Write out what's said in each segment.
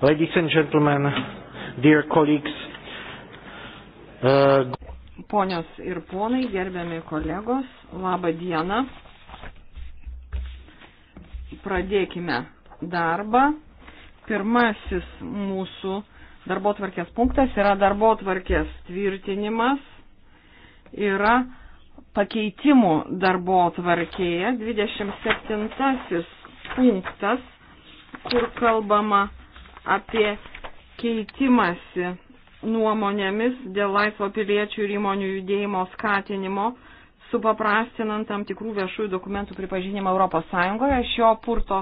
Ladies and gentlemen, dear colleagues. Uh, Ponios ir ponai, gerbiami kolegos, laba diena. Pradėkime darbą. Pirmasis mūsų darbo tvarkės punktas yra darbo tvarkės tvirtinimas. Yra pakeitimų darbo tvarkėje 27 punktas, kur kalbama apie keitimąsi nuomonėmis dėl laisvo piliečių ir įmonių judėjimo skatinimo, supaprastinant tam tikrų viešųjų dokumentų pripažinimą ES. Šio, purto,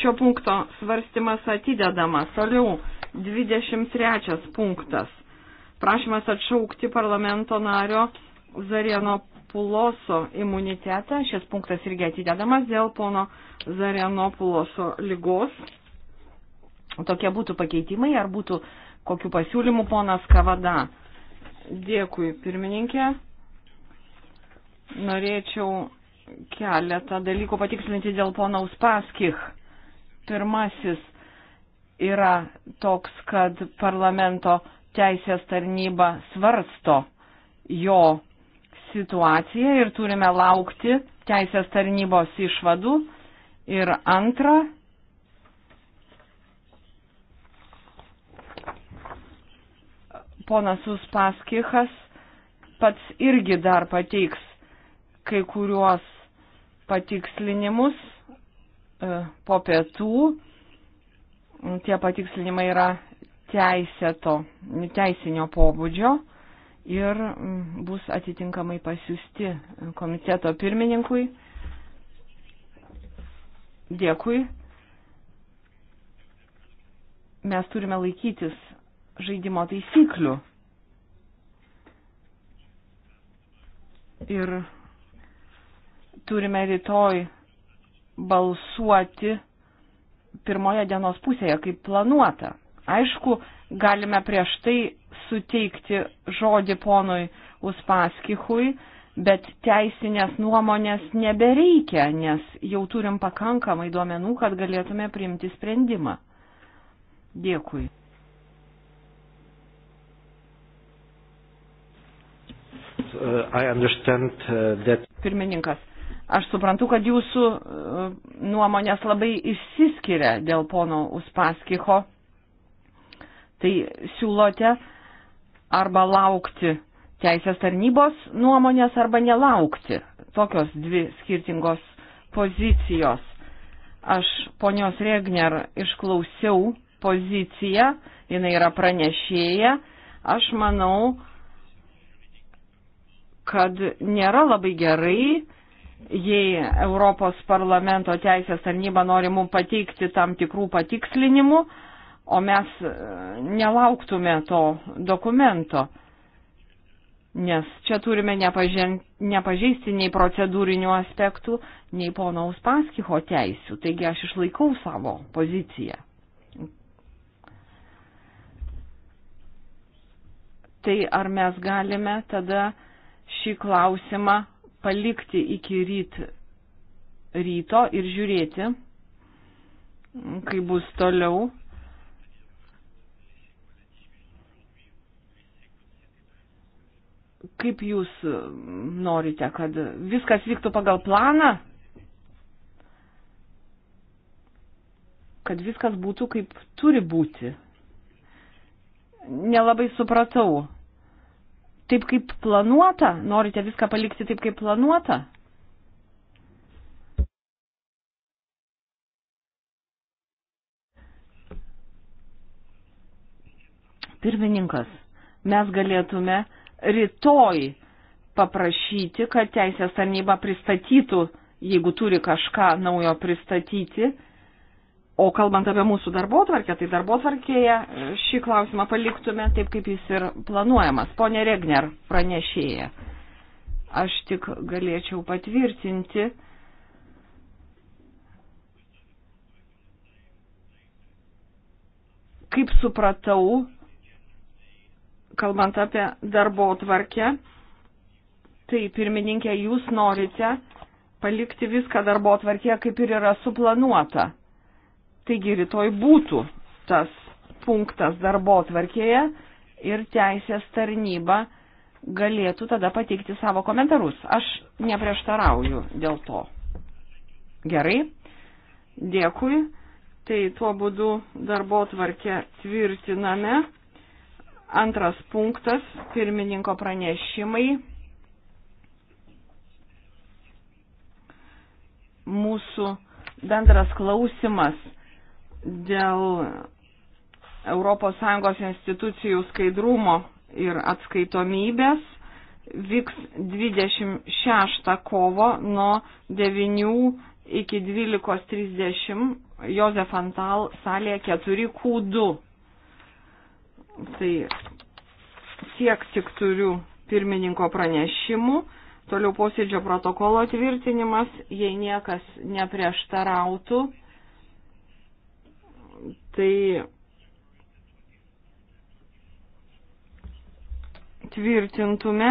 šio punkto svarstymas atidedamas. Toliau 23 punktas. Prašymas atšaukti parlamento nario Zarieno Puloso imunitetą. Šis punktas irgi atidedamas dėl pono Zarieno Puloso lygos. Tokie būtų pakeitimai, ar būtų kokių pasiūlymų ponas Kavada. Dėkui, pirmininkė. Norėčiau keletą dalykų patikslinti dėl pono Uspaskich. Pirmasis yra toks, kad parlamento teisės tarnyba svarsto jo situaciją ir turime laukti teisės tarnybos išvadų. Ir antra, ponas Uspaskichas pats irgi dar pateiks kai kuriuos patikslinimus e, po pietų. Tie patikslinimai yra teisėto, teisinio pobūdžio ir bus atitinkamai pasiūsti komiteto pirmininkui. Dėkui. Mes turime laikytis žaidimo taisyklių. Ir turime rytoj balsuoti pirmoje dienos pusėje, kaip planuota. Aišku, galime prieš tai suteikti žodį ponui Uspaskichui, bet teisinės nuomonės nebereikia, nes jau turim pakankamai duomenų, kad galėtume priimti sprendimą. Dėkui. Uh, uh, that... Pirmininkas, aš suprantu, kad jūsų uh, nuomonės labai išsiskiria dėl pono Uspaskicho. Tai siūlote arba laukti teisės tarnybos nuomonės arba nelaukti. Tokios dvi skirtingos pozicijos. Aš ponios Regner išklausiau poziciją, jinai yra pranešėja. Aš manau, kad nėra labai gerai, jei Europos parlamento teisės tarnyba nori mums pateikti tam tikrų patikslinimų, o mes e, nelauktume to dokumento. Nes čia turime nepažen, nepažeisti nei procedūrinių aspektų, nei pono Uspaskicho teisių. Taigi aš išlaikau savo poziciją. Tai ar mes galime tada šį klausimą palikti iki ryt, ryto ir žiūrėti, kaip bus toliau. Kaip jūs norite, kad viskas vyktų pagal planą? Kad viskas būtų kaip turi būti. Nelabai supratau taip, kaip planuota? Norite viską palikti taip, kaip planuota? Pirmininkas, mes galėtume rytoj paprašyti, kad teisės tarnyba pristatytų, jeigu turi kažką naujo pristatyti, O kalbant apie mūsų darbo tvarkę, tai darbo tvarkėje e, šį klausimą paliktume taip, kaip jis ir planuojamas. Pone Regner, pranešėja, aš tik galėčiau patvirtinti, kaip supratau, kalbant apie darbo tvarkę, tai pirmininkė, jūs norite palikti viską darbo tvarkėje, kaip ir yra suplanuota. Taigi rytoj būtų tas punktas darbo tvarkėje ir teisės tarnyba galėtų tada pateikti savo komentarus. Aš neprieštarauju dėl to. Gerai, dėkui. Tai tuo būdu darbo tvarkę tvirtiname. Antras punktas - pirmininko pranešimai. Mūsų bendras klausimas dėl ES institucijų skaidrumo ir atskaitomybės vyks 26 kovo nuo 9 iki 12.30 Jozef Antal salėje 4Q2. Tai tiek tik turiu pirmininko pranešimų. Toliau posėdžio protokolo tvirtinimas, jei niekas neprieštarautų tai tvirtintume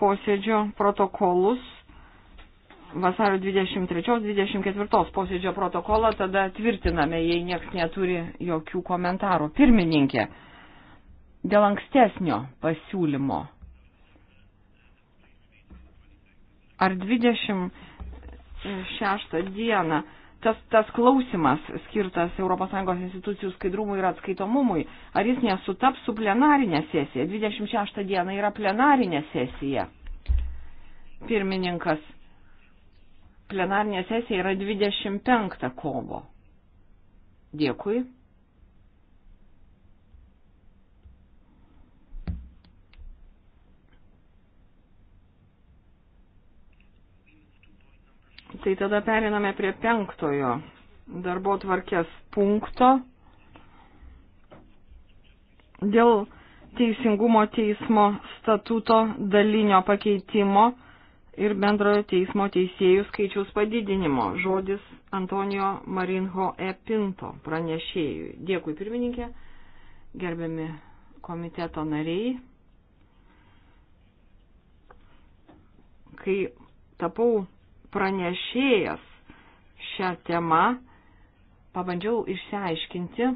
posėdžio protokolus vasario 23-24 posėdžio protokolą, tada tvirtiname, jei nieks neturi jokių komentarų. Pirmininkė, dėl ankstesnio pasiūlymo. Ar 26 dieną tas, tas klausimas skirtas ES institucijų skaidrumui ir atskaitomumui, ar jis nesutaps su plenarinė sesija? 26 diena yra plenarinė sesija. Pirmininkas. Plenarinė sesija yra 25 kovo. Dėkui. Tai tada periname prie penktojo darbo tvarkės punkto dėl Teisingumo teismo statuto dalinio pakeitimo ir bendrojo teismo teisėjų skaičiaus padidinimo. Žodis Antonijo Marinho Epinto pranešėjui. Dėkui pirmininkė, gerbiami komiteto nariai. Kai tapau pranešėjas šią temą, pabandžiau išsiaiškinti,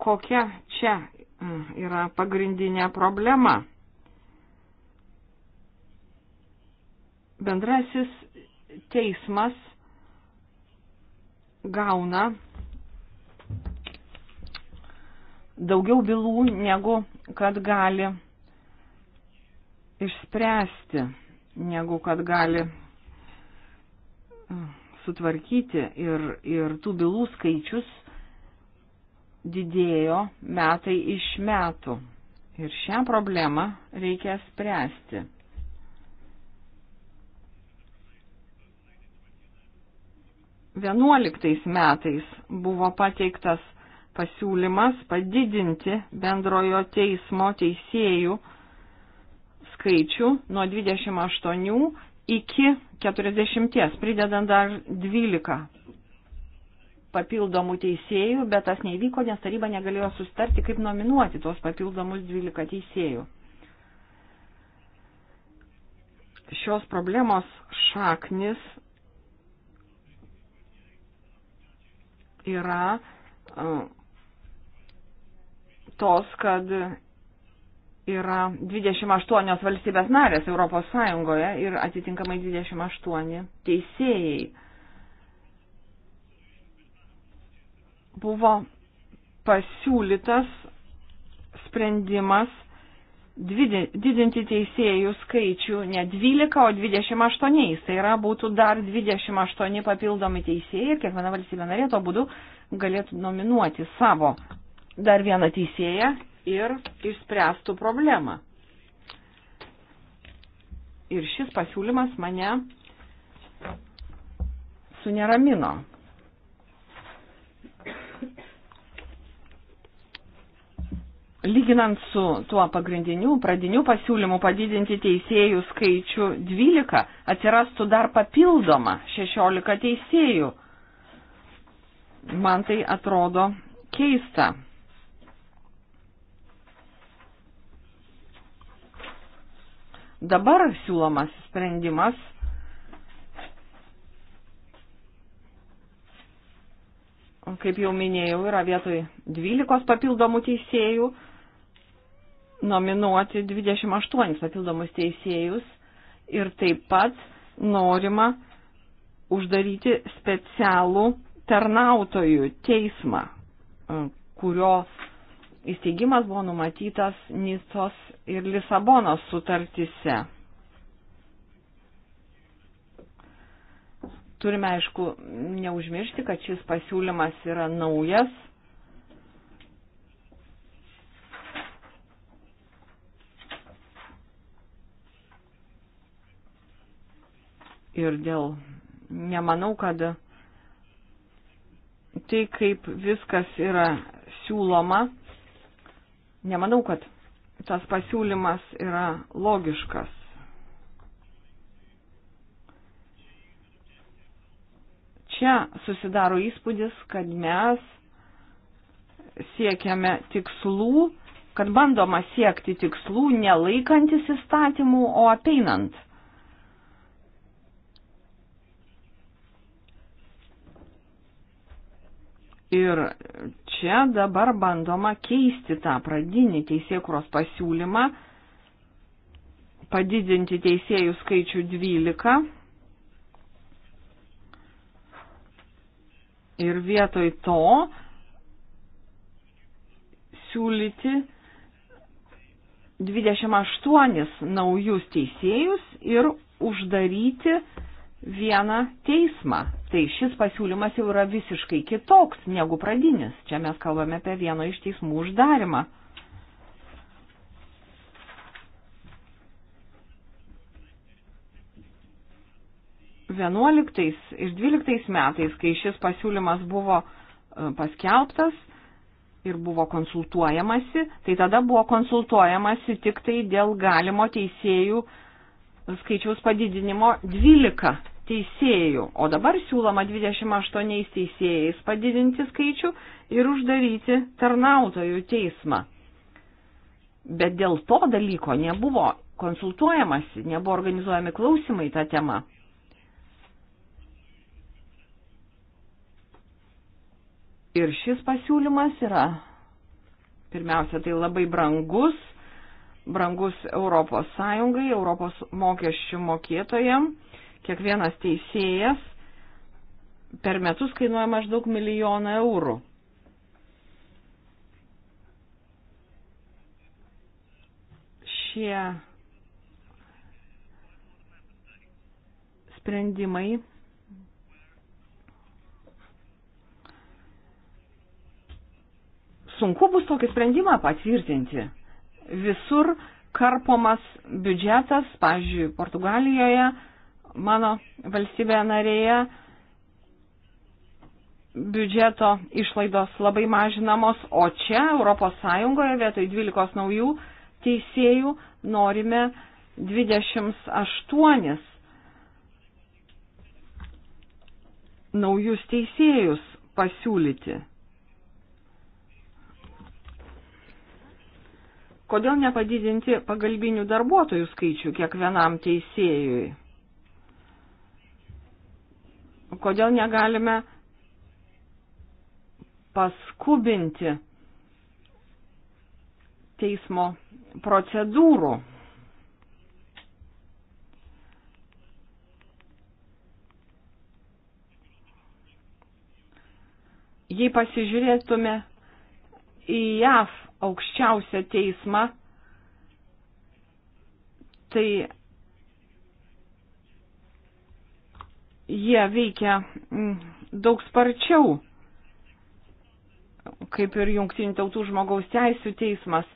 kokia čia mm, yra pagrindinė problema. Bendrasis teismas gauna daugiau bylų, negu kad gali išspręsti, negu kad gali sutvarkyti ir, ir tų bylų skaičius didėjo metai iš metų. Ir šią problemą reikia spręsti. Vienuoliktais metais buvo pateiktas pasiūlymas padidinti bendrojo teismo teisėjų skaičių nuo 28 iki 40, pridedant dar 12 papildomų teisėjų, bet tas neįvyko, nes taryba negalėjo sustarti, kaip nominuoti tuos papildomus 12 teisėjų. Šios problemos šaknis yra uh, tos, kad yra 28 valstybės narės Europos Sąjungoje ir atitinkamai 28 teisėjai. Buvo pasiūlytas sprendimas didinti teisėjų skaičių ne 12, o 28. Tai yra būtų dar 28 papildomi teisėjai ir kiekviena valstybė narė to būdu galėtų nominuoti savo dar vieną teisėją ir išspręstų problemą. Ir šis pasiūlymas mane suneramino. Lyginant su tuo pagrindiniu, pradiniu pasiūlymu padidinti teisėjų skaičių 12, atsirastų dar papildoma 16 teisėjų. Man tai atrodo keista. dabar siūlomas sprendimas kaip jau minėjau, yra vietoj 12 papildomų teisėjų nominuoti 28 papildomus teisėjus ir taip pat norima uždaryti specialų tarnautojų teismą, kurio įsteigimas buvo numatytas Nicos ir Lisabonos sutartise. Turime, aišku, neužmiršti, kad šis pasiūlymas yra naujas. Ir dėl nemanau, kad tai, kaip viskas yra siūloma, Nemanau, kad tas pasiūlymas yra logiškas. Čia susidaro įspūdis, kad mes siekiame tikslų, kad bandoma siekti tikslų nelaikantis įstatymų, o apeinant Ir čia dabar bandoma keisti tą pradinį teisėkuros pasiūlymą, padidinti teisėjų skaičių 12. Ir vietoj to siūlyti 28 naujus teisėjus ir uždaryti vieną teismą Tai šis pasiūlymas jau yra visiškai kitoks negu pradinis. Čia mes kalbame apie vieno iš teismų uždarimą. Vienuoliktais ir dvyliktais metais, kai šis pasiūlymas buvo e, paskelbtas, ir buvo konsultuojamasi, tai tada buvo konsultuojamasi tik tai dėl galimo teisėjų skaičiaus padidinimo 12 teisėjų, o dabar siūloma 28 teisėjais padidinti skaičių ir uždaryti tarnautojų teismą. Bet dėl to dalyko nebuvo konsultuojamasi, nebuvo organizuojami klausimai tą temą. Ir šis pasiūlymas yra, pirmiausia, tai labai brangus, brangus Europos Sąjungai, Europos mokesčių mokėtojams Kiekvienas teisėjas per metus kainuoja maždaug milijoną eurų. Šie sprendimai sunku bus tokį sprendimą patvirtinti. Visur karpomas biudžetas, pavyzdžiui, Portugalijoje mano valstybėje narėje biudžeto išlaidos labai mažinamos, o čia ES vietoj 12 naujų teisėjų norime 28 naujus teisėjus pasiūlyti. Kodėl nepadidinti pagalbinių darbuotojų skaičių kiekvienam teisėjui? kodėl negalime paskubinti teismo procedūrų. Jei pasižiūrėtume į JAV aukščiausią teismą, tai jie veikia mm, daug sparčiau, kaip ir Junktinių tautų žmogaus teisų teismas.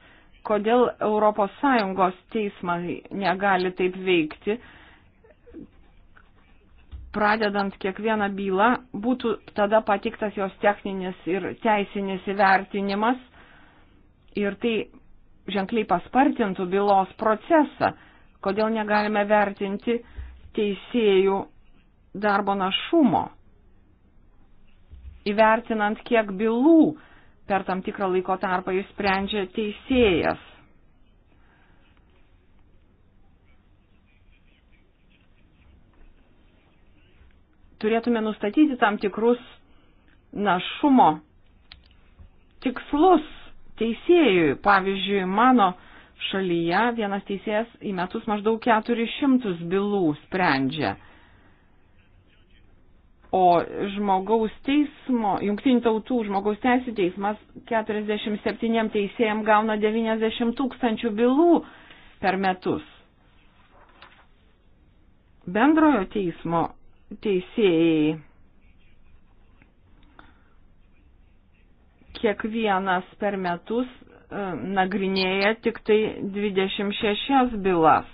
Kodėl ES teismai negali taip veikti, pradedant kiekvieną bylą, būtų tada patiktas jos techninis ir teisinis įvertinimas ir tai ženkliai paspartintų bylos procesą. Kodėl negalime vertinti teisėjų darbo našumo, įvertinant, kiek bylų per tam tikrą laiko tarpą jis sprendžia teisėjas. Turėtume nustatyti tam tikrus našumo tikslus teisėjui. Pavyzdžiui, mano šalyje vienas teisėjas į metus maždaug 400 bylų sprendžia. O žmogaus teismo, jungtinių tautų žmogaus teisų teismas 47 teisėjams gauna 90 tūkstančių bylų per metus. Bendrojo teismo teisėjai kiekvienas per metus e, nagrinėja tik tai 26 bylas.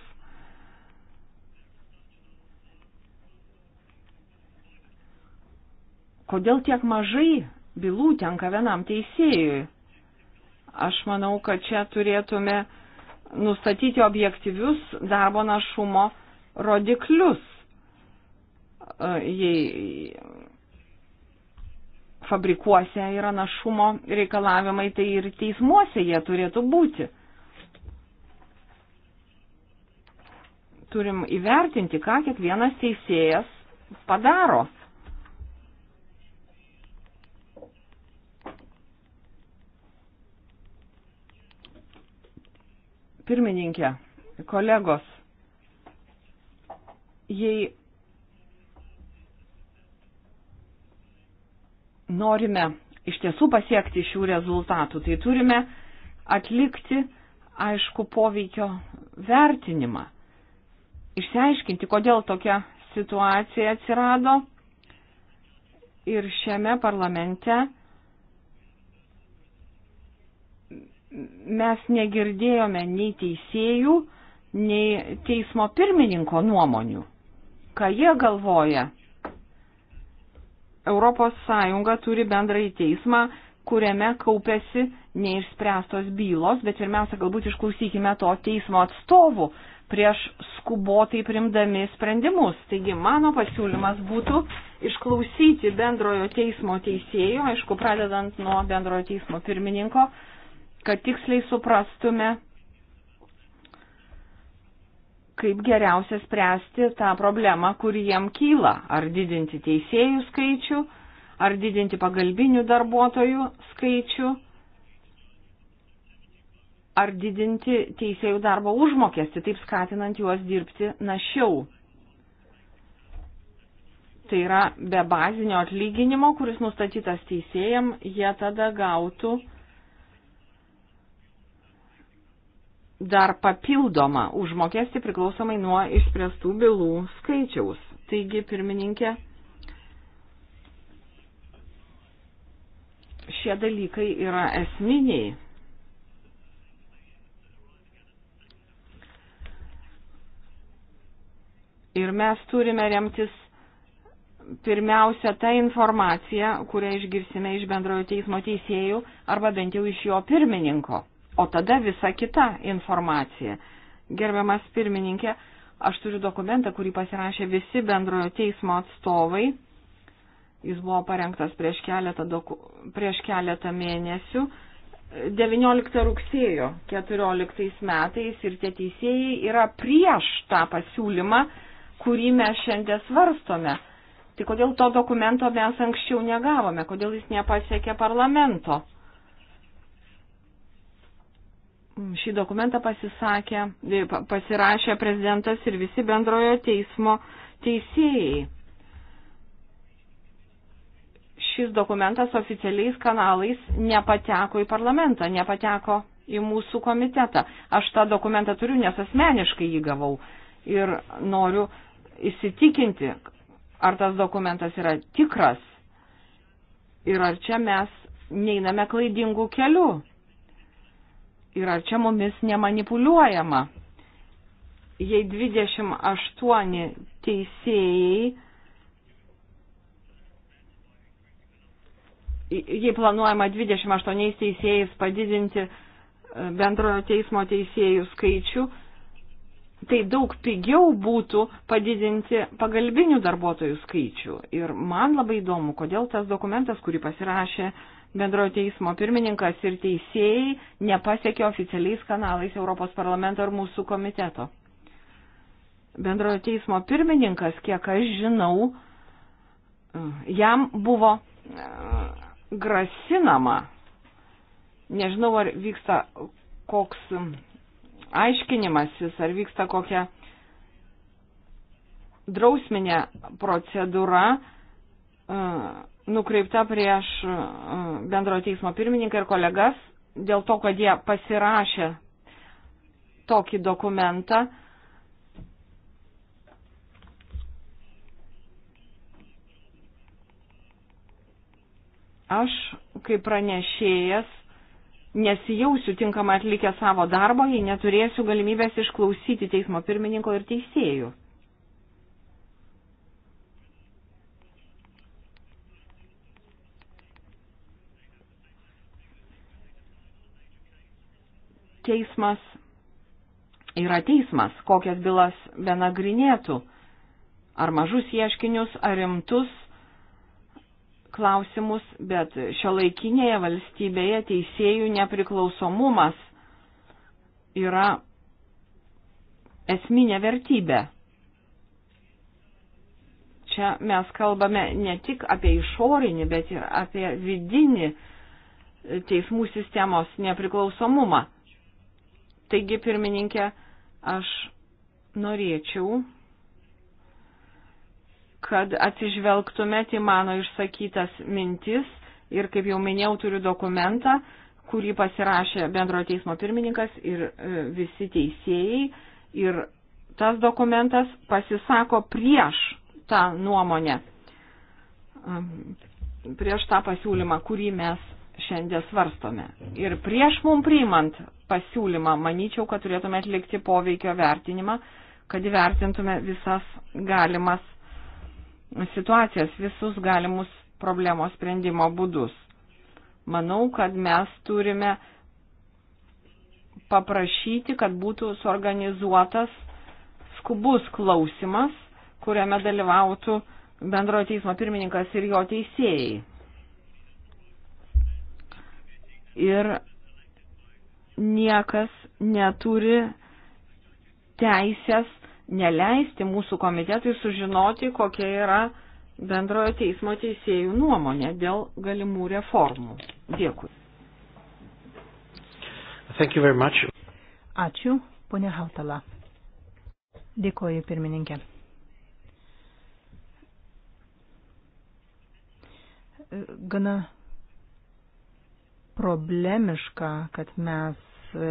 kodėl tiek mažai bylų tenka vienam teisėjui? Aš manau, kad čia turėtume nustatyti objektyvius darbo našumo rodiklius. E, jei fabrikuose yra našumo reikalavimai, tai ir teismuose jie turėtų būti. Turim įvertinti, ką kiekvienas teisėjas padaro. pirmininkė, kolegos, jei norime iš tiesų pasiekti šių rezultatų, tai turime atlikti aišku poveikio vertinimą. Išsiaiškinti, kodėl tokia situacija atsirado. Ir šiame parlamente mes negirdėjome nei teisėjų, nei teismo pirmininko nuomonių. Ką jie galvoja? ES turi bendrąjį teismą, kuriame kaupėsi neišspręstos bylos, bet pirmiausia, galbūt išklausykime to teismo atstovų prieš skubotai primdami sprendimus. Taigi mano pasiūlymas būtų išklausyti bendrojo teismo teisėjo, aišku, pradedant nuo bendrojo teismo pirmininko, kad tiksliai suprastume, kaip geriausia spręsti tą problemą, kuri jiem kyla. Ar didinti teisėjų skaičių, ar didinti pagalbinių darbuotojų skaičių, ar didinti teisėjų darbo užmokestį, taip skatinant juos dirbti našiau. Tai yra be bazinio atlyginimo, kuris nustatytas teisėjam, jie tada gautų dar papildomą užmokestį priklausomai nuo išspręstų bylų skaičiaus. Taigi, pirmininkė, šie dalykai yra esminiai. Ir mes turime remtis pirmiausia tą informaciją, kurią išgirsime iš bendrojo teismo teisėjų arba bent jau iš jo pirmininko o tada visa kita informacija. Gerbiamas pirmininkė, aš turiu dokumentą, kurį pasirašė visi bendrojo teismo atstovai. Jis buvo parengtas prieš keletą, doku, prieš keletą mėnesių. 19 rugsėjo 14 metais ir tie teisėjai yra prieš tą pasiūlymą, kurį mes šiandien svarstome. Tai kodėl to dokumento mes anksčiau negavome, kodėl jis nepasiekė parlamento? Mm, šį dokumentą pasisakė, e, pasirašė prezidentas ir visi bendrojo teismo teisėjai. Šis dokumentas oficialiais kanalais nepateko į parlamentą, nepateko į mūsų komitetą. Aš tą dokumentą turiu, nes asmeniškai jį gavau ir noriu įsitikinti, ar tas dokumentas yra tikras ir ar čia mes neiname klaidingų kelių ir ar čia mumis nemanipuliuojama. Jei 28 teisėjai, jei planuojama 28 teisėjais padidinti e, bendrojo teismo teisėjų skaičių, tai daug pigiau būtų padidinti pagalbinių darbuotojų skaičių. Ir man labai įdomu, kodėl tas dokumentas, kurį pasirašė uh, bendrojo teismo pirmininkas ir teisėjai nepasiekė oficialiais kanalais Europos parlamento ar mūsų komiteto. Bendrojo teismo pirmininkas, kiek aš žinau, jam buvo e, grasinama, nežinau ar vyksta koks aiškinimasis, ar vyksta kokia drausminė procedūra, e, nukreipta prieš e, bendrojo teismo pirmininką ir kolegas dėl to, kad jie pasirašė tokį dokumentą. Aš, kaip pranešėjas, nesijausiu tinkamai atlikę savo darbą, jei neturėsiu galimybės išklausyti teismo pirmininko ir teisėjų. teismas yra teismas, kokias bylas benagrinėtų, ar mažus ieškinius, ar rimtus klausimus, bet šio laikinėje valstybėje teisėjų nepriklausomumas yra esminė vertybė. Čia mes kalbame ne tik apie išorinį, bet ir apie vidinį teismų sistemos nepriklausomumą. Taigi, pirmininkė, aš norėčiau, kad atsižvelgtumėt į mano išsakytas mintis ir, kaip jau minėjau, turiu dokumentą, kurį pasirašė bendrojo teismo pirmininkas ir e, visi teisėjai. Ir tas dokumentas pasisako prieš tą nuomonę, prieš tą pasiūlymą, kurį mes šiandien svarstome. Ir prieš mum priimant pasiūlymą, manyčiau, kad turėtume atlikti poveikio vertinimą, kad įvertintume visas galimas situacijas, visus galimus problemos sprendimo būdus. Manau, kad mes turime paprašyti, kad būtų suorganizuotas skubus klausimas, kuriame dalyvautų bendrojo teismo pirmininkas ir jo teisėjai ir niekas neturi teisės neleisti mūsų komitetui sužinoti, kokia yra bendrojo teismo teisėjų nuomonė dėl galimų reformų. Dėkui. Ačiū, ponia Hautala. Dėkoju, pirmininkė. Gana problemiška, kad mes e,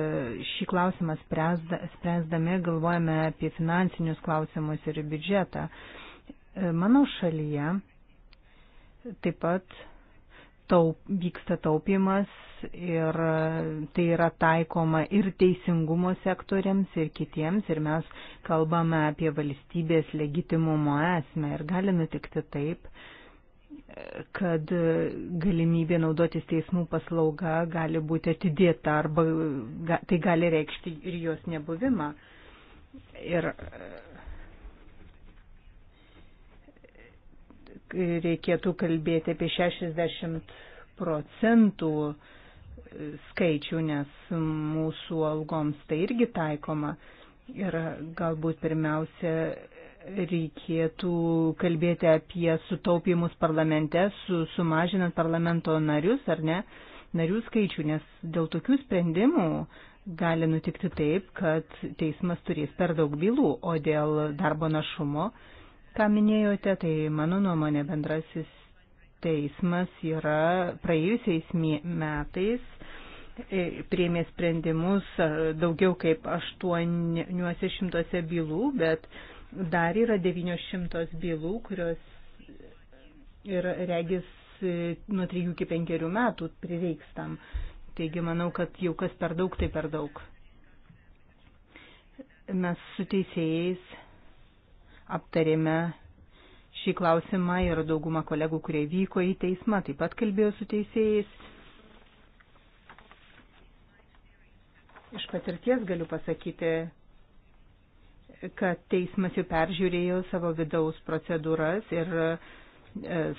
šį klausimą spręsdami galvojame apie finansinius klausimus ir biudžetą. E, mano šalyje taip pat taup, vyksta taupimas ir tai yra taikoma ir teisingumo sektoriams, ir kitiems, ir mes kalbame apie valstybės legitimumo esmę ir gali nutikti taip, kad galimybė naudotis teismų paslauga gali būti atidėta arba tai gali reikšti ir jos nebuvimą. Ir e, reikėtų kalbėti apie 60 procentų skaičių, nes mūsų algoms tai irgi taikoma. Ir galbūt pirmiausia reikėtų kalbėti apie sutaupimus parlamente, su, sumažinant parlamento narius ar ne, narių skaičių, nes dėl tokių sprendimų gali nutikti taip, kad teismas turės per daug bylų, o dėl darbo našumo, ką minėjote, tai mano nuomonė bendrasis teismas yra praėjusiais metais e, priėmė sprendimus e, daugiau kaip 800 bylų, bet Dar yra 900 bylų, kurios ir regis nuo 3 iki 5 metų prireiks tam. Taigi manau, kad jau kas per daug, tai per daug. Mes su teisėjais aptarėme šį klausimą ir dauguma kolegų, kurie vyko į teismą, taip pat kalbėjo su teisėjais. Iš patirties galiu pasakyti, kad teismas jau peržiūrėjo savo vidaus procedūras ir e,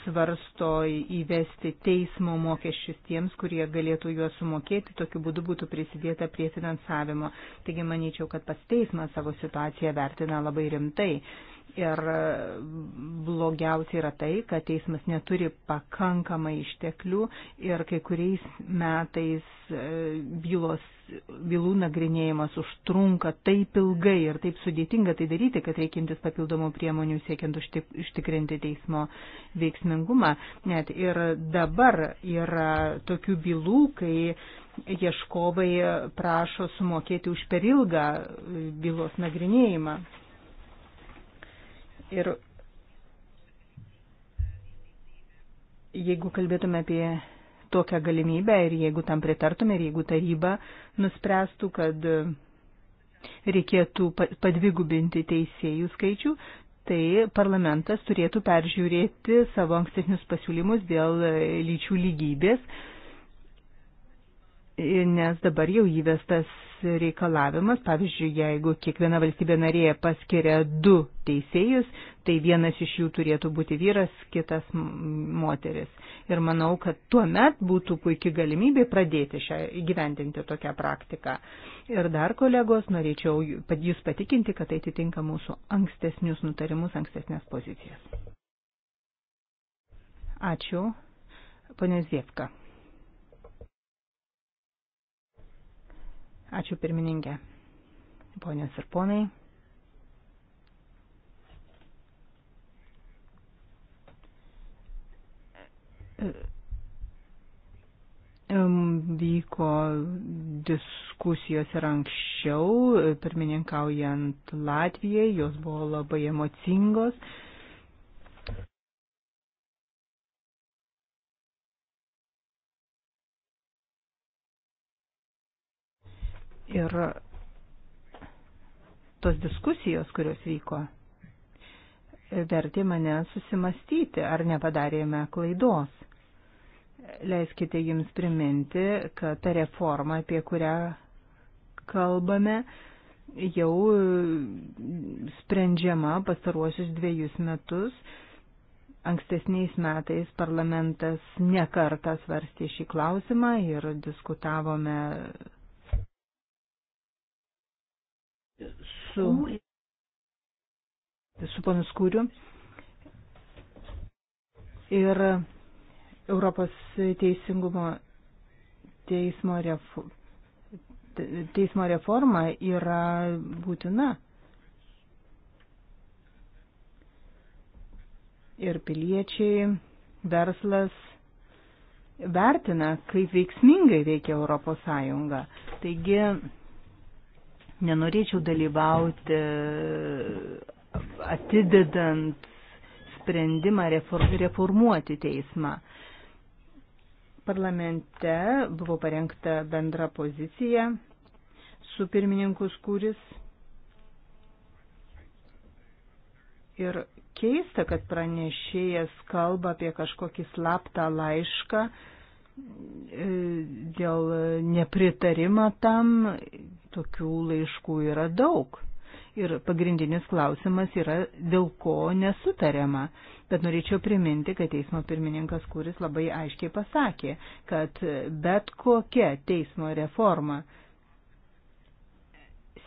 svarsto įvesti teismo mokesčius tiems, kurie galėtų juos sumokėti, tokiu būdu būtų prisidėta prie finansavimo. Taigi manyčiau, kad pas teismas savo situaciją vertina labai rimtai Ir blogiausia yra tai, kad teismas neturi pakankamai išteklių ir kai kuriais metais e, bylos, bylų nagrinėjimas užtrunka taip ilgai ir taip sudėtinga tai daryti, kad reikintis papildomų priemonių siekiant užtikrinti teismo veiksmingumą. Net ir dabar yra tokių bylų, kai ieškovai prašo sumokėti už per ilgą bylos nagrinėjimą. Ir jeigu kalbėtume apie tokią galimybę ir jeigu tam pritartume ir jeigu taryba nuspręstų, kad reikėtų padvigubinti teisėjų skaičių, tai parlamentas turėtų peržiūrėti savo ankstesnius pasiūlymus dėl lyčių lygybės nes dabar jau įvestas reikalavimas, pavyzdžiui, jeigu kiekviena valstybė narėje paskiria du teisėjus, tai vienas iš jų turėtų būti vyras, kitas moteris. Ir manau, kad tuo met būtų puikia galimybė pradėti šią įgyvendinti tokią praktiką. Ir dar, kolegos, norėčiau jūs patikinti, kad tai atitinka mūsų ankstesnius nutarimus, ankstesnės pozicijas. Ačiū. Pone Zievka. Ačiū pirmininkė. Ponios ir ponai. Vyko diskusijos ir anksčiau, pirmininkaujant Latvijai, jos buvo labai emocingos Ir tos diskusijos, kurios vyko, vertė mane susimastyti, ar nepadarėme klaidos. Leiskite jums priminti, kad ta reforma, apie kurią kalbame, jau sprendžiama pastaruosius dviejus metus. Ankstesniais metais parlamentas nekartą svarstė šį klausimą ir diskutavome su, su ponus Kūriu ir Europos teisingumo teismo, refu, teismo reforma yra būtina. Ir piliečiai, verslas vertina, kaip veiksmingai veikia Europos Sąjunga. Taigi, nenorėčiau dalyvauti atidedant sprendimą reformuoti teismą. Parlamente buvo parengta bendra pozicija su pirmininku Skūris. Ir keista, kad pranešėjas kalba apie kažkokį slaptą laišką e, dėl nepritarimo tam Tokių laiškų yra daug. Ir pagrindinis klausimas yra, dėl ko nesutariama. Bet norėčiau priminti, kad teismo pirmininkas, kuris labai aiškiai pasakė, kad bet kokia teismo reforma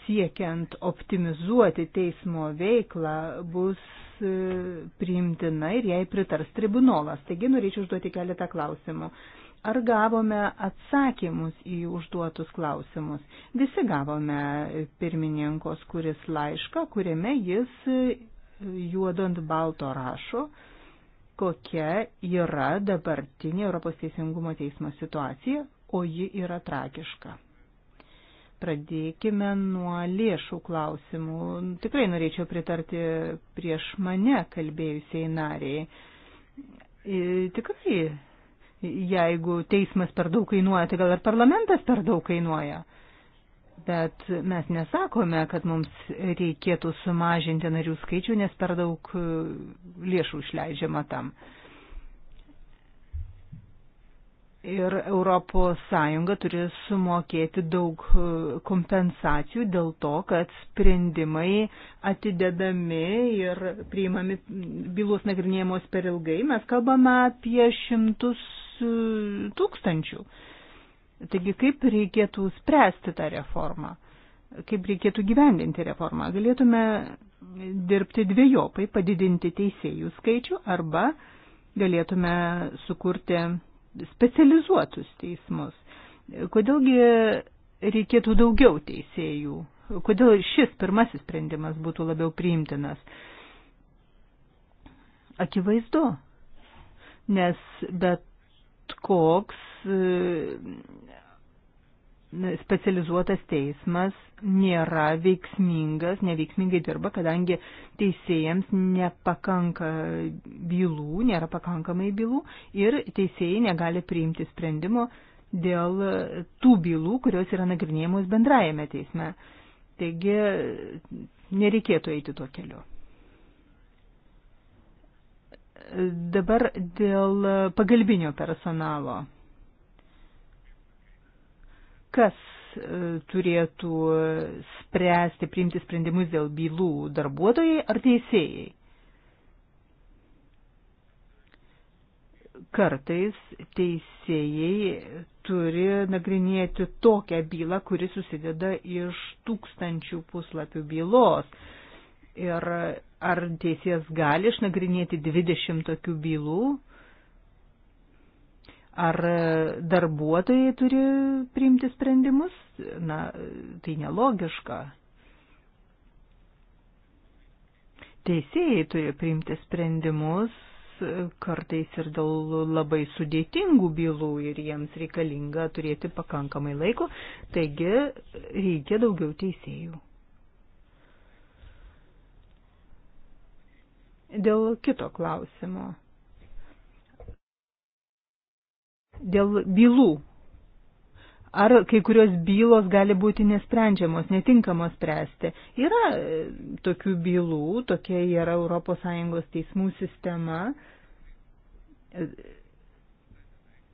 siekiant optimizuoti teismo veiklą bus e, priimtina ir jai pritars tribunolas. Taigi norėčiau užduoti keletą klausimų. Ar gavome atsakymus į užduotus klausimus? Visi gavome pirmininkos, kuris laišką, kuriame jis juodant balto rašo, kokia yra dabartinė Europos Teisingumo teismo situacija, o ji yra tragiška. Pradėkime nuo lėšų klausimų. Tikrai norėčiau pritarti prieš mane kalbėjusiai nariai. Tikrai jeigu teismas per daug kainuoja, tai gal ir parlamentas per daug kainuoja. Bet mes nesakome, kad mums reikėtų sumažinti narių skaičių, nes per daug e, lėšų išleidžiama tam. Ir ES turi sumokėti daug e, kompensacijų dėl to, kad sprendimai atidedami ir priimami bylos nagrinėjimos per ilgai. Mes kalbame apie šimtus tūkstančių. Taigi kaip reikėtų spręsti tą reformą, kaip reikėtų gyvendinti reformą. Galėtume dirbti dviejopai, padidinti teisėjų skaičių arba galėtume sukurti specializuotus teismus. Kodėlgi reikėtų daugiau teisėjų? Kodėl šis pirmasis sprendimas būtų labiau priimtinas? Akivaizdu, nes bet koks e, specializuotas teismas nėra veiksmingas, neveiksmingai dirba, kadangi teisėjams nepakanka bylų, nėra pakankamai bylų ir teisėjai negali priimti sprendimo dėl tų bylų, kurios yra nagrinėjamos bendrajame teisme. Taigi nereikėtų eiti tuo keliu. Dabar dėl pagalbinio personalo. Kas e, turėtų spręsti, priimti sprendimus dėl bylų darbuotojai ar teisėjai? Kartais teisėjai turi nagrinėti tokią bylą, kuri susideda iš tūkstančių puslapių bylos. Ir Ar teisėjas gali išnagrinėti 20 tokių bylų? Ar darbuotojai turi priimti sprendimus? Na, tai nelogiška. Teisėjai turi priimti sprendimus kartais ir dėl labai sudėtingų bylų ir jiems reikalinga turėti pakankamai laiko, taigi reikia daugiau teisėjų. dėl kito klausimo. Dėl bylų. Ar kai kurios bylos gali būti nesprendžiamos, netinkamos spręsti? Yra e, tokių bylų, tokia yra ES teismų sistema. E,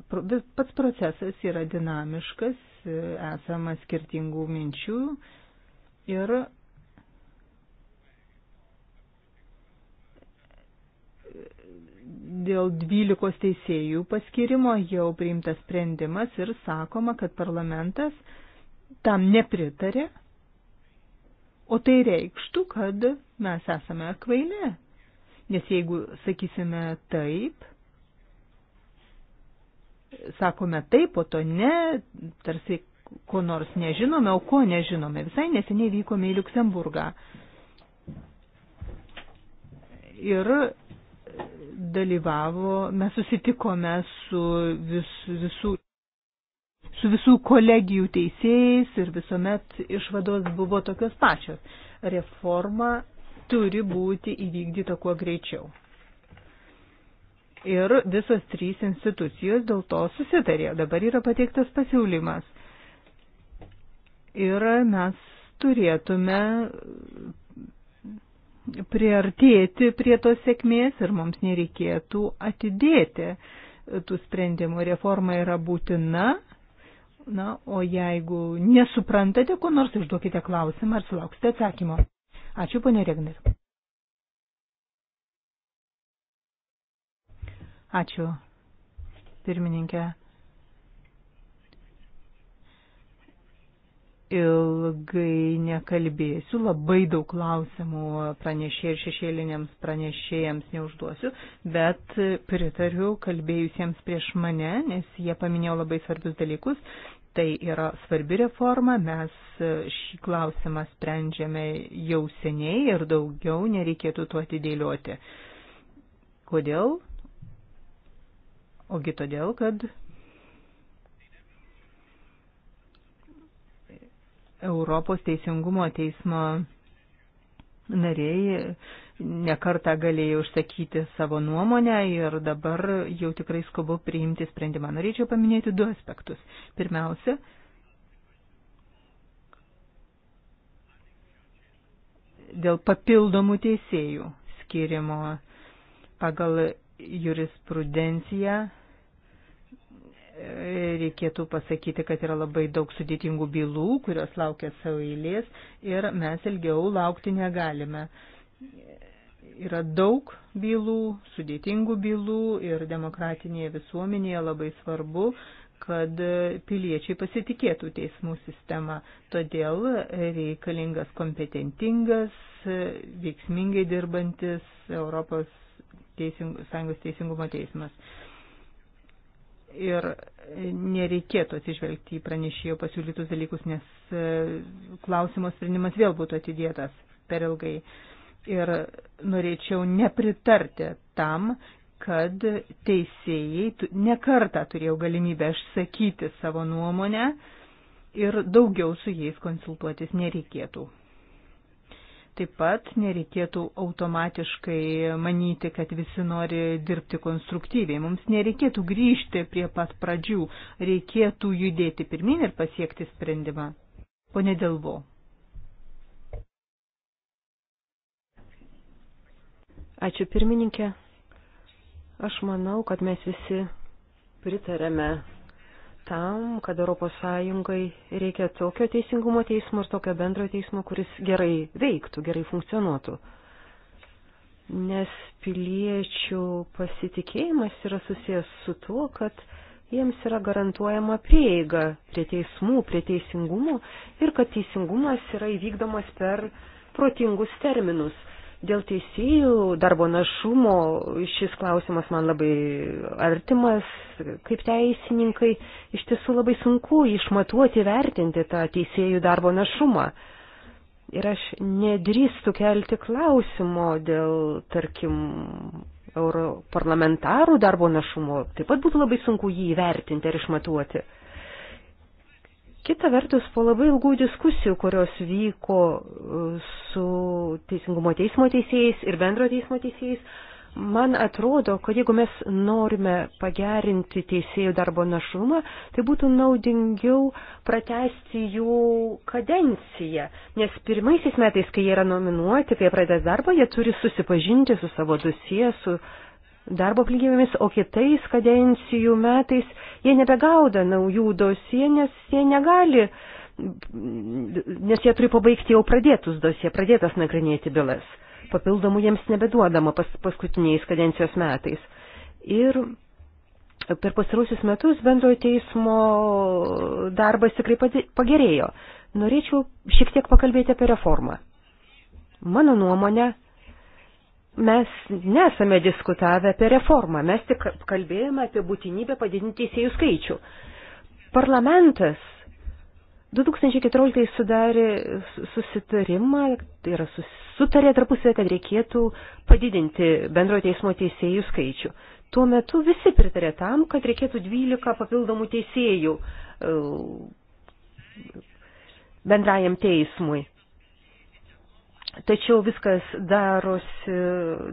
pats procesas yra dinamiškas, e, esama skirtingų minčių ir dėl 12 teisėjų paskirimo jau priimtas sprendimas ir sakoma, kad parlamentas tam nepritarė, o tai reikštų, kad mes esame kvaili. Nes jeigu sakysime taip, sakome taip, o to ne, tarsi ko nors nežinome, o ko nežinome. Visai neseniai vykome į Luksemburgą. Ir dalyvavo, mes susitikome su vis, visų su visų kolegijų teisėjais ir visuomet išvados buvo tokios pačios. Reforma turi būti įvykdyta kuo greičiau. Ir visos trys institucijos dėl to susitarė. Dabar yra pateiktas pasiūlymas. Ir mes turėtume priartėti prie tos sėkmės ir mums nereikėtų atidėti tų sprendimų. Reforma yra būtina, na, o jeigu nesuprantate, ko nors užduokite klausimą ar sulauksite atsakymo. Ačiū, ponė Regner. Ačiū, pirmininkė. ilgai nekalbėsiu, labai daug klausimų pranešėjai ir šešėliniams pranešėjams neužduosiu, bet pritariu kalbėjusiems prieš mane, nes jie paminėjo labai svarbius dalykus. Tai yra svarbi reforma, mes šį klausimą sprendžiame jau seniai ir daugiau nereikėtų to atidėlioti. Kodėl? Ogi todėl, kad Europos teisingumo teismo nariai nekartą galėjo užsakyti savo nuomonę ir dabar jau tikrai skubu priimti sprendimą. Norėčiau paminėti du aspektus. Pirmiausia, dėl papildomų teisėjų skirimo pagal jurisprudenciją reikėtų pasakyti, kad yra labai daug sudėtingų bylų, kurios laukia savo eilės ir mes ilgiau laukti negalime. Yra daug bylų, sudėtingų bylų ir demokratinėje visuomenėje labai svarbu, kad piliečiai pasitikėtų teismų sistema. Todėl reikalingas kompetentingas, veiksmingai dirbantis Europos teising, Sąjungos teisingumo teismas ir nereikėtų atsižvelgti į pranešėjo pasiūlytus dalykus, nes e, klausimo sprendimas vėl būtų atidėtas per ilgai. Ir norėčiau nepritarti tam, kad teisėjai nekartą turėjau galimybę išsakyti savo nuomonę ir daugiau su jais konsultuotis nereikėtų. Taip pat nereikėtų automatiškai manyti, kad visi nori dirbti konstruktyviai. Mums nereikėtų grįžti prie pat pradžių, reikėtų judėti pirmin ir pasiekti sprendimą. Pone Delvo. Ačiū pirmininkė. Aš manau, kad mes visi pritarėme tam, kad ES reikia tokio teisingumo teismo ir tokio bendro teismo, kuris gerai veiktų, gerai funkcionuotų. Nes piliečių pasitikėjimas yra susijęs su tuo, kad jiems yra garantuojama prieiga prie teismų, prie teisingumo ir kad teisingumas yra įvykdomas per protingus terminus. Dėl teisėjų darbo našumo šis klausimas man labai artimas, kaip teisininkai iš tiesų labai sunku išmatuoti, vertinti tą teisėjų darbo našumą. Ir aš nedrįstu kelti klausimo dėl, tarkim, europarlamentarų darbo našumo, taip pat būtų labai sunku jį įvertinti ar išmatuoti. Kita vertus, po labai ilgų diskusijų, kurios vyko e, su Teisingumo teismo teisėjais ir bendro teismo teisėjais, man atrodo, kad jeigu mes norime pagerinti teisėjų darbo našumą, tai būtų naudingiau pratesti jų kadenciją. Nes pirmaisiais metais, kai jie yra nominuoti, kai jie pradės darbą, jie turi susipažinti su savo dusie, su uh, darbo aplinkybėmis, o kitais kadencijų metais jie nebegauda naujų dosie, nes jie negali, nes jie turi pabaigti jau pradėtus dosie, pradėtas nagrinėti bylas. Papildomų jiems nebeduodama pas, paskutiniais kadencijos metais. Ir per pasirausius metus bendrojo teismo darbas tikrai pagerėjo. Norėčiau šiek tiek pakalbėti apie reformą. Mano nuomonė, Mes nesame diskutavę apie reformą, mes tik kalbėjome apie būtinybę padidinti teisėjų skaičių. Parlamentas 2014 sudarė susitarimą, tai yra sutarė tarpusavę, kad reikėtų padidinti bendrojo teismo teisėjų skaičių. Tuo metu visi pritarė tam, kad reikėtų 12 papildomų teisėjų e, bendrajam teismui. Tačiau viskas darosi,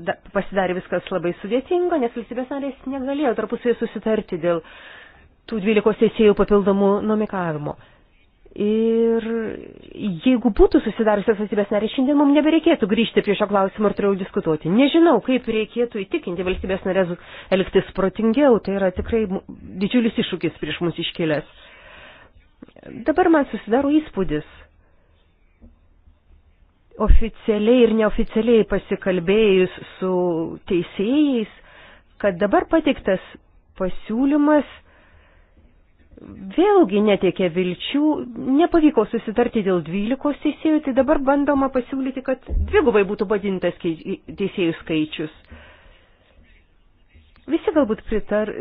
da, pasidarė viskas labai sudėtinga, nes valstybės narės negalėjo tarpusavėje susitarti dėl tų 12 teisėjų papildomų nomikavimo. Ir jeigu būtų susidariusios valstybės narės, šiandien mums nebereikėtų grįžti prie šio klausimo ir turėjau diskutuoti. Nežinau, kaip reikėtų įtikinti valstybės narės elgtis protingiau, tai yra tikrai didžiulis iššūkis prieš mus iškilęs. Dabar man susidaro įspūdis, oficialiai ir neoficialiai pasikalbėjus su teisėjais, kad dabar pateiktas pasiūlymas vėlgi netiekė vilčių, nepavyko susitarti dėl 12 teisėjų, tai dabar bandoma pasiūlyti, kad dvigubai būtų padintas teisėjų skaičius. Visi galbūt pritar,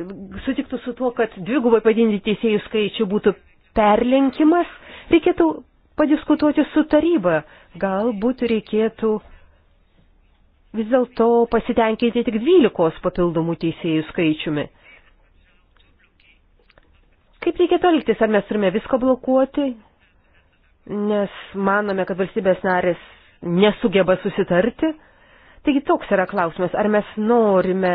sutiktų su tuo, kad dvigubai padinti teisėjų skaičių būtų perlenkimas, reikėtų padiskutuoti su taryba. Galbūt reikėtų vis dėlto pasitenkinti tik 12 papildomų teisėjų skaičiumi. Kaip reikėtų elgtis, ar mes turime visko blokuoti, nes manome, kad valstybės narės nesugeba susitarti? Taigi toks yra klausimas, ar mes norime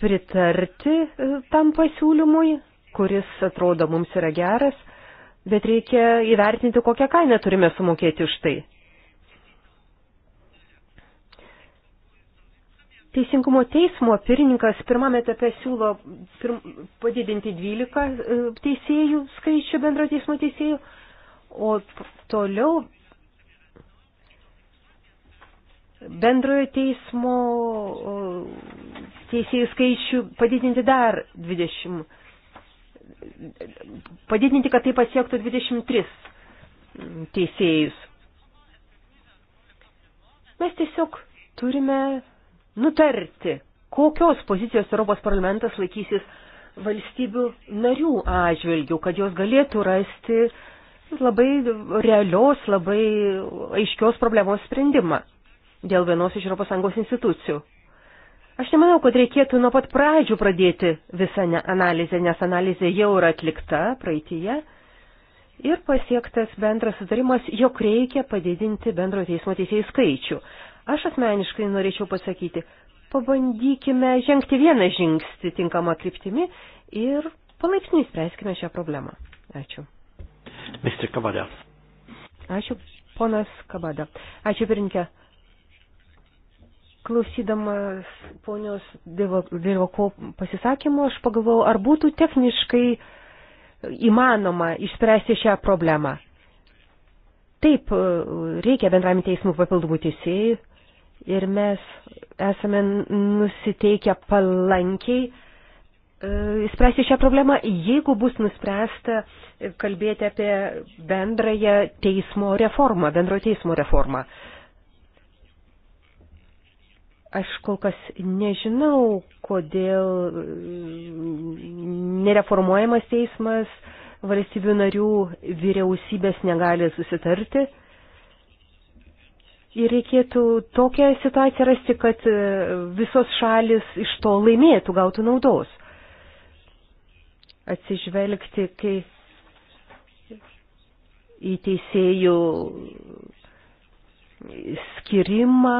pritarti tam pasiūlymui, kuris atrodo mums yra geras, bet reikia įvertinti, kokią kainą turime sumokėti už tai. Teisingumo teismo pirmininkas pirmame etape siūlo pirm, padidinti 12 e, teisėjų skaičių bendro teismo teisėjų, o toliau bendrojo teismo e, teisėjų skaičių padidinti dar 20 padidinti, kad tai pasiektų 23 teisėjus. Mes tiesiog turime nutarti, kokios pozicijos Europos parlamentas laikysis valstybių narių atžvilgių, kad jos galėtų rasti labai realios, labai aiškios problemos sprendimą dėl vienos iš ES institucijų. Aš nemanau, kad reikėtų nuo pat pradžių pradėti visą analizę, nes analizė jau yra atlikta praeitie ir pasiektas bendras sutarimas, jog reikia padidinti bendro teismo teisėjų skaičių. Aš asmeniškai norėčiau pasakyti, pabandykime žengti vieną žingsnį tinkamą kryptimi ir palaipsniui spręskime šią problemą. Ačiū. Mr. Kabada. Ačiū, ponas Kabada. Ačiū, pirinkė. Klausydamas ponios Dėvoko pasisakymo, aš pagalvojau, ar būtų techniškai įmanoma išspręsti šią problemą. Taip, reikia bendram teismų papildomų teisėjų ir mes esame nusiteikę palankiai e, spręsti šią problemą, jeigu bus nuspręsta kalbėti apie bendrąją teismo reformą, bendro teismo reformą. Aš kol kas nežinau, kodėl mm, nereformuojamas teismas, valstybių narių vyriausybės negali susitarti. Ir reikėtų tokią situaciją rasti, kad e, visos šalis iš to laimėtų, gautų naudos. Atsižvelgti, kai į teisėjų skirimą,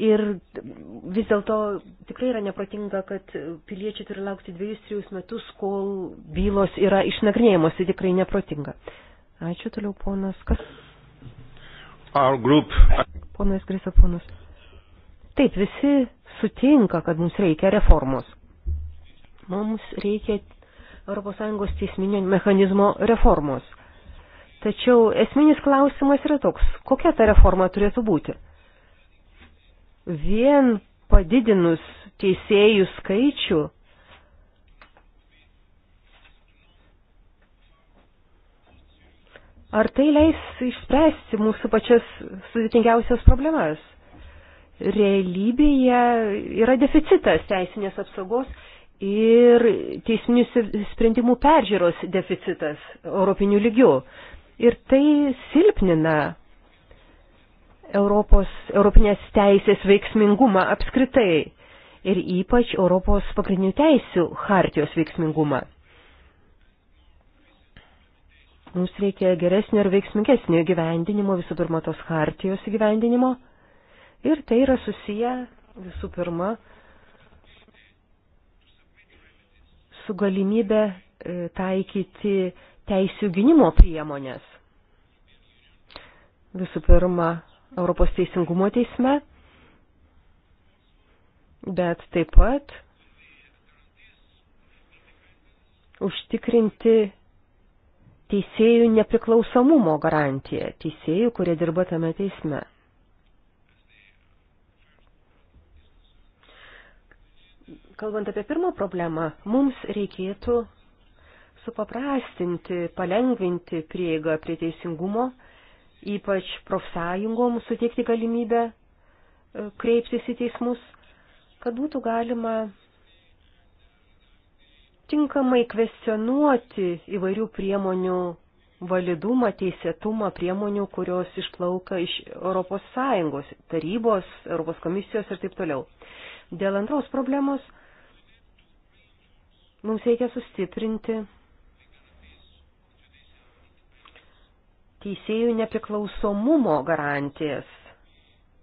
Ir vis dėlto tikrai yra neprotinga, kad piliečiai turi laukti dviejus, trijus metus, kol bylos yra išnagrinėjamos. Tai tikrai neprotinga. Ačiū toliau, ponas. Kas? Ponas Grisa, ponas. Taip, visi sutinka, kad mums reikia reformos. Mums reikia ES teisminio mechanizmo reformos. Tačiau esminis klausimas yra toks, kokia ta reforma turėtų būti. Vien padidinus teisėjų skaičių Ar tai leis išspręsti mūsų pačias sudėtingiausias problemas? Realybėje yra deficitas teisinės apsaugos ir teisminių sprendimų peržiūros deficitas europinių lygių. Ir tai silpnina Europos, Europinės teisės veiksmingumą apskritai ir ypač Europos pagrindinių teisių hartijos veiksmingumą. Mums reikia geresnio ir veiksmingesnio gyvendinimo, visų pirma, tos hartijos gyvendinimo. Ir tai yra susiję visų pirma su galimybė e, taikyti teisių gynimo priemonės. Visų pirma, Europos teisingumo teisme, bet taip pat užtikrinti teisėjų nepriklausomumo garantiją, teisėjų, kurie dirba tame teisme. Kalbant apie pirmą problemą, mums reikėtų supaprastinti, palengvinti prieigą prie teisingumo ypač profsąjungom suteikti galimybę e, kreiptis į teismus, kad būtų galima tinkamai kvestionuoti įvairių priemonių validumą, teisėtumą priemonių, kurios išplauka iš ES, tarybos, ES komisijos ir taip toliau. Dėl antros problemos mums reikia sustiprinti teisėjų nepriklausomumo garantijas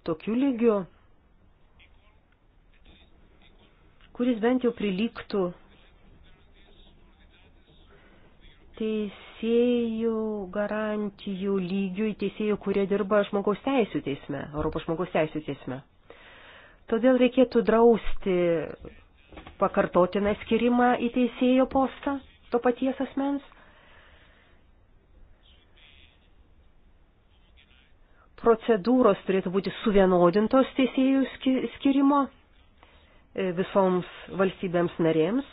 tokiu lygiu, kuris bent jau prilygtų teisėjų garantijų lygiui teisėjų, kurie dirba žmogaus teisų teisme, Europos žmogaus teisų teisme. Todėl reikėtų drausti pakartotiną skirimą į teisėjo postą to paties asmens procedūros turėtų būti suvienodintos teisėjų skirimo e, visoms valstybėms narėms.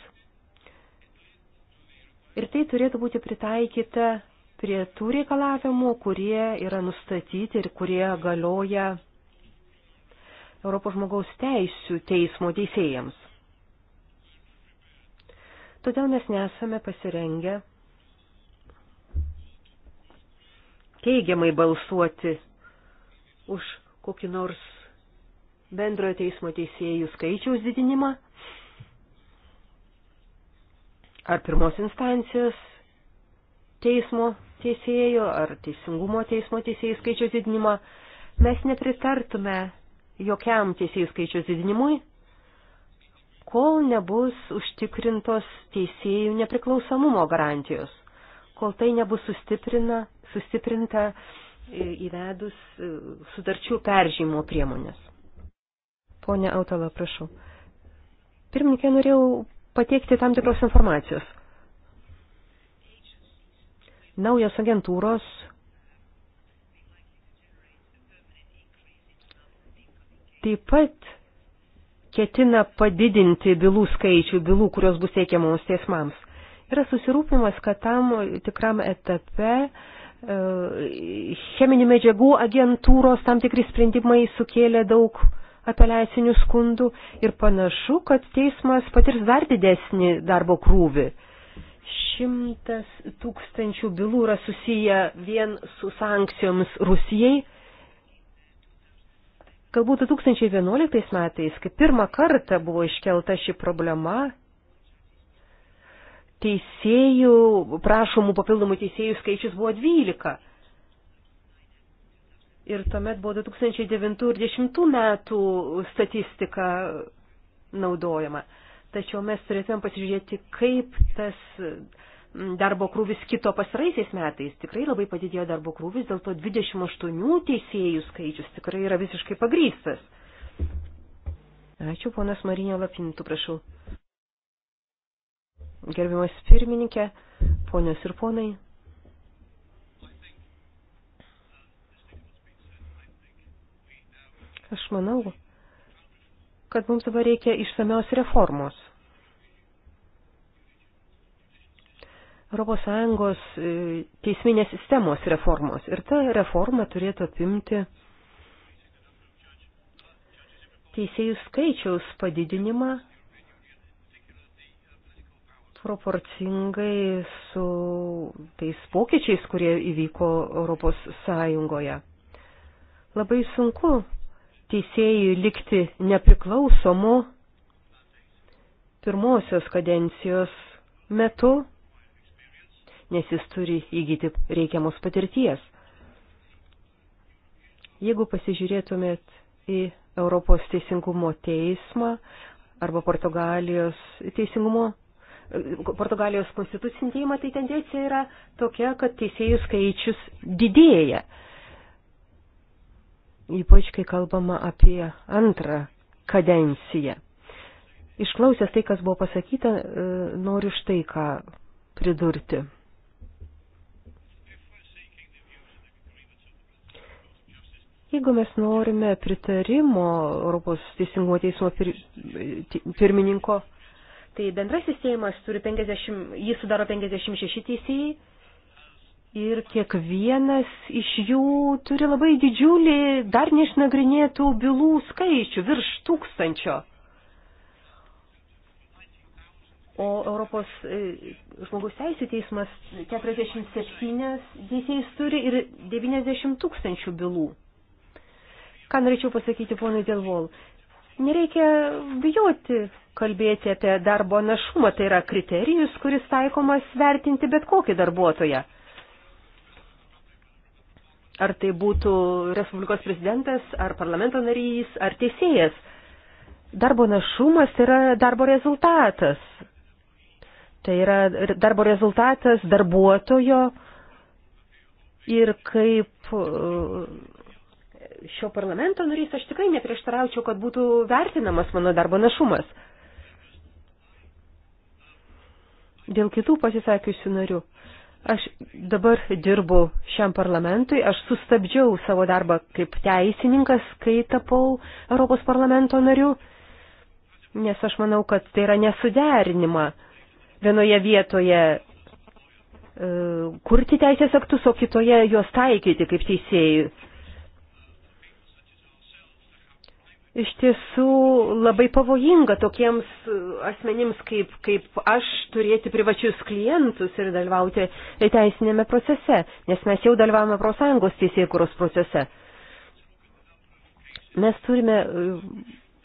Ir tai turėtų būti pritaikyta prie tų reikalavimų, kurie yra nustatyti ir kurie galioja Europos žmogaus teisų teismo teisėjams. Todėl mes nesame pasirengę teigiamai balsuoti už kokį nors bendrojo teismo teisėjų skaičiaus didinimą ar pirmos instancijos teismo teisėjo ar teisingumo teismo teisėjų skaičiaus didinimą, mes nepritartume jokiam teisėjų skaičiaus didinimui, kol nebus užtikrintos teisėjų nepriklausomumo garantijos, kol tai nebus sustiprina, sustiprinta įvedus e, sutarčių peržymo priemonės. Pone Autola, prašau. Pirmininkė, norėjau pateikti tam tikros informacijos. Naujos agentūros taip pat ketina padidinti bylų skaičių, bylų, kurios bus teikiamos teismams. Yra susirūpimas, kad tam tikram etape uh, E, cheminių medžiagų agentūros tam tikri sprendimai sukėlė daug apeliacinių skundų ir panašu, kad teismas patirs dar didesnį darbo krūvį. Šimtas tūkstančių bylų yra susiję vien su sankcijomis Rusijai. Galbūt 2011 metais, kai pirmą kartą buvo iškelta ši problema, teisėjų, prašomų papildomų teisėjų skaičius buvo 12. Ir tuomet buvo 2009 ir 2010 metų statistika naudojama. Tačiau mes turėtume pasižiūrėti, kaip tas mm, darbo krūvis kito pasraisiais metais. Tikrai labai padidėjo darbo krūvis, dėl to 28 teisėjų skaičius tikrai yra visiškai pagrystas. Ačiū, ponas Marinio Lapintų, prašau. Gerbiamas pirmininkė, ponios ir ponai. Aš manau, kad mums dabar reikia išsamios reformos. Europos Sąjungos e, teisminės sistemos reformos. Ir ta reforma turėtų apimti teisėjų skaičiaus padidinimą proporcingai su tais pokyčiais, kurie įvyko Europos Sąjungoje. Labai sunku teisėjai likti nepriklausomu pirmosios kadencijos metu, nes jis turi įgyti reikiamos patirties. Jeigu pasižiūrėtumėt į Europos teisingumo teismą arba Portugalijos teisingumo Portugalijos konstitucinį teimą, tai tendencija yra tokia, kad teisėjų skaičius didėja. Ypač, kai kalbama apie antrą kadenciją. Išklausęs tai, kas buvo pasakyta, e, noriu štai ką pridurti. Jeigu mes norime pritarimo Europos teisingumo teismo pir, pirmininko Tai bendrasis teimas turi 50, jį sudaro 56 teisėjai ir kiekvienas iš jų turi labai didžiulį dar neišnagrinėtų bylų skaičių, virš tūkstančio. O Europos e, žmogus teisų teismas 47 teisėjus turi ir 90 tūkstančių bylų. Ką norėčiau pasakyti ponui Delvol? Nereikia bijoti kalbėti apie darbo našumą, tai yra kriterijus, kuris taikomas vertinti bet kokį darbuotoją. Ar tai būtų Respublikos prezidentas, ar parlamento narys, ar teisėjas. Darbo našumas tai yra darbo rezultatas. Tai yra darbo rezultatas darbuotojo ir kaip uh, šio parlamento narys aš tikrai neprieštaraučiau, kad būtų vertinamas mano darbo našumas. Dėl kitų pasisakiusių narių. Aš dabar dirbu šiam parlamentui, aš sustabdžiau savo darbą kaip teisininkas, kai tapau Europos parlamento nariu, nes aš manau, kad tai yra nesuderinima vienoje vietoje e, kurti teisės aktus, o kitoje juos taikyti kaip teisėjai. iš tiesų labai pavojinga tokiems e, asmenims kaip, kaip aš turėti privačius klientus ir dalyvauti teisinėme procese, nes mes jau dalyvavome prosąjungos teisėkuros procese. Mes turime e,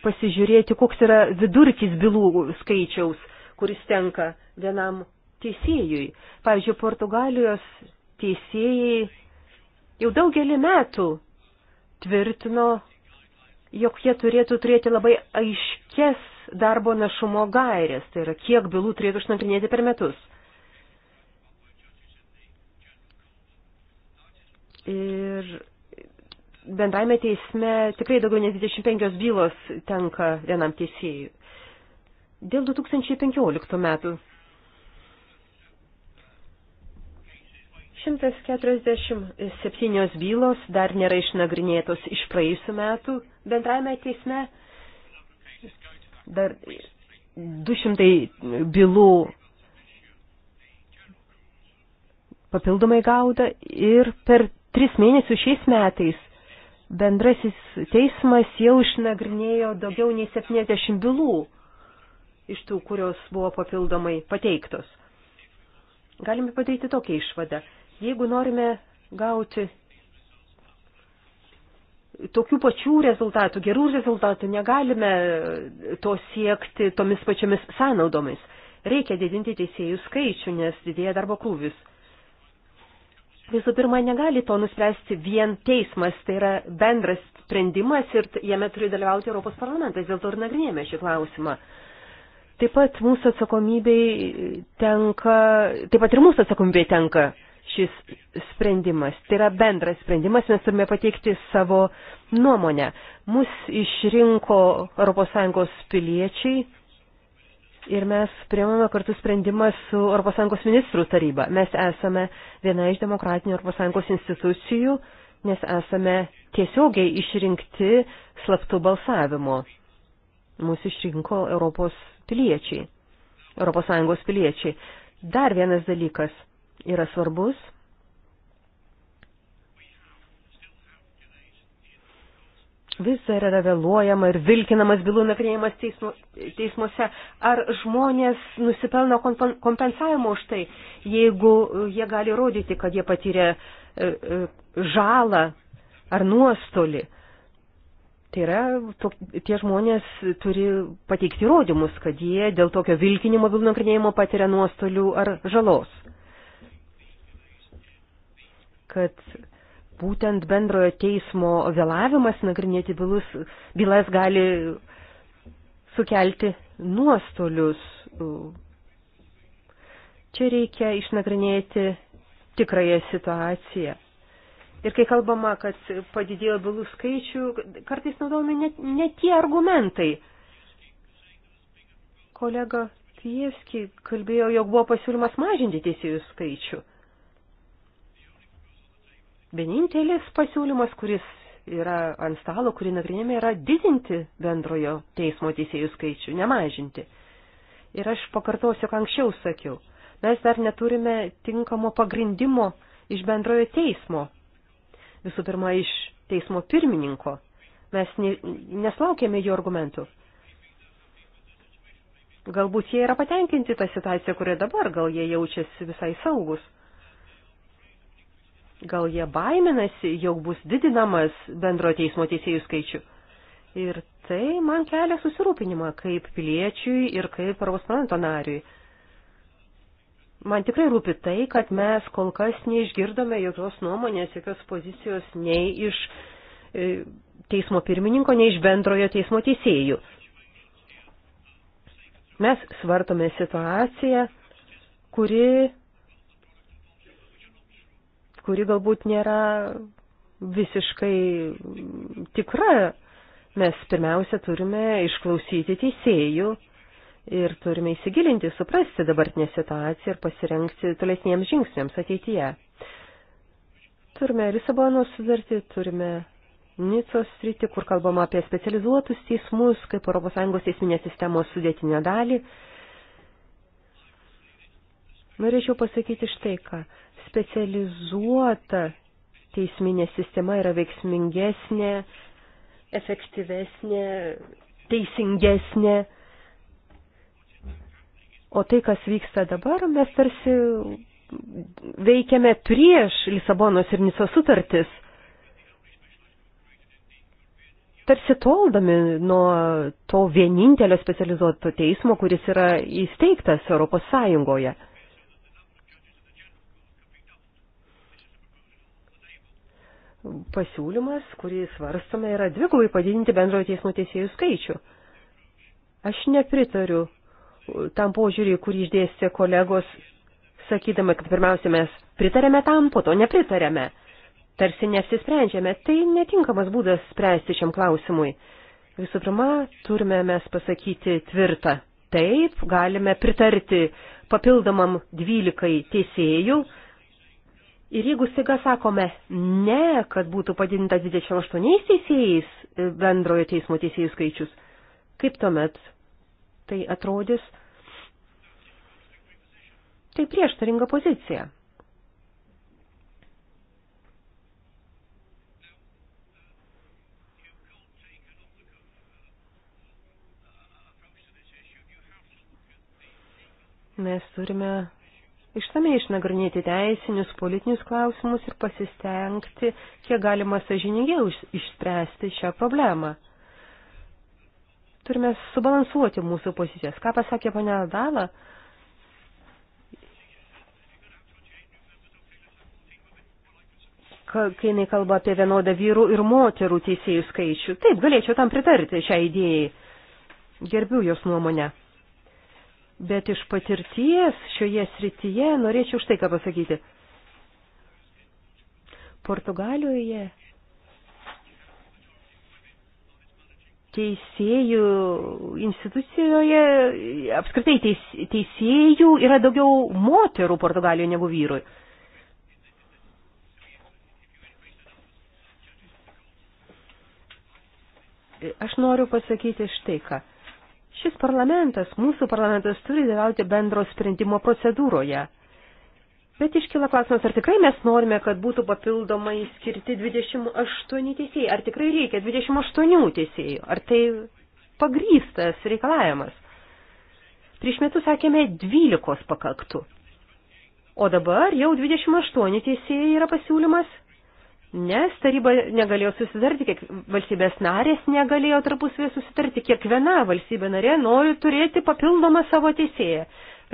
pasižiūrėti, koks yra vidurkis bylų skaičiaus, kuris tenka vienam teisėjui. Pavyzdžiui, Portugalijos teisėjai jau daugelį metų tvirtino jog jie turėtų turėti labai aiškes darbo našumo gairės, tai yra kiek bylų turėtų išnagrinėti per metus. Ir bendraime teisme tikrai daugiau nei 25 bylos tenka vienam teisėjui. Dėl 2015 metų 147 bylos dar nėra išnagrinėtos iš praėjusių metų bendraime teisme. Dar 200 bylų papildomai gauda ir per tris mėnesius šiais metais bendrasis teismas jau išnagrinėjo daugiau nei 70 bylų iš tų, kurios buvo papildomai pateiktos. Galime padaryti tokią išvadą. Jeigu norime gauti tokių pačių rezultatų, gerų rezultatų, negalime to siekti tomis pačiomis sąnaudomis. Reikia didinti teisėjų skaičių, nes didėja darbo krūvis. Visų pirma, negali to nuspręsti vien teismas, tai yra bendras sprendimas ir jame turi dalyvauti Europos parlamentas, dėl to ir nagrinėjame šį klausimą. Taip pat mūsų atsakomybei tenka, taip pat ir mūsų atsakomybei tenka šis sprendimas. Tai yra bendras sprendimas, mes turime pateikti savo nuomonę. Mus išrinko ES piliečiai ir mes priemame kartu sprendimą su ES ministrų taryba. Mes esame viena iš demokratinių ES institucijų, nes esame tiesiogiai išrinkti slaptų balsavimo. Mūsų išrinko Europos piliečiai, ES piliečiai. Dar vienas dalykas – yra svarbus. Vis dar yra vėluojama ir vilkinamas bylų nagrinėjimas teismu, teismuose. Ar žmonės nusipelno kompensavimo už tai, jeigu jie gali rodyti, kad jie patyrė e, e, žalą ar nuostolį? Tai yra, to, tie žmonės turi pateikti įrodymus, kad jie dėl tokio vilkinimo bylų nagrinėjimo patiria nuostolių ar žalos kad būtent bendrojo teismo vėlavimas nagrinėti bylus, bylas gali sukelti nuostolius. Čia reikia išnagrinėti tikrąją situaciją. Ir kai kalbama, kad padidėjo bylų skaičių, kartais naudojami net, net tie argumentai. Kolega Kievski kalbėjo, jog buvo pasiūlymas mažinti teisėjų skaičių. Vienintelis pasiūlymas, kuris yra ant stalo, kurį nagrinėme, yra didinti bendrojo teismo teisėjų skaičių, nemažinti. Ir aš pakartosiu, ką anksčiau sakiau, mes dar neturime tinkamo pagrindimo iš bendrojo teismo. Visų pirma, iš teismo pirmininko. Mes neslaukėme jo argumentų. Galbūt jie yra patenkinti tą situaciją, kurioje dabar, gal jie jaučiasi visai saugus. Gal jie baiminasi, jog bus didinamas bendro teismo teisėjų skaičių. Ir tai man kelia susirūpinimą kaip piliečiui ir kaip Europos parlamento nariui. Man tikrai rūpi tai, kad mes kol kas neišgirdome jokios nuomonės, jokios pozicijos nei iš e, teismo pirmininko, nei iš bendrojo teismo teisėjų. Mes svartome situaciją, kuri kuri galbūt nėra visiškai tikra. Mes pirmiausia turime išklausyti teisėjų ir turime įsigilinti, suprasti dabartinę situaciją ir pasirengti tolesniems žingsniams ateityje. Turime Lisabono sudartį, turime Nicos sritį, kur kalbama apie specializuotus teismus, kaip ES teisminės sistemos sudėtinę dalį. Norėčiau pasakyti štai ką specializuota teisminė sistema yra veiksmingesnė, efektyvesnė, teisingesnė. O tai, kas vyksta dabar, mes tarsi veikiame prieš Lisabonos ir Niso sutartis. Tarsi toldami nuo to vienintelio specializuoto teismo, kuris yra įsteigtas Europos Sąjungoje. pasiūlymas, kurį svarstome, yra dvigubai padidinti bendrojo teismo teisėjų skaičių. Aš nepritariu tam požiūrį, kurį išdėstė kolegos, sakydama, kad pirmiausia mes pritarėme tam, po to nepritarėme. Tarsi nesisprendžiame. Tai netinkamas būdas spręsti šiam klausimui. Visų pirma, turime mes pasakyti tvirtą. Taip, galime pritarti papildomam dvylikai teisėjų, Ir jeigu staiga sakome ne, kad būtų padidintas 28 teisėjais e, bendrojo teismo teisėjų skaičius, kaip tuomet tai atrodys? Tai prieštaringa pozicija. Mes turime išsamei išnagrinėti teisinius, politinius klausimus ir pasistengti, kiek galima sažiningiau išspręsti šią problemą. Turime subalansuoti mūsų pozicijas. Ką pasakė ponia Dala? kai jinai kalba apie vienodą vyrų ir moterų teisėjų skaičių. Taip, galėčiau tam pritarti šią idėją. Gerbiu jos nuomonę. Bet iš patirties šioje srityje norėčiau štai ką pasakyti. Portugalijoje teisėjų institucijoje, apskritai teis, teisėjų yra daugiau moterų Portugalijoje negu vyrui. Aš noriu pasakyti štai ką. Šis parlamentas, mūsų parlamentas turi dalyvauti bendro sprendimo procedūroje. Bet iškila klausimas, ar tikrai mes norime, kad būtų papildomai skirti 28 teisėjai, ar tikrai reikia 28 teisėjų, ar tai pagrystas reikalavimas. Prieš metus sakėme 12 pakaktų, o dabar jau 28 teisėjai yra pasiūlymas nes taryba negalėjo susitarti, kiek valstybės narės negalėjo tarpusvėje susitarti, kiekviena valstybė narė nori turėti papildomą savo teisėją.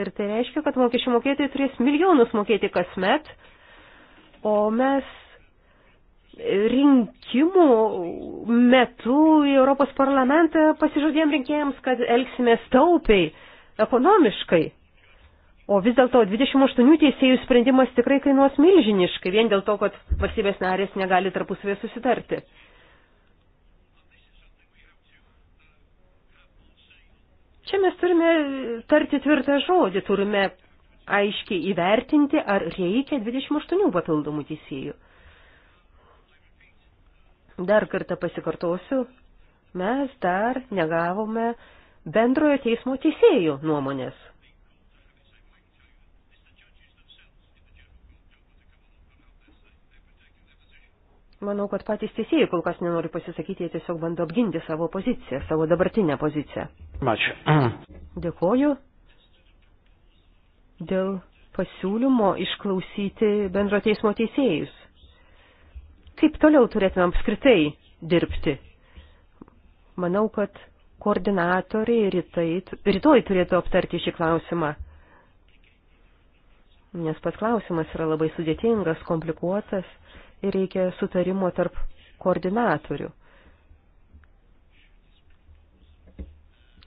Ir tai reiškia, kad mokesčių mokėtojai turės milijonus mokėti kasmet, o mes rinkimų metu į Europos parlamentą pasižadėjom rinkėjams, kad elgsimės taupiai, ekonomiškai. O vis dėlto 28 teisėjų sprendimas tikrai kainuos milžiniškai, vien dėl to, kad valstybės narės negali tarpusavėje susitarti. Čia mes turime tarti tvirtą žodį, turime aiškiai įvertinti, ar reikia 28 papildomų teisėjų. Dar kartą pasikartosiu, mes dar negavome bendrojo teismo teisėjų nuomonės. Manau, kad patys teisėjai kol kas nenori pasisakyti, jie tiesiog bando apginti savo poziciją, savo dabartinę poziciją. Ačiū. Dėkoju dėl pasiūlymo išklausyti bendro teismo teisėjus. Kaip toliau turėtume apskritai dirbti? Manau, kad koordinatoriai rytai, rytoj turėtų aptarti šį klausimą. Nes pats klausimas yra labai sudėtingas, komplikuotas ir reikia sutarimo tarp koordinatorių.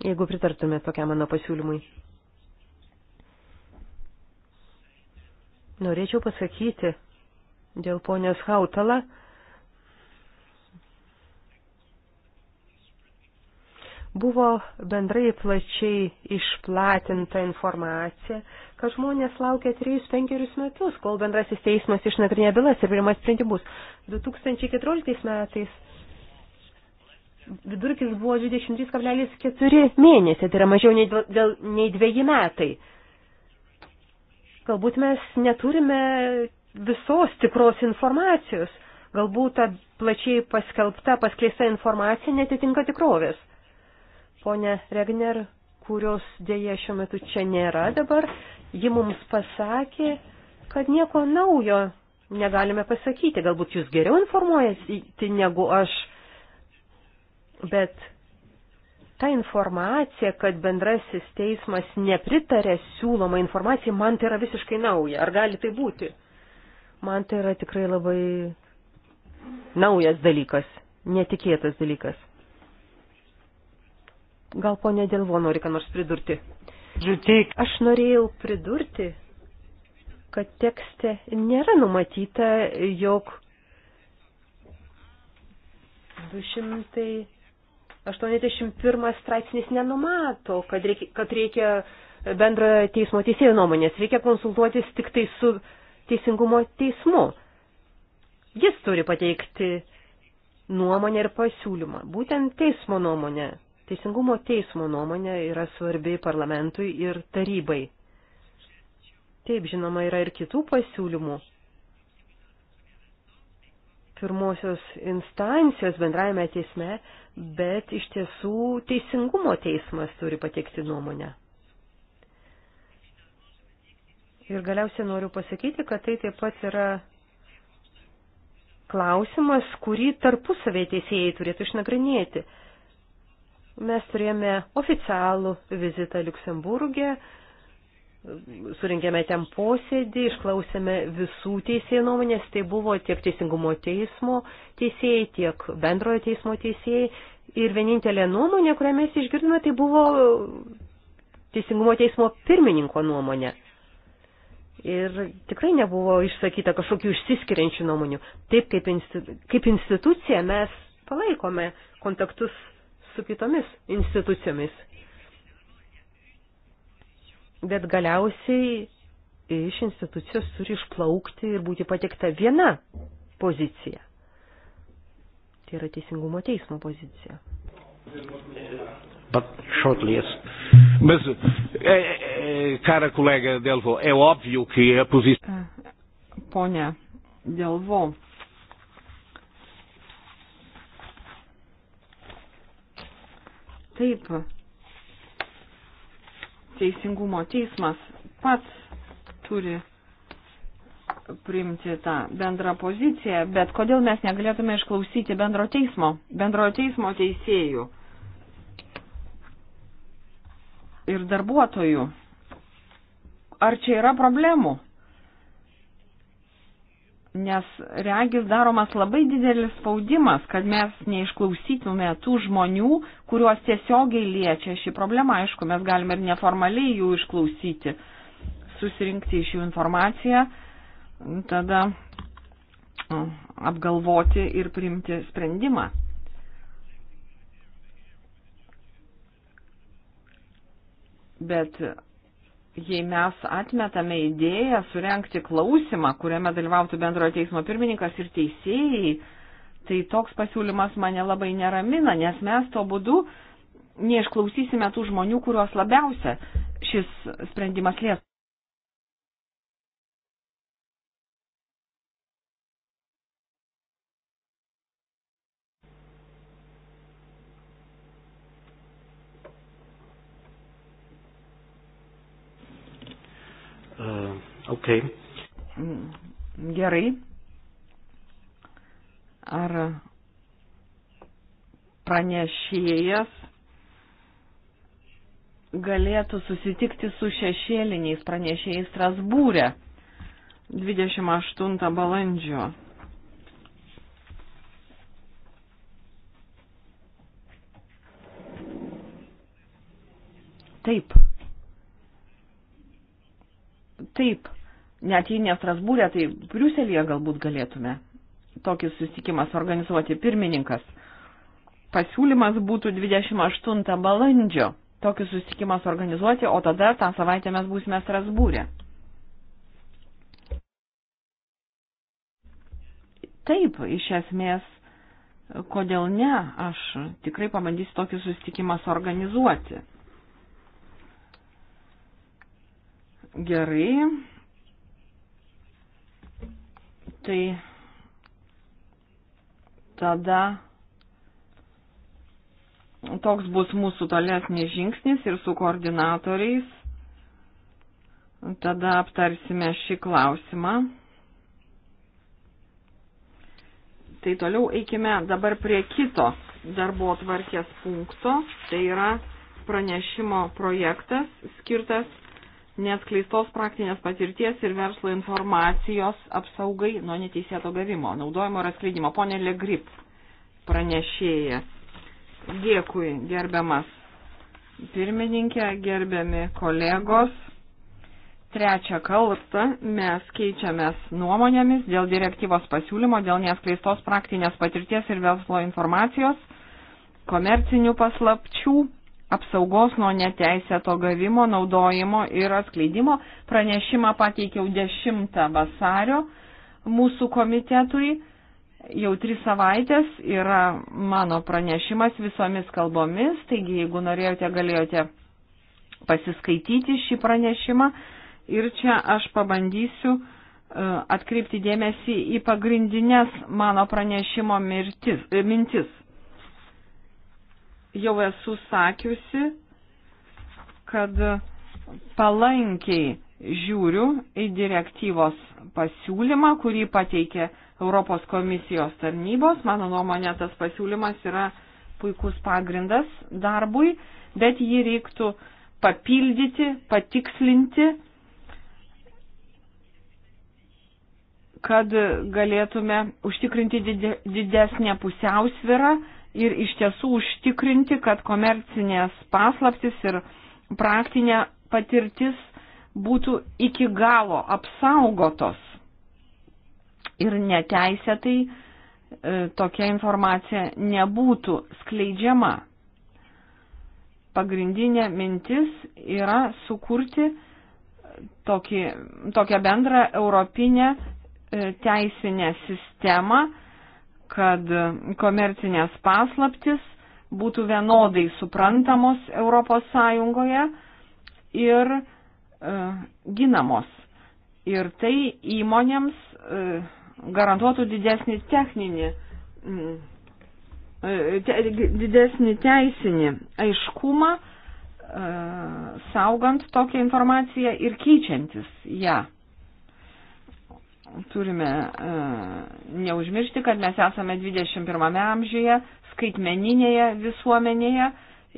Jeigu pritartumėt tokiam mano pasiūlymui. Norėčiau pasakyti dėl ponios Hautala, buvo bendrai plačiai išplatinta informacija kad žmonės laukia 3-5 metus, kol bendrasis teismas išnagrinė bylas ir priima sprendimus. 2014 metais vidurkis buvo 23,4 mėnesiai, tai yra mažiau nei, dėl, nei dviejį metai. Galbūt mes neturime visos tikros informacijos, galbūt ta plačiai paskelbta, paskleista informacija netitinka tikrovės. Pone Regner, kurios dėja šiuo metu čia nėra dabar, ji mums pasakė, kad nieko naujo negalime pasakyti. Galbūt jūs geriau informuojate negu aš, bet ta informacija, kad bendrasis teismas nepritarė siūloma informacija, man tai yra visiškai nauja. Ar gali tai būti? Man tai yra tikrai labai naujas dalykas, netikėtas dalykas. Gal ponė Dėlvo nori ką nors pridurti? Aš norėjau pridurti, kad tekste nėra numatyta, jog 281 straipsnis nenumato, kad reikia, kad reikia bendro teismo teisėjo nuomonės, reikia konsultuotis tik tai su teisingumo teismu. Jis turi pateikti nuomonę ir pasiūlymą, būtent teismo nuomonę. Teisingumo teismo nuomonė yra svarbi parlamentui ir tarybai. Taip, žinoma, yra ir kitų pasiūlymų. Pirmosios instancijos bendrajame teisme, bet iš tiesų teisingumo teismas turi pateikti nuomonę. Ir galiausiai noriu pasakyti, kad tai taip pat yra klausimas, kurį tarpusavė teisėjai turėtų išnagrinėti mes turėjome oficialų vizitą Luksemburgė, surinkėme ten posėdį, išklausėme visų teisėjų nuomonės, tai buvo tiek teisingumo teismo teisėjai, tiek bendrojo teismo teisėjai. Ir vienintelė nuomonė, kurią mes išgirdome, tai buvo teisingumo teismo pirmininko nuomonė. Ir tikrai nebuvo išsakyta kažkokių išsiskiriančių nuomonių. Taip kaip, institu, kaip institucija mes palaikome kontaktus su kitomis institucijomis. Bet galiausiai iš institucijos turi išplaukti ir būti patikta viena pozicija. Tai yra teisingumo teismo pozicija. But shortly, yes. Mas, é, eh, é, eh, eh, cara colega Delvo, é óbvio que a posição. Ponia Delvo, Taip, teisingumo teismas pats turi priimti tą bendrą poziciją, bet kodėl mes negalėtume išklausyti bendro teismo, bendrojo teismo teisėjų ir darbuotojų? Ar čia yra problemų? nes regis daromas labai didelis spaudimas, kad mes neišklausytume tų žmonių, kuriuos tiesiogiai liečia ši problema. Aišku, mes galime ir neformaliai jų išklausyti, susirinkti iš jų informaciją, tada apgalvoti ir priimti sprendimą. Bet jei mes atmetame idėją surenkti klausimą, kuriame dalyvautų bendrojo teismo pirmininkas ir teisėjai, tai toks pasiūlymas mane labai neramina, nes mes to būdu neišklausysime tų žmonių, kuriuos labiausia šis sprendimas lies. Okay. Mm, gerai. Ar pranešėjas galėtų susitikti su šešėliniais pranešėjais Strasbūrė 28 balandžio? Taip. Taip net jei ne Strasbūrė, tai Briuselėje galbūt galėtume tokį susitikimą suorganizuoti. Pirmininkas pasiūlymas būtų 28 balandžio tokį susitikimą suorganizuoti, o tada tą savaitę mes būsime Strasbūrė. Taip, iš esmės, kodėl ne, aš tikrai pabandysiu tokį susitikimą suorganizuoti. Gerai, tai tada toks bus mūsų tolesnis žingsnis ir su koordinatoriais. Tada aptarsime šį klausimą. Tai toliau eikime dabar prie kito darbo tvarkės punkto. Tai yra pranešimo projektas skirtas neatskleistos praktinės patirties ir verslo informacijos apsaugai nuo neteisėto gavimo, naudojimo ir atskleidimo. Pone Legrip, pranešėjas. Dėkui, gerbiamas pirmininkė, gerbiami kolegos. Trečią kartą mes keičiamės nuomonėmis dėl direktyvos pasiūlymo, dėl neskleistos praktinės patirties ir verslo informacijos, komercinių paslapčių apsaugos nuo neteisėto gavimo, naudojimo ir atskleidimo. Pranešimą pateikiau 10 vasario mūsų komitetui. Jau tris savaitės yra mano pranešimas visomis kalbomis, taigi jeigu norėjote, galėjote pasiskaityti šį pranešimą. Ir čia aš pabandysiu e, atkreipti dėmesį į pagrindinės mano pranešimo mirtis, e, mintis jau esu sakiusi, kad palankiai žiūriu į direktyvos pasiūlymą, kurį pateikė Europos komisijos tarnybos. Mano nuomonė, tas pasiūlymas yra puikus pagrindas darbui, bet jį reiktų papildyti, patikslinti, kad galėtume užtikrinti didesnę pusiausvirą ir iš tiesų užtikrinti, kad komercinės paslaptis ir praktinė patirtis būtų iki galo apsaugotos. Ir neteisėtai e, tokia informacija nebūtų skleidžiama. Pagrindinė mintis yra sukurti tokį, tokią bendrą europinę e, teisinę sistemą, kad komercinės paslaptis būtų vienodai suprantamos ES ir e, ginamos. Ir tai įmonėms e, garantuotų didesnį techninį, e, te, didesnį teisinį aiškumą, e, saugant tokią informaciją ir keičiantis ją. Ja turime e, neužmiršti, kad mes esame 21 amžiuje, skaitmeninėje visuomenėje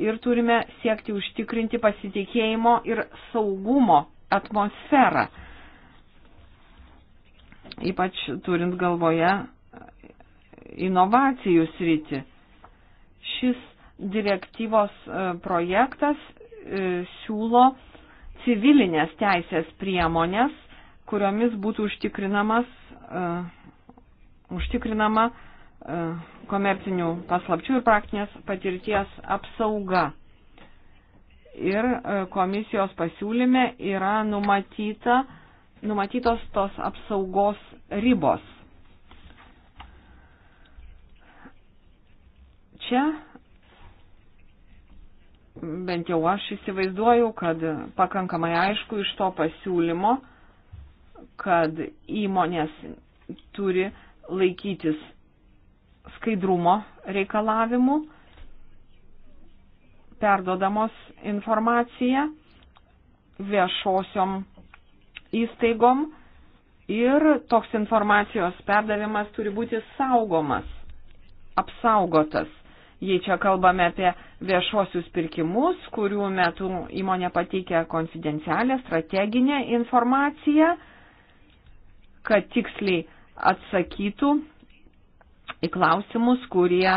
ir turime siekti užtikrinti pasitikėjimo ir saugumo atmosferą. Ypač turint galvoje inovacijų sritį. Šis direktyvos e, projektas e, siūlo civilinės teisės priemonės, kuriomis būtų užtikrinamas, uh, užtikrinama uh, komercinių paslapčių ir praktinės patirties apsauga. Ir uh, komisijos pasiūlyme yra numatyta, numatytos tos apsaugos ribos. Čia bent jau aš įsivaizduoju, kad pakankamai aišku iš to pasiūlymo, kad įmonės turi laikytis skaidrumo reikalavimų, perdodamos informaciją viešosiom įstaigom ir toks informacijos perdavimas turi būti saugomas, apsaugotas. Jei čia kalbame apie viešuosius pirkimus, kurių metu įmonė pateikia konfidencialią strateginę informaciją, kad tiksliai atsakytų į klausimus, kurie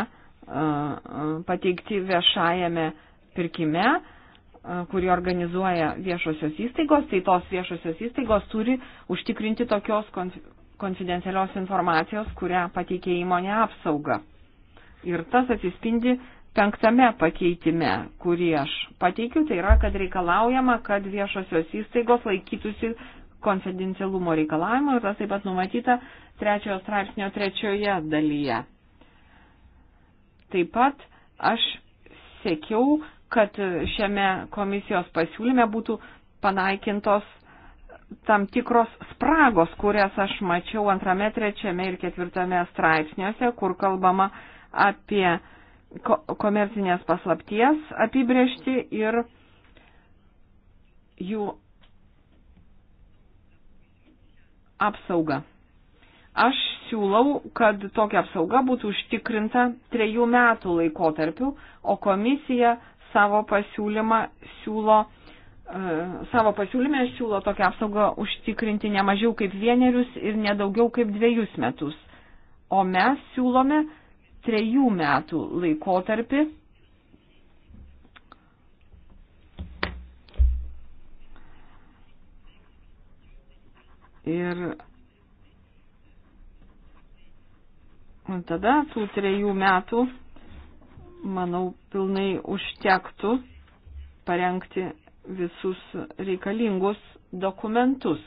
pateikti viešajame pirkime, kurį organizuoja viešosios įstaigos, tai tos viešosios įstaigos turi užtikrinti tokios konfidencialios informacijos, kurią pateikė įmonė apsauga. Ir tas atsispindi penktame pakeitime, kurį aš pateikiu, tai yra, kad reikalaujama, kad viešosios įstaigos laikytųsi konfidencialumo reikalavimo ir tas taip pat numatyta trečiojo straipsnio trečioje dalyje. Taip pat aš sėkiau, kad šiame komisijos pasiūlyme būtų panaikintos tam tikros spragos, kurias aš mačiau antrame, trečiame ir ketvirtame straipsniuose, kur kalbama apie komercinės paslapties apibriešti ir jų apsaugą. Aš siūlau, kad tokia apsauga būtų užtikrinta trejų metų laikotarpiu, o komisija savo pasiūlymą siūlo, e, savo pasiūlymę siūlo tokią apsaugą užtikrinti ne mažiau kaip vienerius ir nedaugiau kaip dviejus metus. O mes siūlome trejų metų laikotarpį Ir tada tų trejų metų, manau, pilnai užtektų parengti visus reikalingus dokumentus.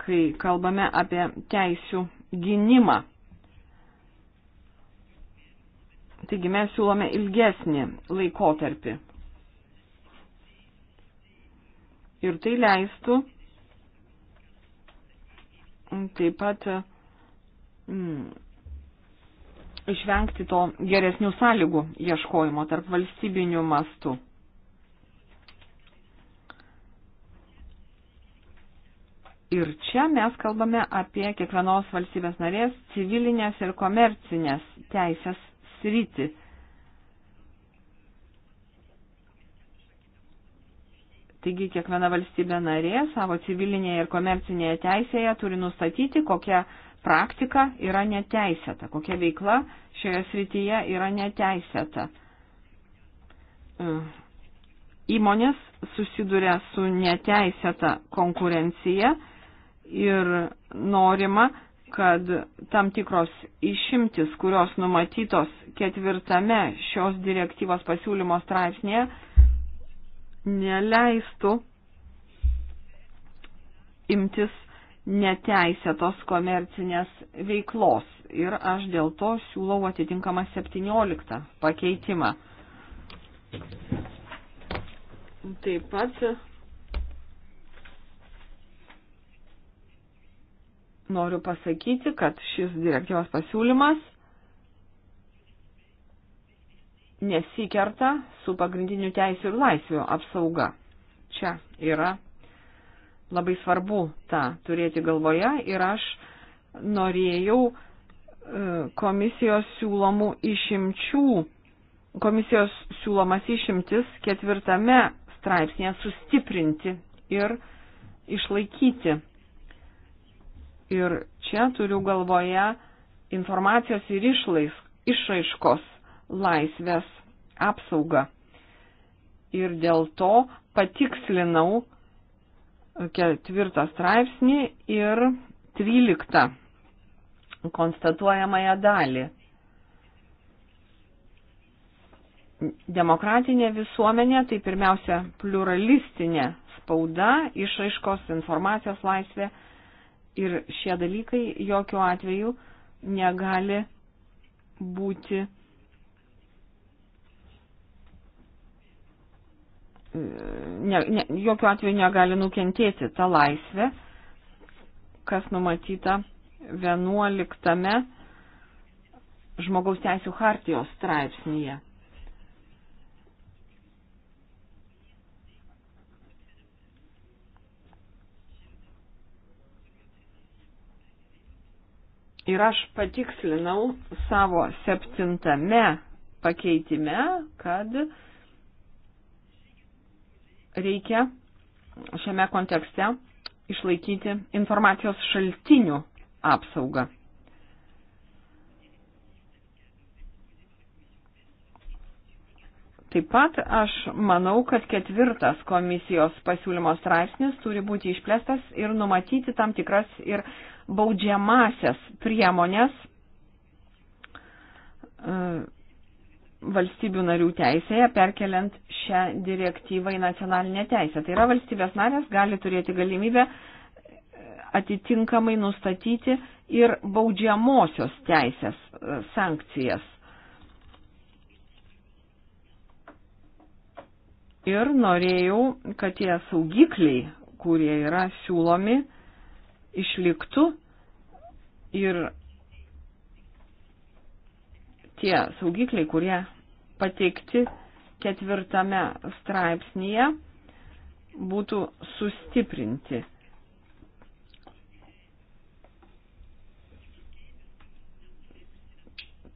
Kai kalbame apie teisių gynimą. Taigi mes siūlome ilgesnį laikotarpį ir tai leistų taip pat e, mm, išvengti to geresnių sąlygų ieškojimo tarp valstybinių mastų. Ir čia mes kalbame apie kiekvienos valstybės narės civilinės ir komercinės teisės sritį. Taigi kiekviena valstybė narė savo civilinėje ir komercinėje teisėje turi nustatyti, kokia praktika yra neteisėta, kokia veikla šioje srityje yra neteisėta. E, įmonės susiduria su neteisėta konkurencija ir norima, kad tam tikros išimtis, kurios numatytos ketvirtame šios direktyvos pasiūlymo straipsnėje, neleistų imtis neteisėtos komercinės veiklos. Ir aš dėl to siūlau atitinkamą 17 pakeitimą. Taip pat noriu pasakyti, kad šis direktyvos pasiūlymas nesikerta su pagrindinių teisų ir laisvių apsauga. Čia yra labai svarbu tą turėti galvoje ir aš norėjau e, komisijos siūlomų išimčių, komisijos siūlomas išimtis ketvirtame straipsnėje sustiprinti ir išlaikyti. Ir čia turiu galvoje informacijos ir išlais, išraiškos laisvės apsaugą. Ir dėl to patikslinau ketvirtą straipsnį ir dvyliktą konstatuojamąją dalį. Demokratinė visuomenė, tai pirmiausia pluralistinė spauda, išaiškos informacijos laisvė ir šie dalykai jokių atveju negali būti ne, ne, jokių atveju negali nukentėti ta laisvė, kas numatyta 11 žmogaus teisų hartijos straipsnyje. Ir aš patikslinau savo septintame pakeitime, kad reikia šiame kontekste išlaikyti informacijos šaltinių apsaugą. Taip pat aš manau, kad ketvirtas komisijos pasiūlymo straipsnis turi būti išplėstas ir numatyti tam tikras ir baudžiamasias priemonės e, valstybių narių teisėje, perkeliant šią direktyvą į nacionalinę teisę. Tai yra valstybės narės gali turėti galimybę e, atitinkamai nustatyti ir baudžiamosios teisės e, sankcijas. Ir norėjau, kad tie saugikliai, kurie yra siūlomi, išliktų ir tie saugikliai, kurie pateikti ketvirtame straipsnėje, būtų sustiprinti.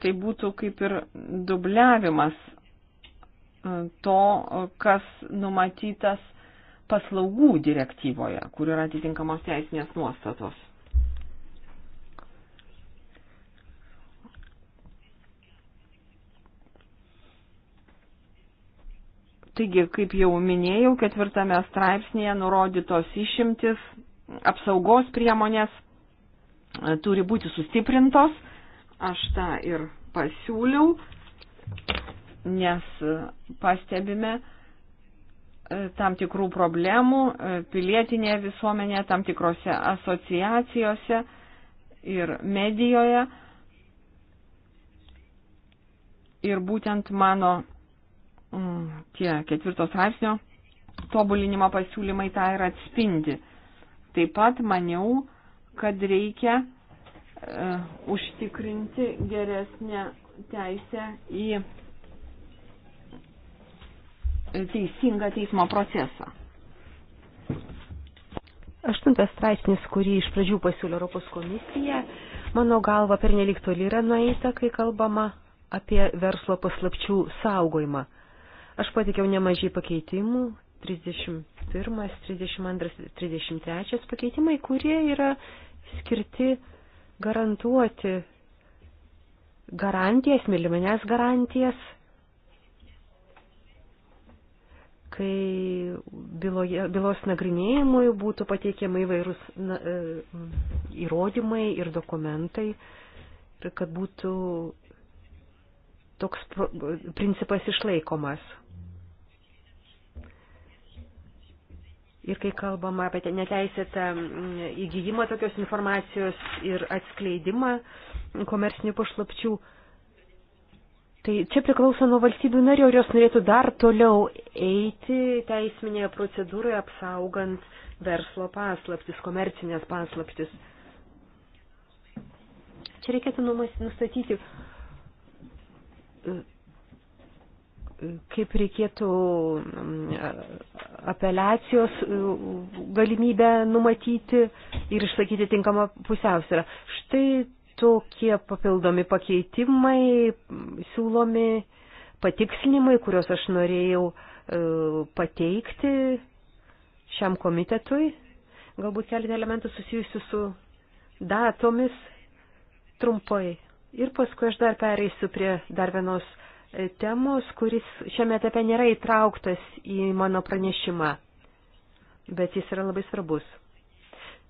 Tai būtų kaip ir dubliavimas e, to, kas numatytas paslaugų direktyvoje, kur yra atitinkamos teisinės nuostatos. Taigi, kaip jau minėjau, ketvirtame straipsnėje nurodytos išimtis, apsaugos priemonės e, turi būti sustiprintos. Aš tą ir pasiūliau, nes e, pastebime e, tam tikrų problemų pilietinėje visuomenėje, tam tikrose asociacijose ir medijoje. Ir būtent mano tie ketvirtos straipsnio tobulinimo pasiūlymai tą ir atspindi. Taip pat maniau, kad reikia uh, užtikrinti geresnę teisę į teisingą teismo procesą. Aštuntas straipsnis, kurį iš pradžių pasiūlė Europos komisija, mano galva per nelik toli yra nueita, kai kalbama apie verslo paslapčių saugojimą. Aš patikiau nemažai pakeitimų, 31, 32, 33 pakeitimai, kurie yra skirti garantuoti garantijas, milimenės garantijas, kai byloje, bylos nagrinėjimui būtų pateikiama įvairūs na, e, įrodymai ir dokumentai, ir kad būtų toks principas išlaikomas. Ir kai kalbama apie neteisėtą mm, įgyjimą tokios informacijos ir atskleidimą komersinių paslapčių, tai čia priklauso nuo valstybių narių, ar jos norėtų dar toliau eiti teisminėje procedūroje apsaugant verslo paslaptis, komercinės paslaptis. Čia reikėtų nustatyti kaip reikėtų mm, apeliacijos mm, galimybę numatyti ir išlaikyti tinkamą pusiausvyrą. Štai tokie papildomi pakeitimai mm, siūlomi patikslinimai, kuriuos aš norėjau e, pateikti šiam komitetui. Galbūt keletą elementų susijusių su datomis trumpai. Ir paskui aš dar pereisiu prie dar vienos temos, kuris šiame etape nėra įtrauktas į mano pranešimą, bet jis yra labai svarbus.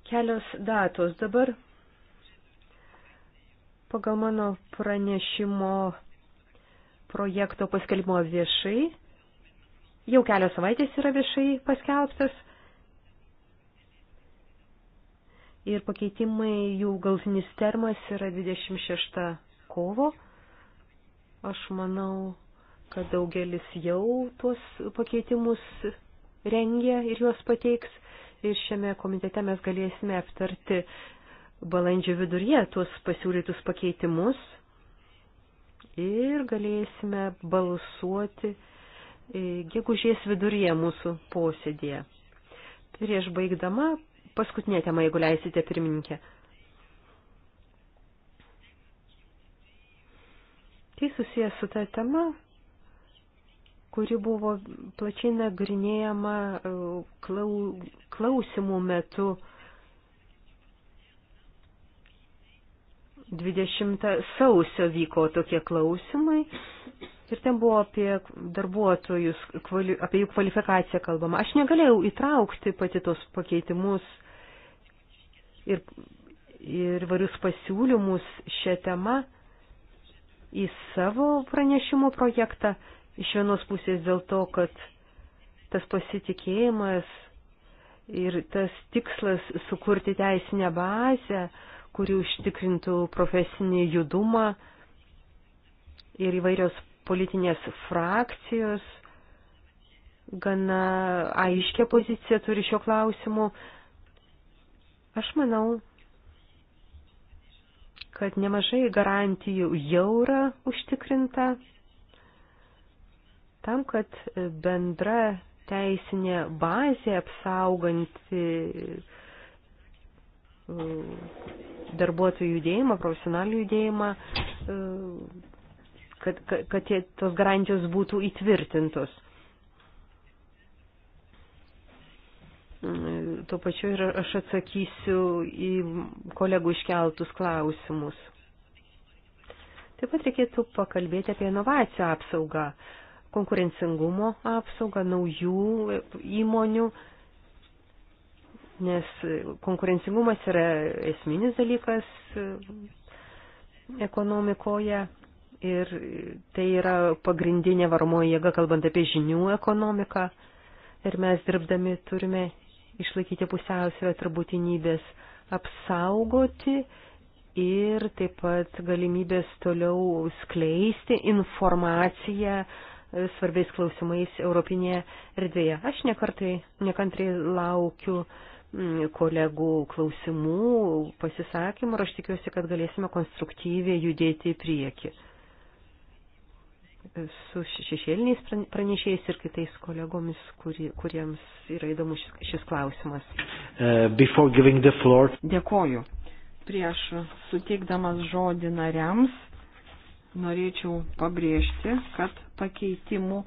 Kelios datos dabar pagal mano pranešimo projekto paskelbimo viešai. Jau kelios savaitės yra viešai paskelbtas. Ir pakeitimai jų galtinis termas yra 26 kovo Aš manau, kad daugelis jau tuos pakeitimus rengia ir juos pateiks. Ir šiame komitete mes galėsime aptarti balandžio viduryje tuos pasiūlytus pakeitimus ir galėsime balsuoti e, gegužės viduryje mūsų posėdėje. Prieš baigdama, paskutinė tema, jeigu leisite pirmininkę. Tai susijęs su ta tema, kuri buvo plačiai nagrinėjama e, klausimų metu 20 sausio vyko tokie klausimai ir ten buvo apie darbuotojus, apie jų kvalifikaciją kalbama. Aš negalėjau įtraukti pati tos pakeitimus ir, ir varius pasiūlymus šią temą į savo pranešimo projektą iš vienos pusės dėl to, kad tas pasitikėjimas ir tas tikslas sukurti teisinę bazę, kuri užtikrintų profesinį judumą ir įvairios politinės frakcijos gana aiškia pozicija turi šio klausimu. Aš manau, kad nemažai garantijų jau yra užtikrinta tam, kad bendra teisinė bazė apsauganti uh, darbuotojų judėjimą, profesionalių judėjimą, uh, kad, kad, kad tos garantijos būtų įtvirtintos. Mm, tuo pačiu ir aš atsakysiu į kolegų iškeltus klausimus. Taip pat reikėtų pakalbėti apie inovacijų apsaugą, konkurencingumo apsaugą, naujų įmonių, nes konkurencingumas yra esminis dalykas ekonomikoje ir tai yra pagrindinė varmoji jėga, kalbant apie žinių ekonomiką. Ir mes dirbdami turime išlaikyti pusiausvę tarp būtinybės apsaugoti ir taip pat galimybės toliau skleisti informaciją svarbiais klausimais Europinėje erdvėje. Aš nekartai, nekantrai laukiu mm, kolegų klausimų, pasisakymų ir aš tikiuosi, kad galėsime konstruktyviai judėti į priekį su šešėliniais pranešėjais ir kitais kolegomis, kuri, kuriems yra įdomu šis, šis klausimas. Uh, floor... Dėkoju. Prieš suteikdamas žodį nariams, norėčiau pabrėžti, kad pakeitimų,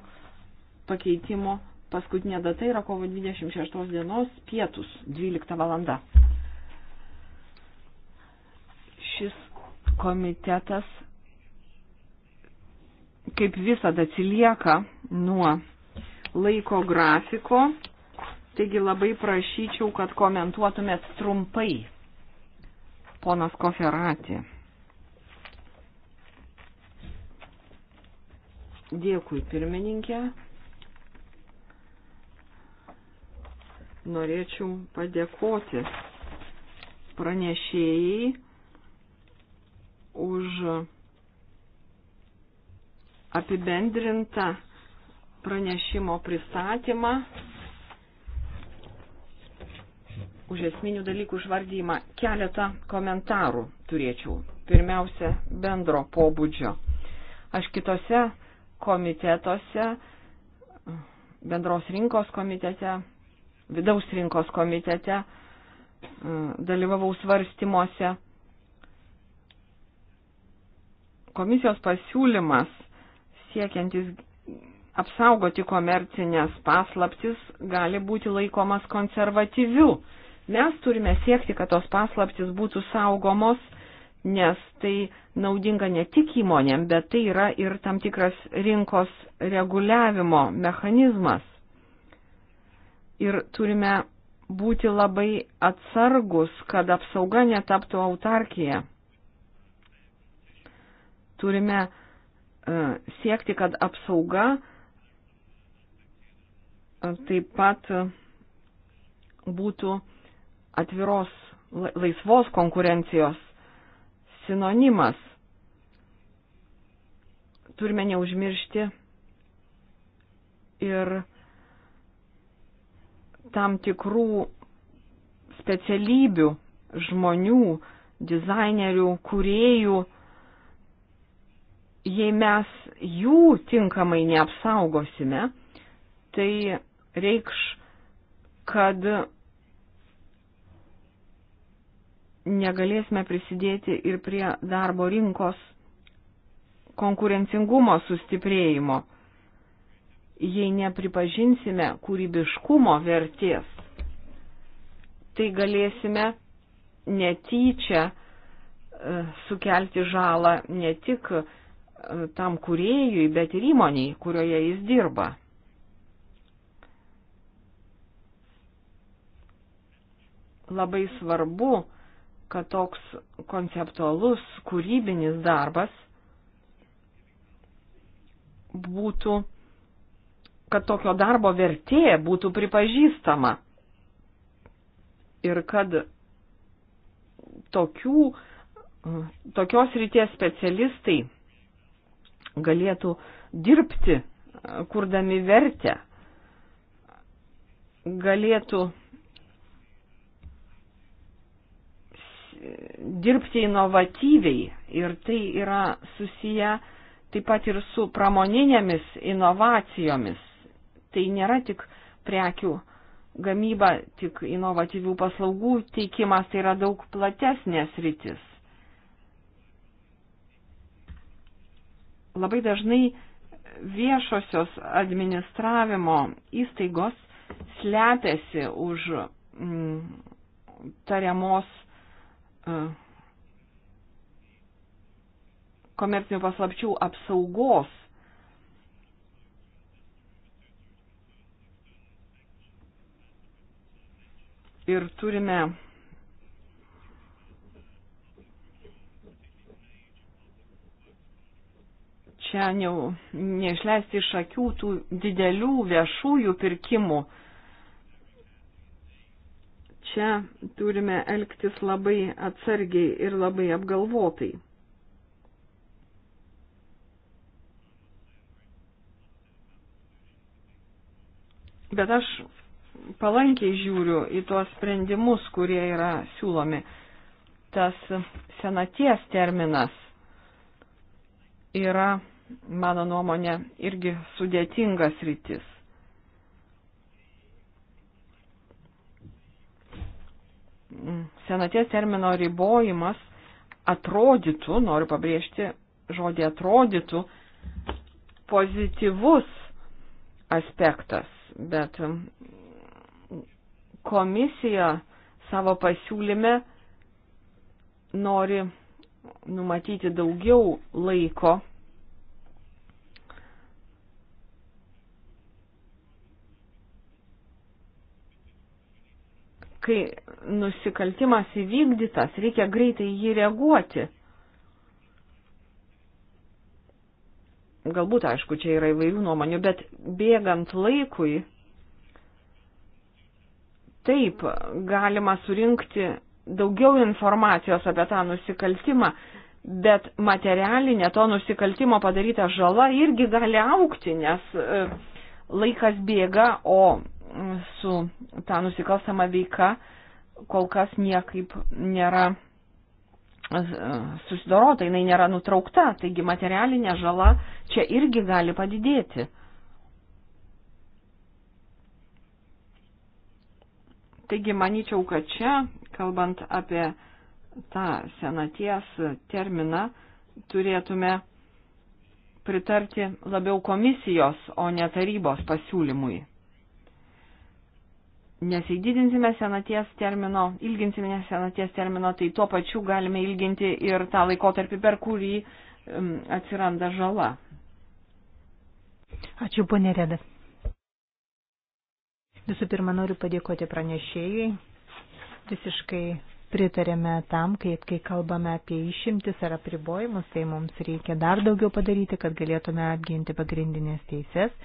pakeitimo paskutinė data yra kovo 26 dienos pietus 12 valanda. Šis komitetas kaip visada atsilieka nuo laiko grafiko, taigi labai prašyčiau, kad komentuotumėt trumpai. Ponas Koferati. Dėkui, pirmininkė. Norėčiau padėkoti pranešėjai už apibendrintą pranešimo pristatymą, už esminių dalykų išvardyjimą keletą komentarų turėčiau. Pirmiausia, bendro pobūdžio. Aš kitose komitetuose, bendros rinkos komitete, vidaus rinkos komitete mm, dalyvavau svarstymuose. Komisijos pasiūlymas siekiantis apsaugoti komercinės paslaptis gali būti laikomas konservatyviu. Mes turime siekti, kad tos paslaptis būtų saugomos, nes tai naudinga ne tik įmonėm, bet tai yra ir tam tikras rinkos reguliavimo mechanizmas. Ir turime būti labai atsargus, kad apsauga netaptų autarkija. Turime E, siekti, kad apsauga e, taip pat būtų atviros laisvos konkurencijos sinonimas. Turime neužmiršti ir tam tikrų specialybių žmonių, dizainerių, kuriejų, jei mes jų tinkamai neapsaugosime, tai reikš, kad negalėsime prisidėti ir prie darbo rinkos konkurencingumo sustiprėjimo, jei nepripažinsime kūrybiškumo vertės. Tai galėsime netyčia e, sukelti žalą ne tik tam kuriejui, bet ir įmoniai, kurioje jis dirba. Labai svarbu, kad toks konceptualus, kūrybinis darbas būtų, kad tokio darbo vertė būtų pripažįstama ir kad tokių, tokios ryties specialistai galėtų dirbti, kurdami vertę, galėtų dirbti inovatyviai ir tai yra susiję taip pat ir su pramoninėmis inovacijomis. Tai nėra tik prekių gamyba, tik inovatyvių paslaugų teikimas, tai yra daug platesnės rytis. labai dažnai viešosios administravimo įstaigos slepiasi už mm, tariamos uh, komercinių paslapčių apsaugos. Ir turime čia ne, neišleisti iš akių tų didelių viešųjų pirkimų. Čia turime elgtis labai atsargiai ir labai apgalvotai. Bet aš palankiai žiūriu į tuos sprendimus, kurie yra siūlomi. Tas senaties terminas yra mano nuomonė, irgi sudėtingas rytis. Senaties termino ribojimas atrodytų, noriu pabrėžti žodį atrodytų, pozityvus aspektas, bet um, komisija savo pasiūlyme nori numatyti daugiau laiko kai nusikaltimas įvykdytas, reikia greitai jį reaguoti. Galbūt, aišku, čia yra įvairių nuomonių, bet bėgant laikui, taip galima surinkti daugiau informacijos apie tą nusikaltimą, bet materialinė to nusikaltimo padaryta žala irgi gali aukti, nes e, laikas bėga, o su ta nusikalstama veika kol kas niekaip nėra susidorota, jinai nėra nutraukta, taigi materialinė žala čia irgi gali padidėti. Taigi manyčiau, kad čia, kalbant apie tą senaties terminą, turėtume pritarti labiau komisijos, o ne tarybos pasiūlymui nesididinsime senaties termino, ilginsime senaties termino, tai tuo pačiu galime ilginti ir tą laikotarpį, per kurį atsiranda žala. Ačiū, ponė Reda. Visų pirma, noriu padėkoti pranešėjai. Visiškai pritarėme tam, kai, kai kalbame apie išimtis ar apribojimus, tai mums reikia dar daugiau padaryti, kad galėtume apginti pagrindinės teises.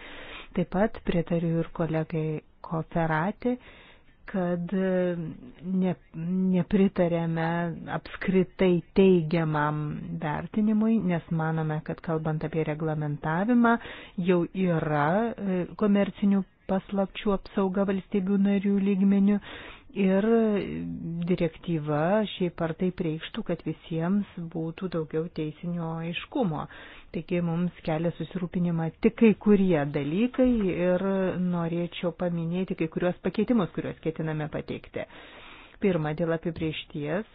Taip pat pritariu ir kolegai kooperatį, kad ne, nepritarėme apskritai teigiamam vertinimui, nes manome, kad kalbant apie reglamentavimą jau yra e, komercinių paslapčių apsauga valstybių narių lygmenių Ir direktyva šiaip ar taip reikštų, kad visiems būtų daugiau teisinio aiškumo. Taigi mums kelia susirūpinimą tik kai kurie dalykai ir norėčiau paminėti kai kuriuos pakeitimus, kuriuos ketiname pateikti. Pirma, dėl apibriešties.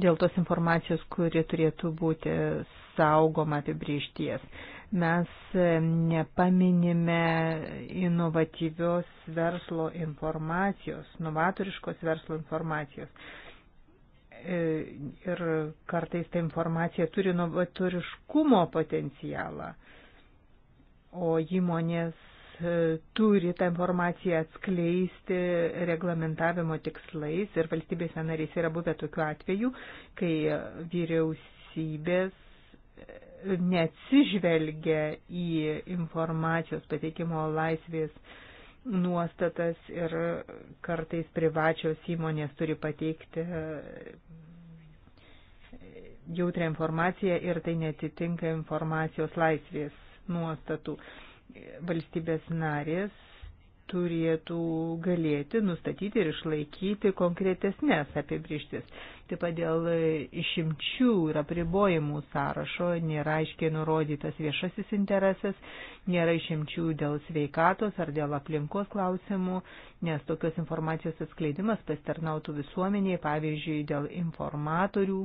Dėl tos informacijos, kuri turėtų būti saugoma apibriešties mes e, nepaminime inovatyvios verslo informacijos, novatoriškos verslo informacijos. E, ir kartais ta informacija turi novatoriškumo potencialą, o įmonės e, turi tą informaciją atskleisti reglamentavimo tikslais ir valstybėse narys yra buvę tokiu atveju, kai vyriausybės neatsižvelgia į informacijos pateikimo laisvės nuostatas ir kartais privačios įmonės turi pateikti e, jautrią informaciją ir tai netitinka informacijos laisvės nuostatų. Valstybės narės turėtų galėti nustatyti ir išlaikyti konkretesnės apibrištis. Taip pat dėl išimčių ir apribojimų sąrašo nėra aiškiai nurodytas viešasis interesas, nėra išimčių dėl sveikatos ar dėl aplinkos klausimų, nes tokios informacijos atskleidimas pasitarnautų visuomeniai, pavyzdžiui, dėl informatorių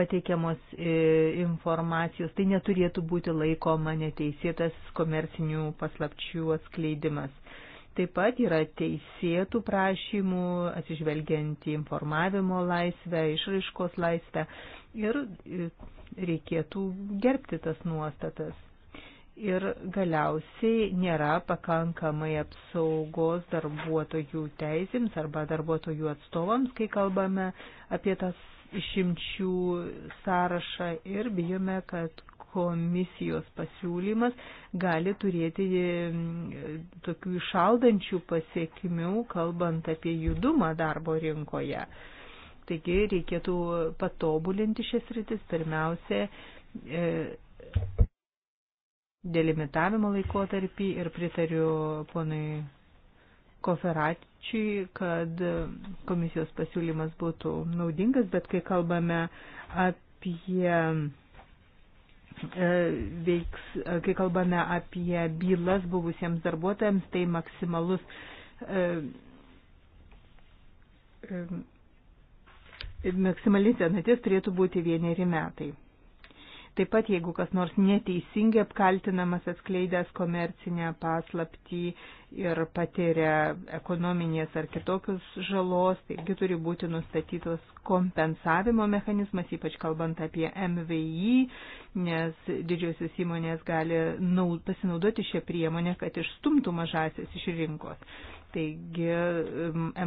pateikiamos e, informacijos, tai neturėtų būti laikoma neteisėtas komercinių paslapčių atskleidimas. Taip pat yra teisėtų prašymų, atsižvelgiant į informavimo laisvę, išraiškos laisvę ir e, reikėtų gerbti tas nuostatas ir galiausiai nėra pakankamai apsaugos darbuotojų teisėms arba darbuotojų atstovams, kai kalbame apie tas išimčių sąrašą ir bijome, kad komisijos pasiūlymas gali turėti mm, tokių išaldančių pasiekmių, kalbant apie judumą darbo rinkoje. Taigi reikėtų patobulinti šias rytis pirmiausia. E, delimitavimo laikotarpį ir pritariu ponui Koferačiui, kad komisijos pasiūlymas būtų naudingas, bet kai kalbame apie e, veiks, e, kai kalbame apie bylas buvusiems darbuotojams, tai maksimalus e, maksimali senatis turėtų būti vieneri metai. Taip pat, jeigu kas nors neteisingai apkaltinamas atskleidęs komercinę paslaptį ir patiria ekonominės ar kitokius žalos, taigi turi būti nustatytos kompensavimo mechanizmas, ypač kalbant apie MVI, nes didžiosios įmonės gali naud, pasinaudoti šią priemonę, kad išstumtų mažasias iš rinkos. Taigi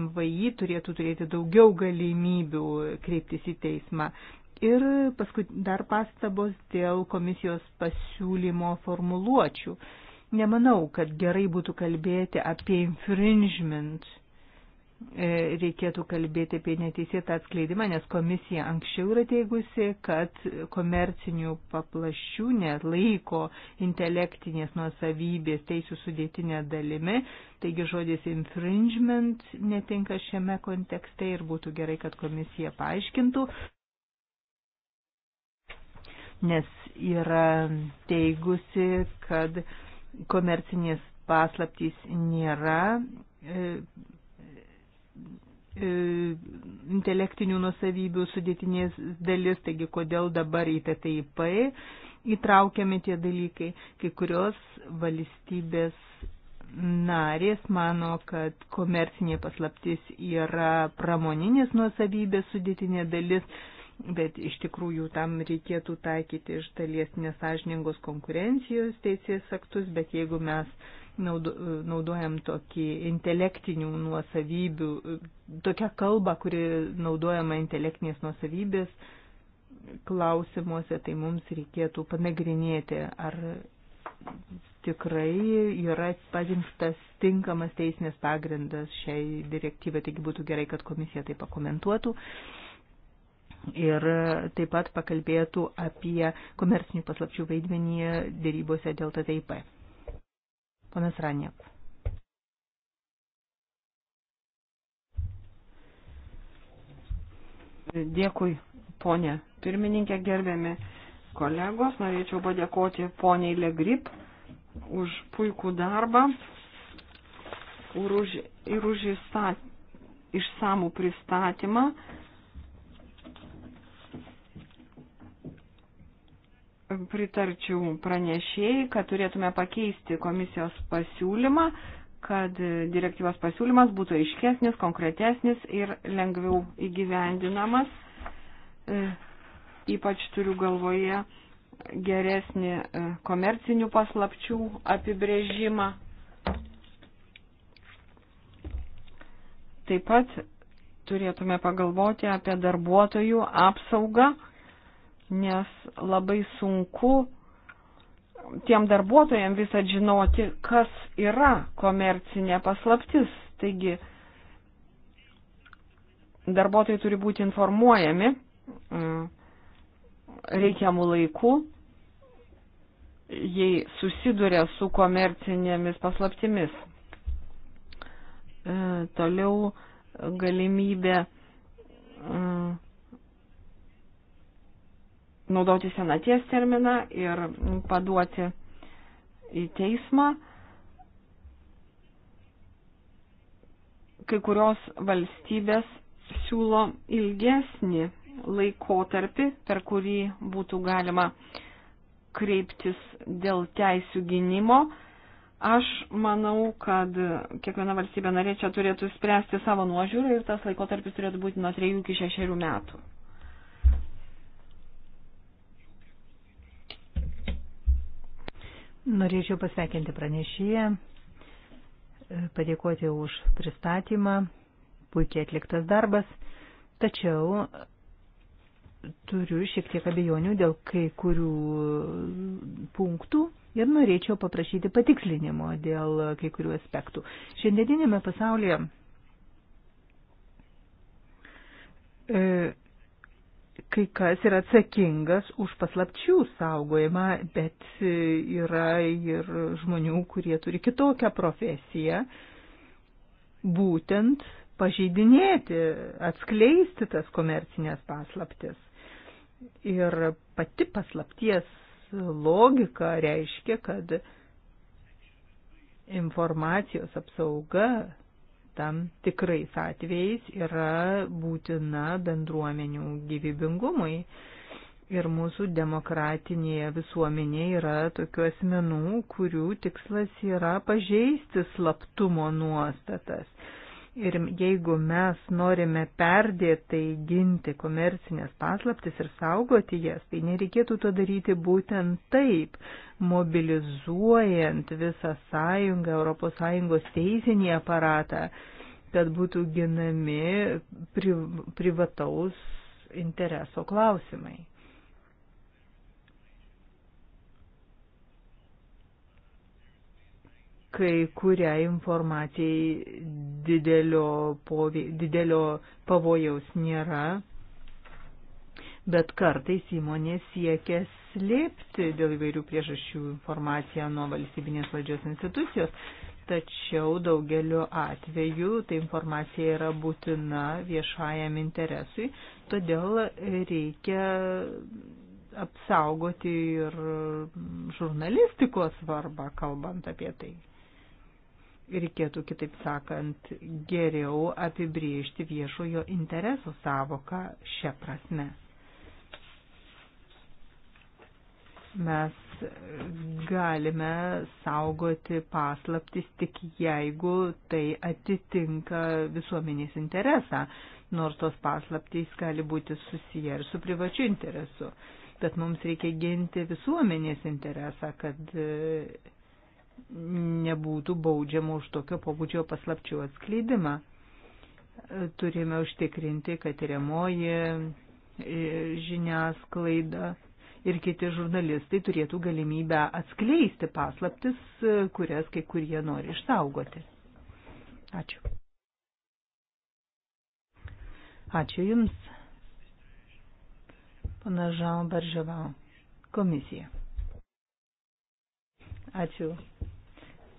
MVI turėtų turėti daugiau galimybių kreiptis į teismą. Ir paskui dar pastabos dėl komisijos pasiūlymo formuluočių. Nemanau, kad gerai būtų kalbėti apie infringement. E, reikėtų kalbėti apie neteisėtą atskleidimą, nes komisija anksčiau yra teigusi, kad komercinių paplašių nelaiko intelektinės nuosavybės teisų sudėtinė dalimi, taigi žodis infringement netinka šiame kontekste ir būtų gerai, kad komisija paaiškintų, nes yra teigusi, kad komercinės paslaptys nėra e, e, intelektinių nusavybių sudėtinės dalis, taigi kodėl dabar į TTIP įtraukiami tie dalykai. Kai kurios valstybės narės mano, kad komercinė paslaptis yra pramoninės nuosavybės sudėtinė dalis, bet iš tikrųjų tam reikėtų taikyti iš dalies nesažiningos konkurencijos teisės aktus, bet jeigu mes naudojam tokį intelektinių nuosavybių, tokią kalbą, kuri naudojama intelektinės nuosavybės klausimuose, tai mums reikėtų panagrinėti, ar tikrai yra pažintas tinkamas teisinės pagrindas šiai direktyvai, taigi būtų gerai, kad komisija tai pakomentuotų. Uh, ir e, taip pat pakalbėtų apie komercinių paslapčių vaidmenį dėrybose dėl TTIP. Ponas Ranėp. Dėkui, ponė pirmininkė, gerbiami kolegos. Norėčiau padėkoti poniai Legrip už puikų darbą ir už išsamų pristatymą. pritarčiau pranešėjai, kad turėtume pakeisti komisijos pasiūlymą, kad direktyvos pasiūlymas būtų aiškesnis, konkretesnis ir lengviau įgyvendinamas. E, ypač turiu galvoje geresnį e, komercinių paslapčių apibrėžimą. Taip pat turėtume pagalvoti apie darbuotojų apsaugą nes labai sunku tiem darbuotojams visą žinoti, kas yra komercinė paslaptis. Taigi darbuotojai turi būti informuojami mm, reikiamų laikų, jei susiduria su komercinėmis paslaptimis. E, toliau galimybė e, naudoti senaties terminą ir paduoti į teismą. Kai kurios valstybės siūlo ilgesnį laikotarpį, per kurį būtų galima kreiptis dėl teisų gynimo. Aš manau, kad kiekviena valstybė narė čia turėtų spręsti savo nuožiūrą ir tas laikotarpis turėtų būti nuo 3 iki 6 metų. Norėčiau pasveikinti pranešėją, e, padėkoti už pristatymą, puikiai atliktas darbas, tačiau turiu šiek tiek abejonių dėl kai kurių punktų ir norėčiau paprašyti patikslinimo dėl kai kurių aspektų. Šiandieninėme pasaulyje e, kai kas yra atsakingas už paslapčių saugojimą, bet e, yra ir žmonių, kurie turi kitokią profesiją, būtent pažeidinėti, atskleisti tas komercinės paslaptis. Ir pati paslapties logika reiškia, kad informacijos apsauga tam tikrais atvejais yra būtina bendruomenių gyvybingumui. Ir mūsų demokratinėje visuomenėje yra tokių asmenų, kurių tikslas yra pažeisti slaptumo nuostatas. Ir jeigu mes norime perdėtai ginti komercinės paslaptis ir saugoti jas, tai nereikėtų to daryti būtent taip, mobilizuojant visą sąjungą, ES teisinį aparatą, kad būtų ginami privataus intereso klausimai. kai kuriai informacijai didelio, povė, didelio pavojaus nėra, bet kartais įmonė siekia slėpti dėl įvairių priežasčių informaciją nuo valstybinės valdžios institucijos, tačiau daugeliu atveju ta informacija yra būtina viešajam interesui, todėl reikia apsaugoti ir žurnalistikos svarbą, kalbant apie tai reikėtų, kitaip sakant, geriau apibriežti viešojo intereso savoką šią prasme. Mes galime saugoti paslaptis tik jeigu tai atitinka visuomenės interesą, nors tos paslaptys gali būti susiję ir su privačiu interesu. Bet mums reikia ginti visuomenės interesą, kad nebūtų baudžiama už tokio pobūdžio paslapčių atskleidimą. Turime užtikrinti, kad tyriamoji e, žiniasklaida ir kiti žurnalistai turėtų galimybę atskleisti paslaptis, e, kurias kai kurie nori išsaugoti. Ačiū. Ačiū Jums. Pana Žan Baržavau, komisija. Ačiū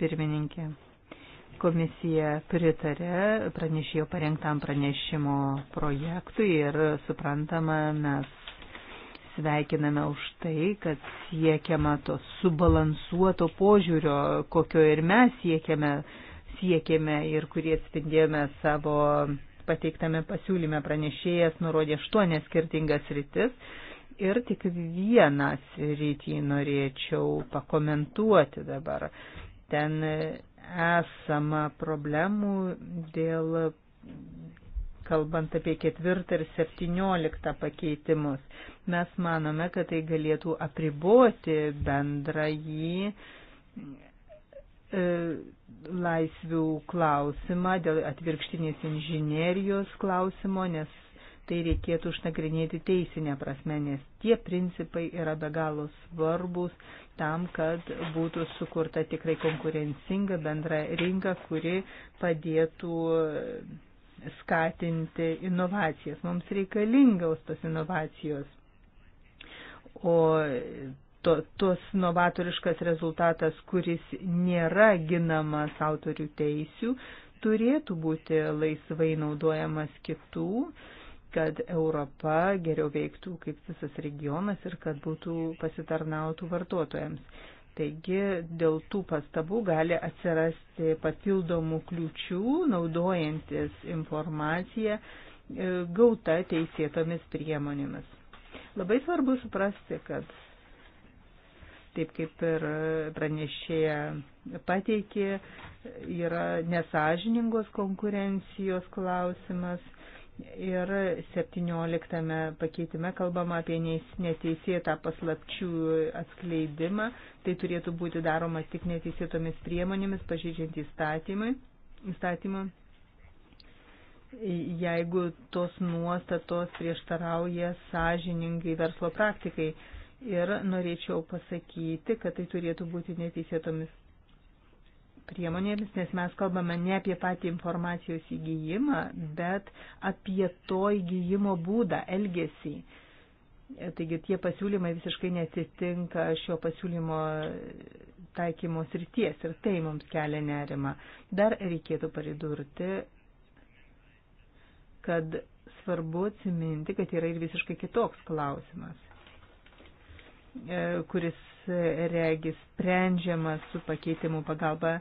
pirmininkė. Komisija pritarė pranešėjo parengtam pranešimo projektui ir suprantama, mes sveikiname už tai, kad siekiama to subalansuoto požiūrio, kokio ir mes siekiame, siekėme ir kurį atspindėjome savo pateiktame pasiūlyme. Pranešėjas nurodė aštuonias skirtingas rytis ir tik vieną sritį norėčiau pakomentuoti dabar ten esama problemų dėl, kalbant apie ketvirtą ir septynioliktą pakeitimus. Mes manome, kad tai galėtų apriboti bendrąjį e, laisvių klausimą, dėl atvirkštinės inžinierijos klausimo, nes tai reikėtų išnagrinėti teisinę prasme, nes tie principai yra be galo svarbus tam, kad būtų sukurta tikrai konkurencinga bendra rinka, kuri padėtų skatinti inovacijas. Mums reikalingaus tos inovacijos. O to, tos novatoriškas rezultatas, kuris nėra ginamas autorių teisių, turėtų būti laisvai naudojamas kitų, uh, kad Europa geriau veiktų kaip visas regionas ir kad būtų pasitarnautų vartotojams. Taigi dėl tų pastabų gali atsirasti papildomų kliučių, naudojantis informaciją e, gauta teisėtomis priemonėmis. Labai svarbu suprasti, kad taip kaip ir pranešėja pateikė, yra nesažiningos konkurencijos klausimas Ir 17 pakeitime kalbama apie neteisėtą paslapčių atskleidimą. Tai turėtų būti daroma tik neteisėtomis priemonėmis, pažydžiant įstatymą. Jeigu tos nuostatos prieštarauja sąžiningai verslo praktikai. Ir norėčiau pasakyti, kad tai turėtų būti neteisėtomis priemonėmis, nes mes kalbame ne apie patį informacijos įgyjimą, bet apie to įgyjimo būdą, elgesį. Taigi tie pasiūlymai visiškai netitinka šio pasiūlymo taikymo srities ir tai mums kelia nerima. Dar reikėtų paridurti, kad svarbu atsiminti, kad yra ir visiškai kitoks klausimas e, kuris regis sprendžiamas su pakeitimu pagalba.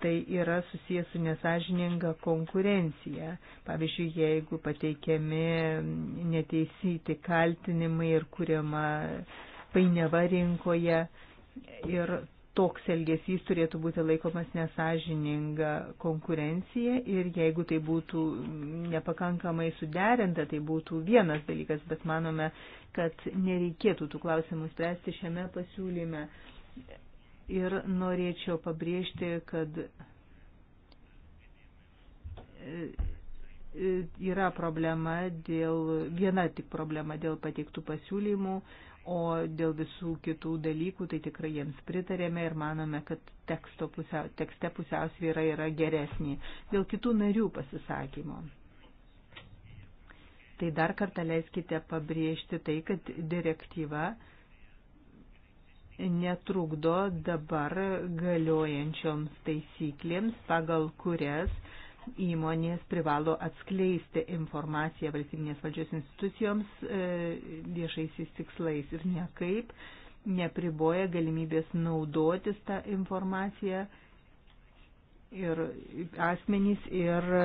Tai yra susijęs su nesažininga konkurencija. Pavyzdžiui, jeigu pateikiami neteisyti kaltinimai ir kuriama painiava rinkoje ir toks elgesys turėtų būti laikomas nesažininga konkurencija ir jeigu tai būtų nepakankamai suderinta, tai būtų vienas dalykas, bet manome, kad nereikėtų tų klausimų spręsti šiame pasiūlyme. Ir norėčiau pabrėžti, kad e, e, yra problema dėl, viena tik problema dėl pateiktų pasiūlymų O dėl visų kitų dalykų, tai tikrai jiems pritarėme ir manome, kad pusiau, tekste pusiausvyra yra geresnė. Dėl kitų narių pasisakymo. Tai dar kartą leiskite pabrėžti tai, kad direktyva netrukdo dabar galiojančioms taisyklėms, pagal kurias įmonės privalo atskleisti informaciją valstybinės valdžios institucijoms e, viešaisiais tikslais ir niekaip nepriboja galimybės naudotis tą informaciją ir asmenys ir e,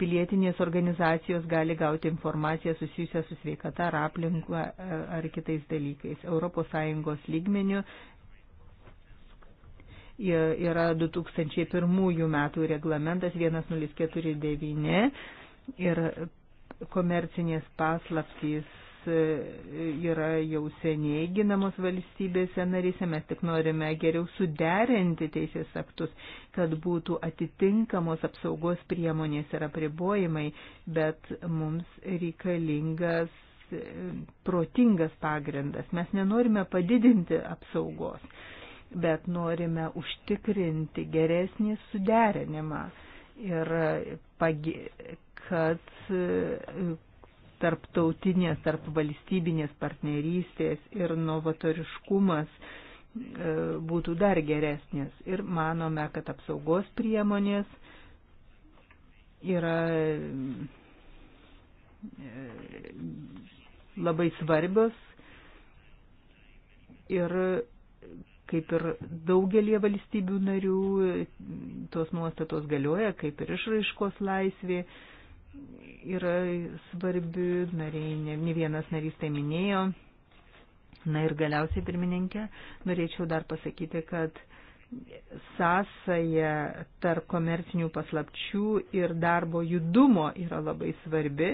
pilietinės organizacijos gali gauti informaciją susijusią su sveikata ar aplinka e, ar kitais dalykais. ES lygmenių yra 2001 metų reglamentas 1049 ir komercinės paslaptys e, yra jau seniai ginamos valstybėse narise, mes tik norime geriau suderinti teisės aktus, kad būtų atitinkamos apsaugos priemonės ir apribojimai, bet mums reikalingas e, protingas pagrindas. Mes nenorime padidinti apsaugos bet norime užtikrinti geresnį suderinimą ir kad e, tarptautinės, tarp valstybinės partnerystės ir novatoriškumas e, būtų dar geresnės. Ir manome, kad apsaugos priemonės yra e, labai svarbios ir Kaip ir daugelie valstybių narių, tos nuostatos galioja, kaip ir išraiškos laisvė yra svarbi, nariai, ne, ne vienas narys tai minėjo. Na ir galiausiai, pirmininkė, norėčiau dar pasakyti, kad sąsaja tarp komercinių paslapčių ir darbo judumo yra labai svarbi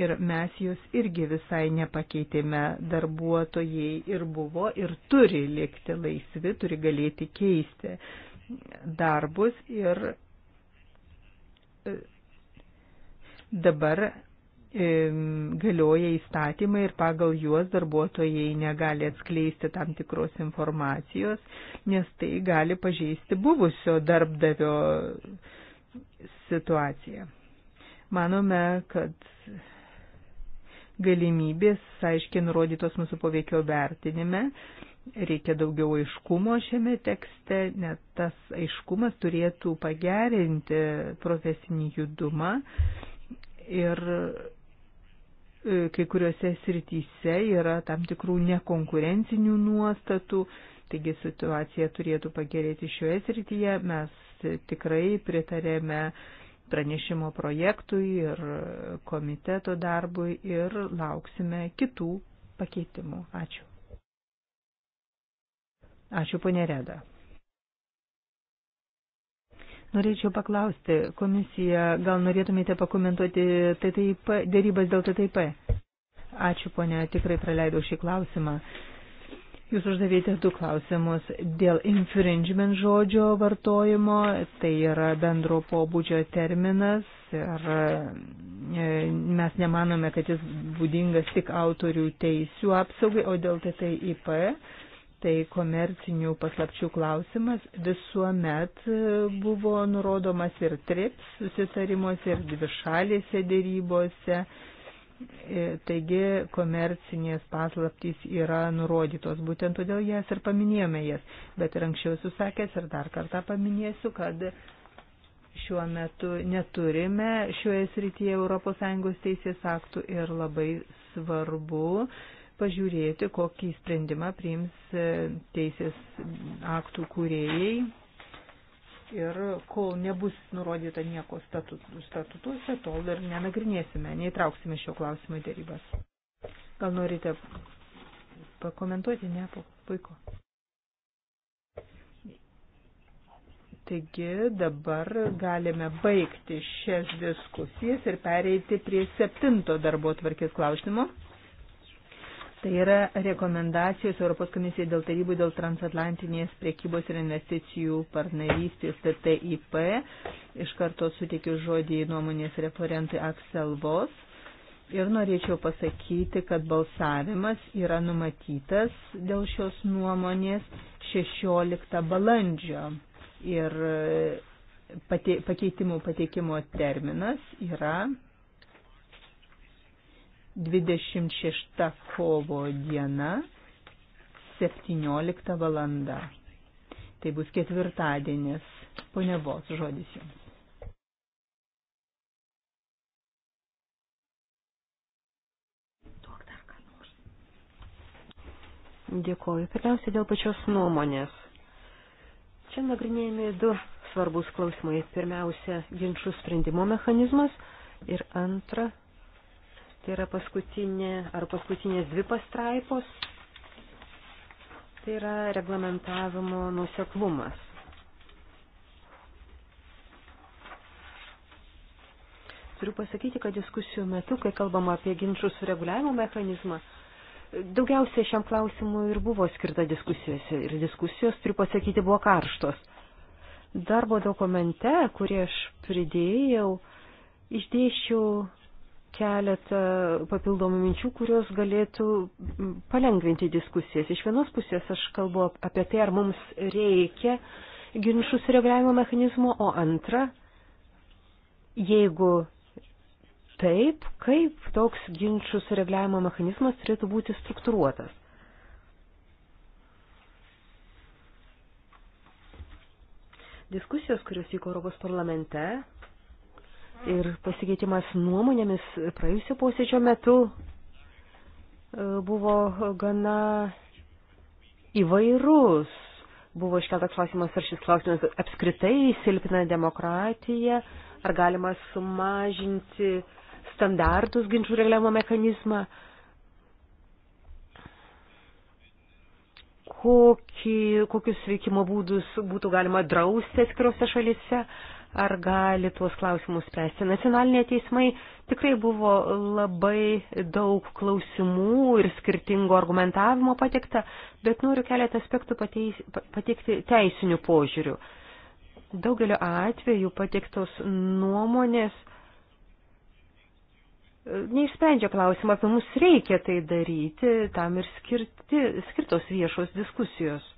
ir mes jos irgi visai nepakeitėme. Darbuotojai ir buvo ir turi likti laisvi, turi galėti keisti darbus ir e, dabar galioja įstatymai ir pagal juos darbuotojai negali atskleisti tam tikros informacijos, nes tai gali pažeisti buvusio darbdavio situaciją. Manome, kad galimybės, aiškiai nurodytos mūsų poveikio vertinime, reikia daugiau aiškumo šiame tekste, net tas aiškumas turėtų pagerinti profesinį judumą ir E, kai kuriuose srityse yra tam tikrų nekonkurencinių nuostatų, taigi situacija turėtų pagerėti šioje srityje. Mes tikrai pritarėme pranešimo projektui ir komiteto darbui ir lauksime kitų pakeitimų. Ačiū. Ačiū, ponė Reda. Norėčiau paklausti, komisija, gal norėtumėte pakomentuoti TTIP, dėrybas dėl TTIP? Ačiū, ponė, tikrai praleidau šį klausimą. Jūs uždavėte du klausimus dėl infringement žodžio vartojimo, tai yra bendro pobūdžio terminas ir e, mes nemanome, kad jis būdingas tik autorių teisių apsaugai, o dėl TTIP. Tai tai komercinių paslapčių klausimas visuomet e, buvo nurodomas ir trips susitarimuose, ir dvišalėse dėrybose. E, taigi komercinės paslaptys yra nurodytos, būtent todėl jas ir paminėjome jas. Bet ir anksčiau susakęs ir dar kartą paminėsiu, kad šiuo metu neturime šioje srityje ES teisės aktų ir labai svarbu pažiūrėti, kokį sprendimą priims e, teisės aktų kūrėjai. Ir kol nebus nurodyta nieko statutuose, tol dar nenagrinėsime, neįtrauksime šio klausimo į dėrybas. Gal norite pakomentuoti? Ne, puiku. Taigi dabar galime baigti šias diskusijas ir pereiti prie septinto darbo tvarkės klausimo. Tai yra rekomendacijos Europos komisijai dėl tarybų dėl transatlantinės priekybos ir investicijų partnerystės TTIP. Iš karto suteikiu žodį nuomonės referentui Aksel Vos. Ir norėčiau pasakyti, kad balsavimas yra numatytas dėl šios nuomonės 16 balandžio. Ir pate, pakeitimų pateikimo terminas yra 26 kovo diena, 17 valanda. Tai bus ketvirtadienis. Pone Vos, žodis jums. Dėkoju. Pirmiausia, dėl pačios nuomonės. Čia nagrinėjami du svarbus klausimai. Pirmiausia, ginčių sprendimo mechanizmas ir antra, Tai yra paskutinė ar paskutinės dvi pastraipos. Tai yra reglamentavimo nuseklumas. Turiu pasakyti, kad diskusijų metu, kai kalbam apie ginčių sureguliavimo mechanizmą, daugiausiai šiam klausimui ir buvo skirta diskusijose. Ir diskusijos, turiu pasakyti, buvo karštos. Darbo dokumente, kurį aš pridėjau, išdėščiau keletą papildomų minčių, kurios galėtų palengvinti diskusijas. Iš vienos pusės aš kalbu apie tai, ar mums reikia ginčių sureagavimo mechanizmo, o antra, jeigu taip, kaip toks ginčių sureagavimo mechanizmas turėtų būti struktūruotas. Diskusijos, kurios vyko Europos parlamente, ir pasikeitimas nuomonėmis praėjusio posėdžio metu e, buvo gana įvairus. Buvo iškeltas klausimas, ar šis klausimas apskritai silpina demokratiją, ar galima sumažinti standartus ginčių reglamo mechanizmą. Kokį, kokius veikimo būdus būtų galima drausti atskirose šalise, ar gali tuos klausimus spręsti nacionaliniai teismai. Tikrai buvo labai daug klausimų ir skirtingo argumentavimo patikta, bet noriu keletą aspektų pateis, pateikti teisinių požiūrių. Daugelio atvejų pateiktos nuomonės e, neišsprendžia klausimą, apie mus reikia tai daryti, tam ir skirti, skirtos viešos diskusijos.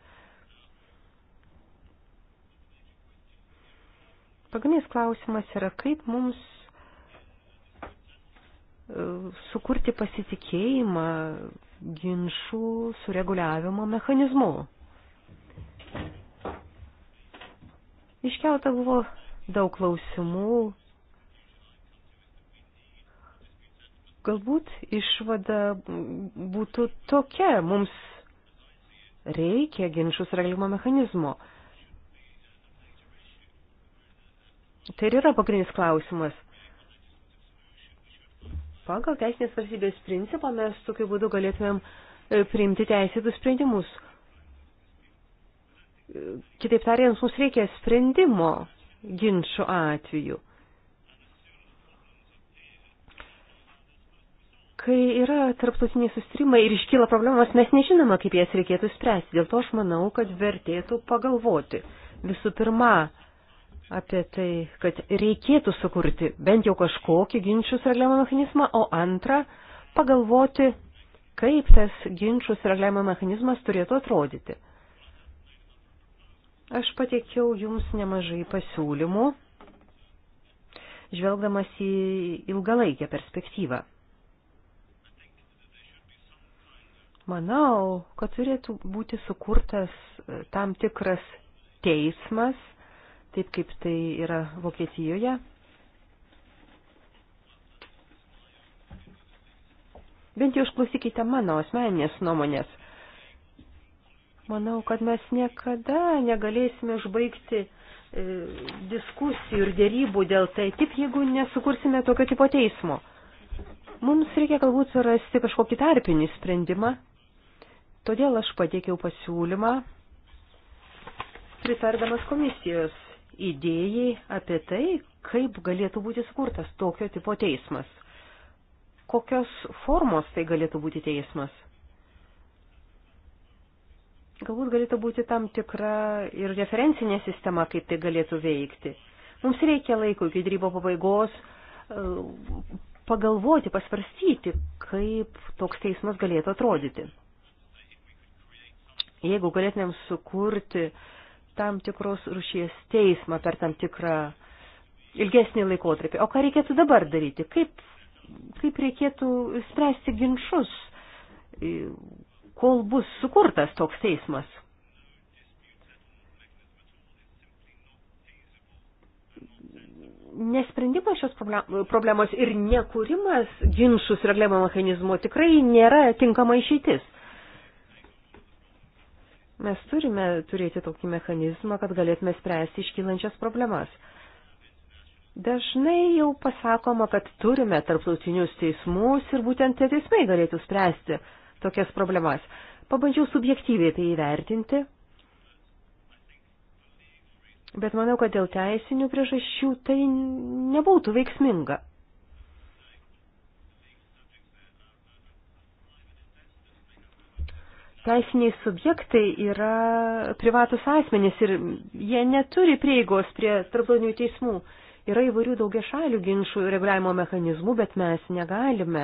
Pagrindinis klausimas yra, kaip mums e, sukurti pasitikėjimą ginčių sureguliavimo mechanizmu. Iškelta buvo daug klausimų. Galbūt išvada būtų tokia, mums reikia ginčių sureguliavimo mechanizmo. Tai ir yra pagrindinis klausimas. Pagal teisinės valstybės principą mes tokiu būdu galėtumėm e, priimti teisėtus sprendimus. E, kitaip tariant, mums reikia sprendimo ginčio atveju. Kai yra tarptautiniai sustrimai ir iškyla problemas, mes nežinome, kaip jas reikėtų spręsti. Dėl to aš manau, kad vertėtų pagalvoti. Visų pirma, apie tai, kad reikėtų sukurti bent jau kažkokį ginčių sregliavimo mechanizmą, o antra, pagalvoti, kaip tas ginčių sregliavimo mechanizmas turėtų atrodyti. Aš pateikiau jums nemažai pasiūlymų, žvelgdamas į ilgalaikę perspektyvą. Manau, kad turėtų būti sukurtas e, tam tikras teismas, taip kaip tai yra Vokietijoje. Bent jau išklausykite mano asmeninės nuomonės. Manau, kad mes niekada negalėsime užbaigti e, diskusijų ir dėrybų dėl tai, tik jeigu nesukursime tokio tipo teismo. Mums reikia galbūt surasti kažkokį tarpinį sprendimą, todėl aš pateikiau pasiūlymą, pritardamas komisijos idėjai apie tai, kaip galėtų būti skurtas tokio tipo teismas. Kokios formos tai galėtų būti teismas? Galbūt galėtų būti tam tikra ir referencinė sistema, kaip tai galėtų veikti. Mums reikia laiko iki drybo pabaigos e, pagalvoti, pasvarstyti, kaip toks teismas galėtų atrodyti. Jeigu galėtumėm sukurti uh, tam tikros rušies teismą per tam tikrą ilgesnį laikotarpį. O ką reikėtų dabar daryti? Kaip, kaip reikėtų spręsti ginčius, kol bus sukurtas toks teismas? Nesprendimas šios problemos ir nekūrimas ginčius reglamo mechanizmo tikrai nėra tinkama išeitis. Mes turime turėti tokį mechanizmą, kad galėtume spręsti iškylančias problemas. Dažnai jau pasakoma, kad turime tarptautinius teismus ir būtent tie teismai galėtų spręsti tokias problemas. Pabandžiau subjektyviai tai įvertinti, bet manau, kad dėl teisinių priežasčių tai nebūtų veiksminga. teisiniai subjektai yra privatus asmenys ir jie neturi prieigos prie tarptautinių teismų. Yra įvairių daugia šalių ginčių reguliavimo mechanizmų, bet mes negalime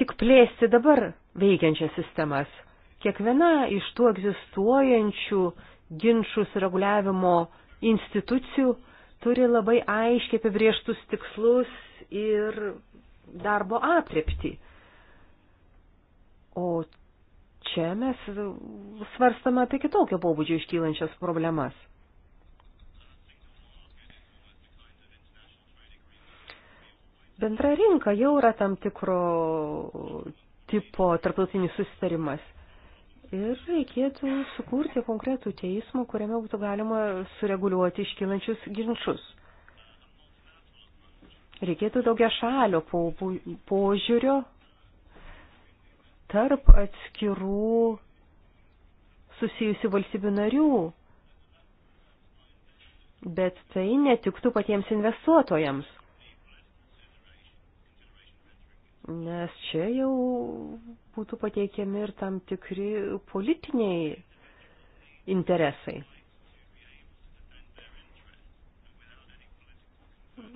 tik plėsti dabar veikiančias sistemas. Kiekviena iš tų egzistuojančių ginčių sureguliavimo institucijų turi labai aiškiai apibrieštus tikslus ir darbo aprepti. O čia mes svarstame apie kitokio pobūdžio iškylančias problemas. Bendra rinka jau yra tam tikro tipo tarptautinis susitarimas. Ir reikėtų sukurti konkretų teismą, kuriame būtų galima sureguliuoti iškylančius ginčius. Reikėtų daugia šalio požiūrio tarp atskirų susijusių valstybių narių, bet tai netiktų patiems investuotojams. Nes čia jau būtų pateikiami ir tam tikri politiniai interesai.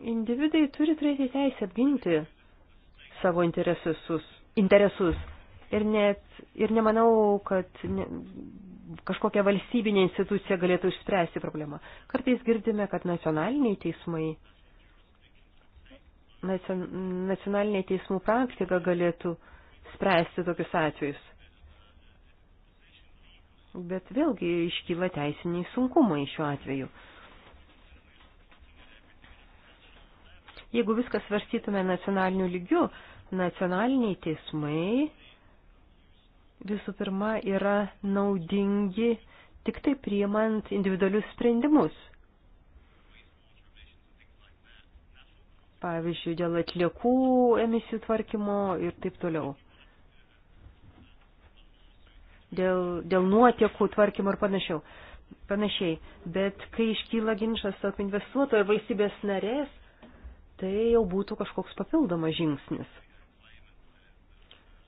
Individai turi turėti teisę apginti savo interesus, interesus ir, net, ir nemanau, kad ne, kažkokia valstybinė institucija galėtų išspręsti problemą. Kartais girdime, kad nacionaliniai teismai, nacionalinė teismų praktika galėtų spręsti tokius atvejus. Bet vėlgi iškyla teisiniai sunkumai šiuo atveju. Jeigu viskas svarstytume nacionaliniu lygiu, nacionaliniai teismai visų pirma yra naudingi tik tai priimant individualius sprendimus. Pavyzdžiui, dėl atliekų emisijų tvarkymo ir taip toliau. Dėl, dėl nuotiekų tvarkymo ir panašiau. panašiai. Bet kai iškyla ginčas tarp investuotojo ir valstybės narės, tai jau būtų kažkoks papildomas žingsnis.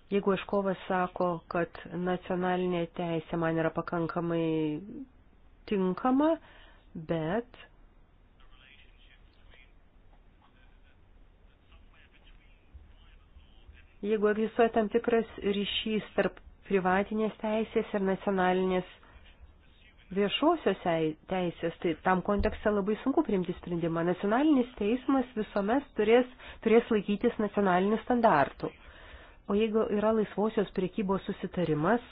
Jeigu iškovas sako, kad nacionalinė teisė man yra pakankamai tinkama, bet jeigu egzistuoja tam tikras ryšys tarp privatinės teisės ir nacionalinės viešosios teisės, tai tam kontekste labai sunku priimti sprendimą. Nacionalinis teismas visuomet turės, turės laikytis nacionalinių standartų. O jeigu yra laisvosios priekybos susitarimas,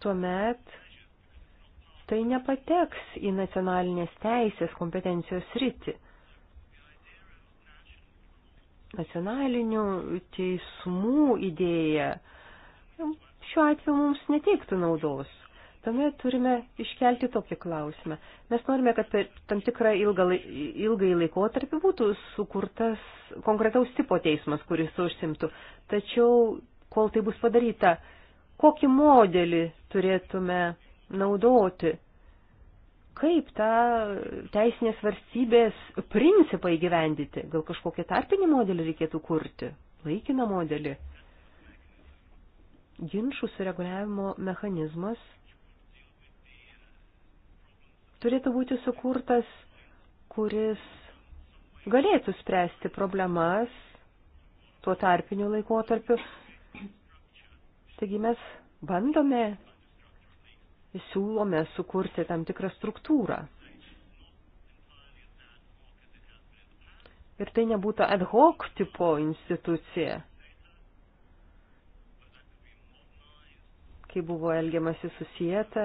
tuomet tai nepateks į nacionalinės teisės kompetencijos rytį. Nacionalinių teismų idėja šiuo atveju mums neteiktų naudos. Tuomet turime iškelti tokį klausimą. Mes norime, kad per tam tikrą ilgą, ilgai laikotarpį būtų sukurtas konkretaus tipo teismas, kuris užsimtų. Tačiau, kol tai bus padaryta, kokį modelį turėtume naudoti, kaip tą teisinės varstybės principą įgyvendyti, gal kažkokį tarpinį modelį reikėtų kurti, laikiną modelį. Ginčių sureguliavimo mechanizmas – turėtų būti sukurtas, kuris galėtų spręsti problemas tuo tarpiniu laikotarpiu. Taigi mes bandome, siūlome sukurti tam tikrą struktūrą. Ir tai nebūtų ad hoc tipo institucija, kai buvo elgiamasi susijęta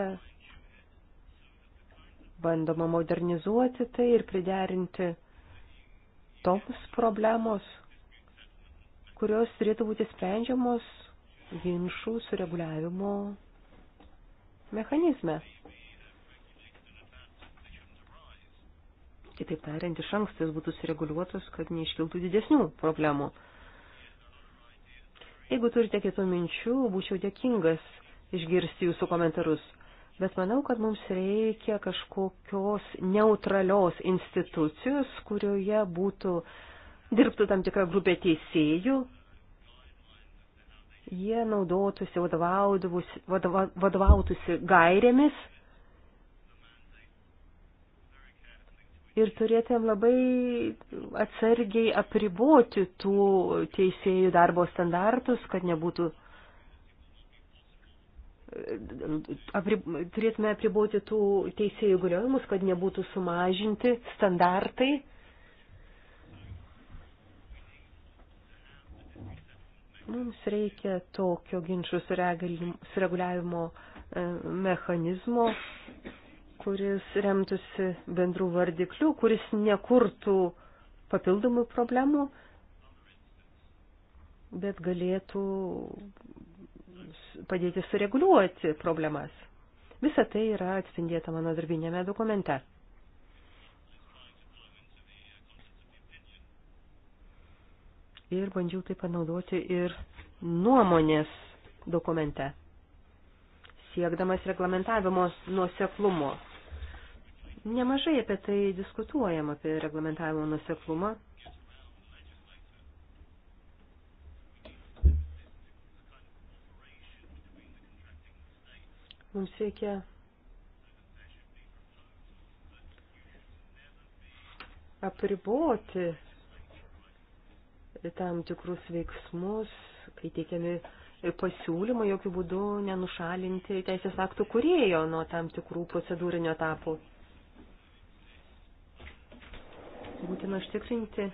bandoma modernizuoti tai ir priderinti toms problemos, kurios turėtų būti sprendžiamos ginčių sureguliavimo mechanizme. Kitaip tariant, iš ankstas būtų sureguliuotos, kad neiškiltų didesnių problemų. Jeigu turite kitų minčių, būčiau dėkingas išgirsti jūsų komentarus. Bet manau, kad mums reikia kažkokios neutralios institucijos, kurioje būtų, dirbtų tam tikra grupė teisėjų. Jie naudotųsi, vadovautųsi gairėmis ir turėtumėm labai atsargiai apriboti tų teisėjų darbo standartus, kad nebūtų apri, turėtume apriboti tų teisėjų galiojimus, kad nebūtų sumažinti standartai. Mums reikia tokio ginčių sureguliavimo e, mechanizmo, kuris remtųsi bendrų vardiklių, kuris nekurtų papildomų problemų, bet galėtų padėti sureguliuoti problemas. Visa tai yra atspindėta mano darbinėme dokumente. Ir bandžiau tai panaudoti ir nuomonės dokumente, siekdamas reglamentavimo nuoseklumo. Nemažai apie tai diskutuojam, apie reglamentavimo nuoseklumą Mums reikia apriboti tam tikrus veiksmus, kai teikiami pasiūlymai, jokių būdų nenušalinti teisės aktų kurėjo nuo tam tikrų procedūrinio etapų. Būtina užtikrinti,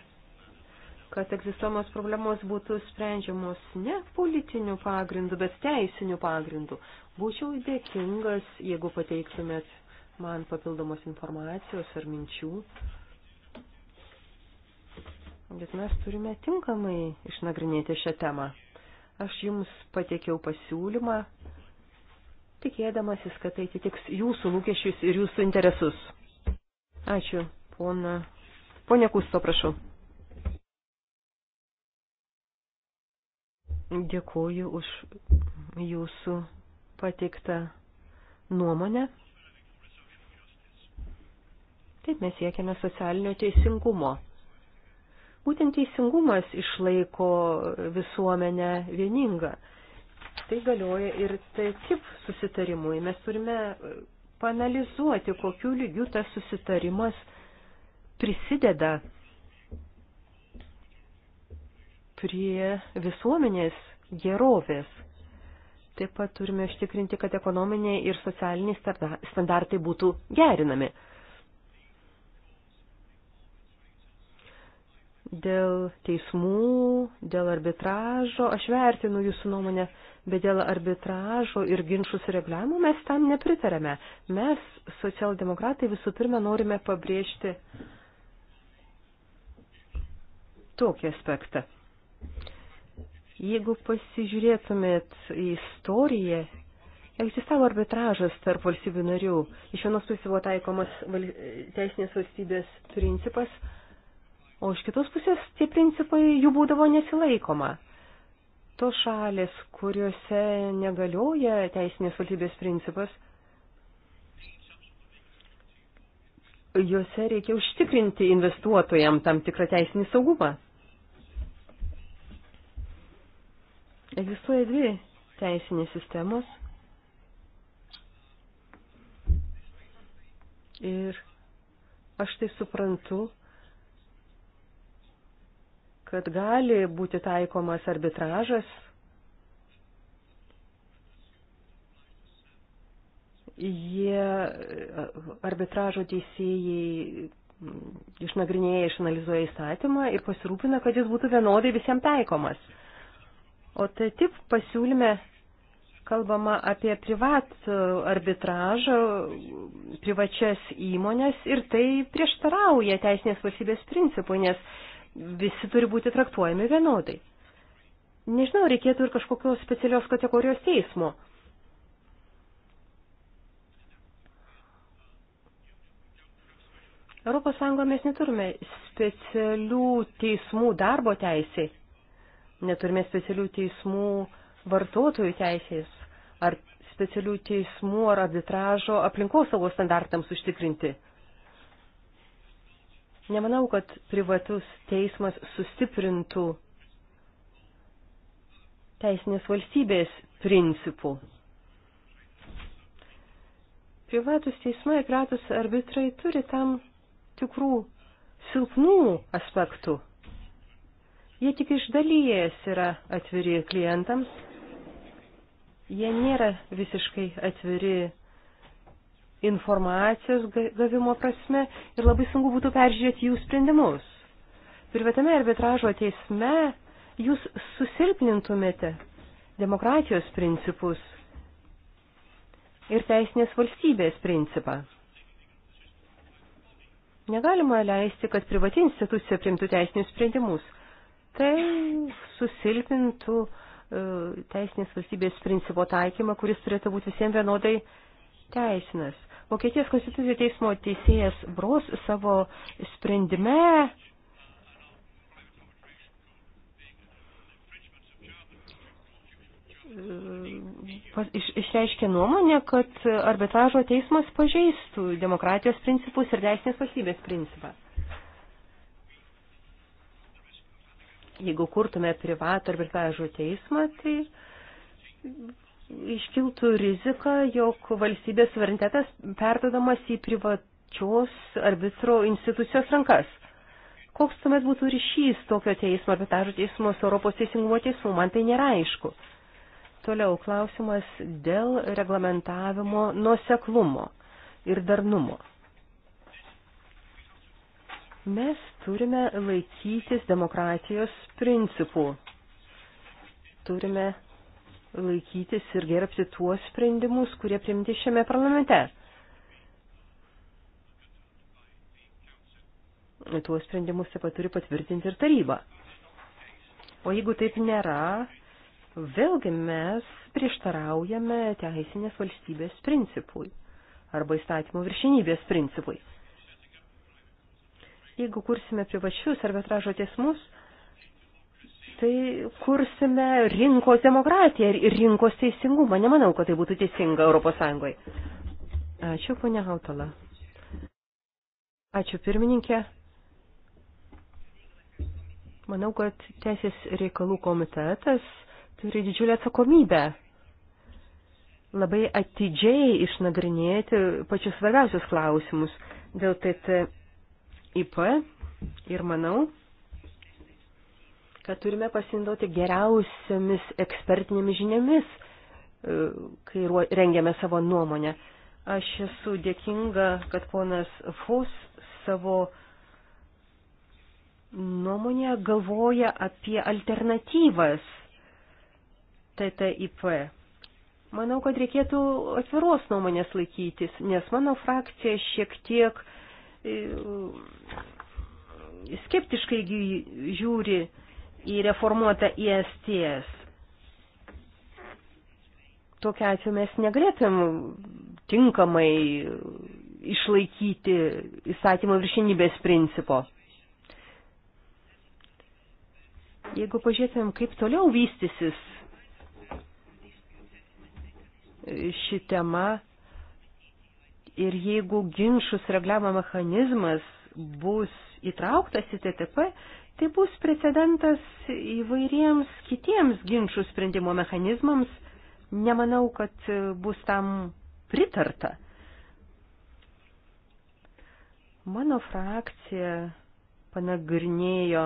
kad egzistuomos problemos būtų sprendžiamos ne politiniu pagrindu, bet teisiniu pagrindu. Būčiau dėkingas, jeigu pateiktumėt man papildomos informacijos ar minčių. Bet mes turime tinkamai išnagrinėti šią temą. Aš jums patiekiau pasiūlymą, tikėdamasis, kad tai atitiks jūsų lūkesčius ir jūsų interesus. Ačiū, pona. Pone Kusto, prašau. Dėkuoju už jūsų pateiktą nuomonę. Taip mes siekiame socialinio teisingumo. Būtent teisingumas išlaiko visuomenę vieningą. Tai galioja ir taip susitarimui. Mes turime panalizuoti, kokiu lygiu tas susitarimas prisideda prie visuomenės gerovės. Taip pat turime užtikrinti, kad ekonominiai ir socialiniai standartai būtų gerinami. Dėl teismų, dėl arbitražo, aš vertinu jūsų nuomonę, bet dėl arbitražo ir ginčių sureglamų mes tam nepritarėme. Mes, socialdemokratai, visų pirma norime pabrėžti tokį aspektą. Jeigu pasižiūrėtumėt į istoriją, egzistavo arbitražas tarp valstybių narių. Iš vienos pusės buvo taikomas teisinės valstybės principas, o iš kitos pusės tie principai jų būdavo nesilaikoma. Tos šalis, kuriuose negalioja teisinės valstybės principas, juose reikia užtikrinti investuotojams tam tikrą teisinį saugumą. Egzistuoja dvi teisinės sistemos ir aš tai suprantu, kad gali būti taikomas arbitražas jie arbitražo teisėjai išnagrinėja, išanalizuoja įstatymą ir pasirūpina, kad jis būtų vienodai visiems taikomas. O tai taip pasiūlyme kalbama apie privatų e, arbitražą, privačias įmonės ir tai prieštarauja teisinės valstybės principui, nes visi turi būti traktuojami vienodai. Nežinau, reikėtų ir kažkokios specialios kategorijos teismo. Europos Sąjungoje mes neturime specialių teismų darbo teisiai neturime specialių teismų vartotojų teisės ar specialių teismų ar arbitražo aplinkosaugos standartams užtikrinti. Nemanau, kad privatus teismas sustiprintų teisinės valstybės principų. Privatus teismai ir privatus arbitrai turi tam tikrų silpnų aspektų. Jie tik iš dalies yra atviri klientams, jie nėra visiškai atviri informacijos gavimo prasme ir labai sunku būtų peržiūrėti jų sprendimus. Privatame arbitražo teisme jūs susilpnintumėte demokratijos principus ir teisinės valstybės principą. Negalima leisti, kad privati institucija primtų teisinius sprendimus. Tai susilpintų e, teisinės valstybės principo taikymą, kuris turėtų būti visiems vienodai teisinas. Vokietijos konstitucijų teismo teisėjas Bros savo sprendime iš, išreiškė nuomonę, kad arbitražo teismas pažeistų demokratijos principus ir teisinės valstybės principą. jeigu kurtume privatų arbitražų teismą, tai iškiltų rizika, jog valstybės suverenitetas perdodamas į privačios arbitro institucijos rankas. Koks tuomet būtų ryšys tokio teismo, arbitražo teismo su Europos teisingumo teismu, man tai nėra aišku. Toliau klausimas dėl reglamentavimo nuoseklumo ir darnumo. Mes turime laikytis demokratijos principų. Turime laikytis ir gerbti tuos sprendimus, kurie priimti šiame parlamente. Tuos sprendimus taip pat turi patvirtinti ir taryba. O jeigu taip nėra, vėlgi mes prieštaraujame teisinės valstybės principui arba įstatymų viršinybės principui. Jeigu kursime privačius arbitražo teismus, tai kursime rinkos demokratiją ir rinkos teisingumą. Nemanau, kad tai būtų teisinga Europos Sąjungoje. Ačiū, ponia Hautala. Ačiū, pirmininkė. Manau, kad Teisės reikalų komitetas turi didžiulę atsakomybę labai atidžiai išnagrinėti pačius svarbiausius klausimus dėl TT IP ir manau, kad turime pasinaudoti geriausiamis ekspertinėmis žiniomis, e, kai rengiame savo nuomonę. Aš esu dėkinga, kad ponas Fos savo nuomonė galvoja apie alternatyvas TTIP. Manau, kad reikėtų atviros nuomonės laikytis, nes mano frakcija šiek tiek uh, E, skeptiškai žiūri į reformuotą ISTS. Tokiu atveju mes negalėtum tinkamai išlaikyti įstatymo viršinybės principo. Jeigu pažiūrėtumėm, kaip toliau vystysis ši tema, Ir jeigu ginčius reglamo mechanizmas bus įtrauktas į TTP, tai bus precedentas įvairiems kitiems ginčių sprendimo mechanizmams. Nemanau, kad bus tam pritarta. Mano frakcija panagrinėjo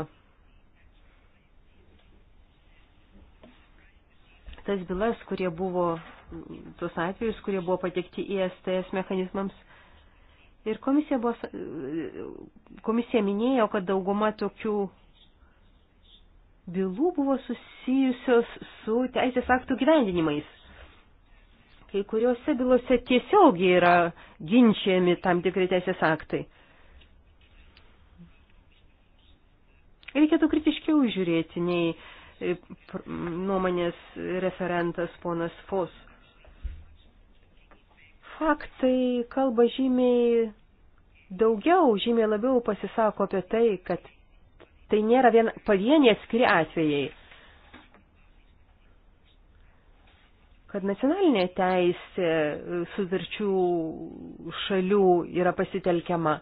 tas bylas, kurie buvo tuos atvejus, kurie buvo patekti į STS mechanizmams. Ir komisija, buvo, komisija minėjo, kad dauguma tokių bylų buvo susijusios su teisės aktų gyvendinimais. Kai kuriuose bylose tiesiog yra ginčiami tam tikri teisės aktai. Reikėtų kritiškiau žiūrėti nei e, nuomonės referentas ponas Fos. Faktai kalba žymiai daugiau, žymiai labiau pasisako apie tai, kad tai nėra vien pavieniai atskiri atvejai. Kad nacionalinė teisė sutarčių šalių yra pasitelkiama.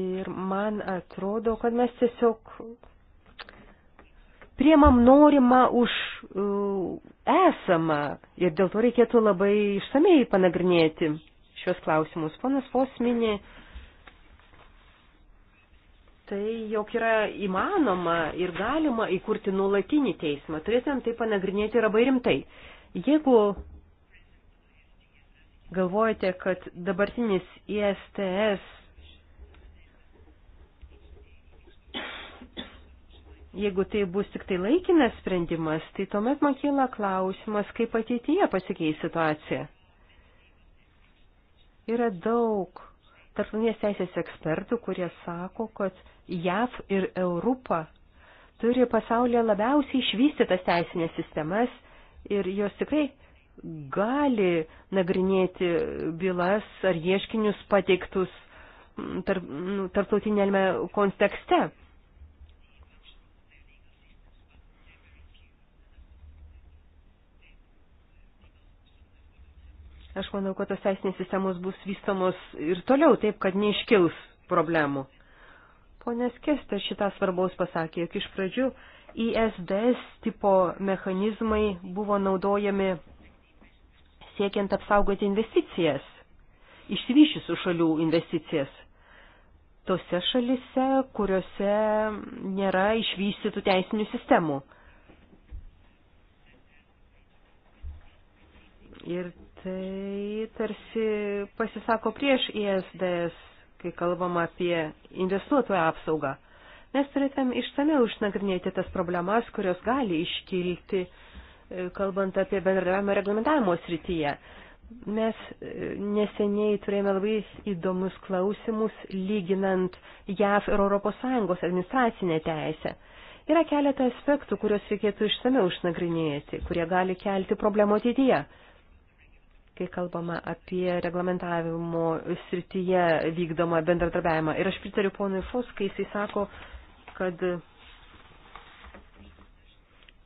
Ir man atrodo, kad mes tiesiog priemam norimą už uh, esama ir dėl to reikėtų labai išsamei panagrinėti šios klausimus. Ponas Fosminė, tai jog yra įmanoma ir galima įkurti nuolatinį teismą, turėtumėm tai panagrinėti labai rimtai. Jeigu galvojate, kad dabartinis ISTS Jeigu tai bus tik tai laikinas sprendimas, tai tuomet man kyla klausimas, kaip ateityje pasikeis situacija. Yra daug tarptautinės teisės ekspertų, kurie sako, kad JAV ir Europa turi pasaulyje labiausiai išvystytas teisinės sistemas ir jos tikrai gali nagrinėti bylas ar ieškinius pateiktus tarp, nu, tarptautinėme kontekste. Aš manau, kad tos teisinės sistemos bus vystomos ir toliau taip, kad neiškils problemų. Ponės Kestas šitą svarbaus pasakė, jog iš pradžių ISDS tipo mechanizmai buvo naudojami siekiant apsaugoti investicijas, išsivyšiusių šalių investicijas. Tose šalise, kuriuose nėra išvystytų teisinių sistemų. Ir tai tarsi pasisako prieš ISDS, kai kalbam apie investuotojų apsaugą. Mes turėtume išsameu išnagrinėti tas problemas, kurios gali iškilti, e, kalbant apie bendradavimo reglamentavimo srityje. Mes e, neseniai turėjome labai įdomus klausimus, lyginant JAV ir ES administracinę teisę. Yra keletą aspektų, kuriuos reikėtų išsameu išnagrinėti, kurie gali kelti problemų ateityje kai kalbama apie reglamentavimo srityje vykdomą bendradarbiavimą. Ir aš pritariu ponui Fos, kai jisai sako, kad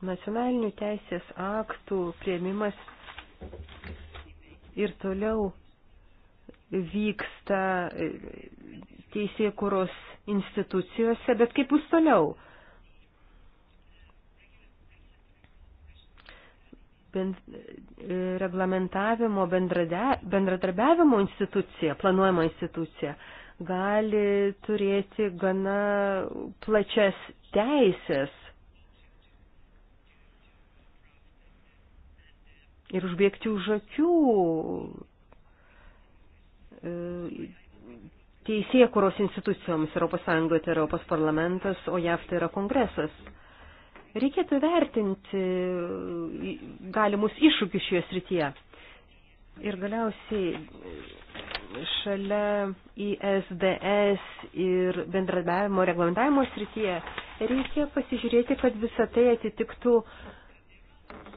nacionalinių teisės aktų prieimimas ir toliau vyksta teisėkuros institucijose, bet kaip bus toliau? E, reglamentavimo bendradarbiavimo institucija, planuojama institucija, gali turėti gana plačias teisės ir užbėgti už akių e, teisėkuros institucijoms Europos Sąjungoje tai Europos parlamentas, o JAV tai yra kongresas. Reikėtų vertinti e, galimus iššūkius šioje srityje. Ir galiausiai e, šalia ISDS ir bendradarbiavimo reglamentavimo srityje reikia pasižiūrėti, kad visa tai atitiktų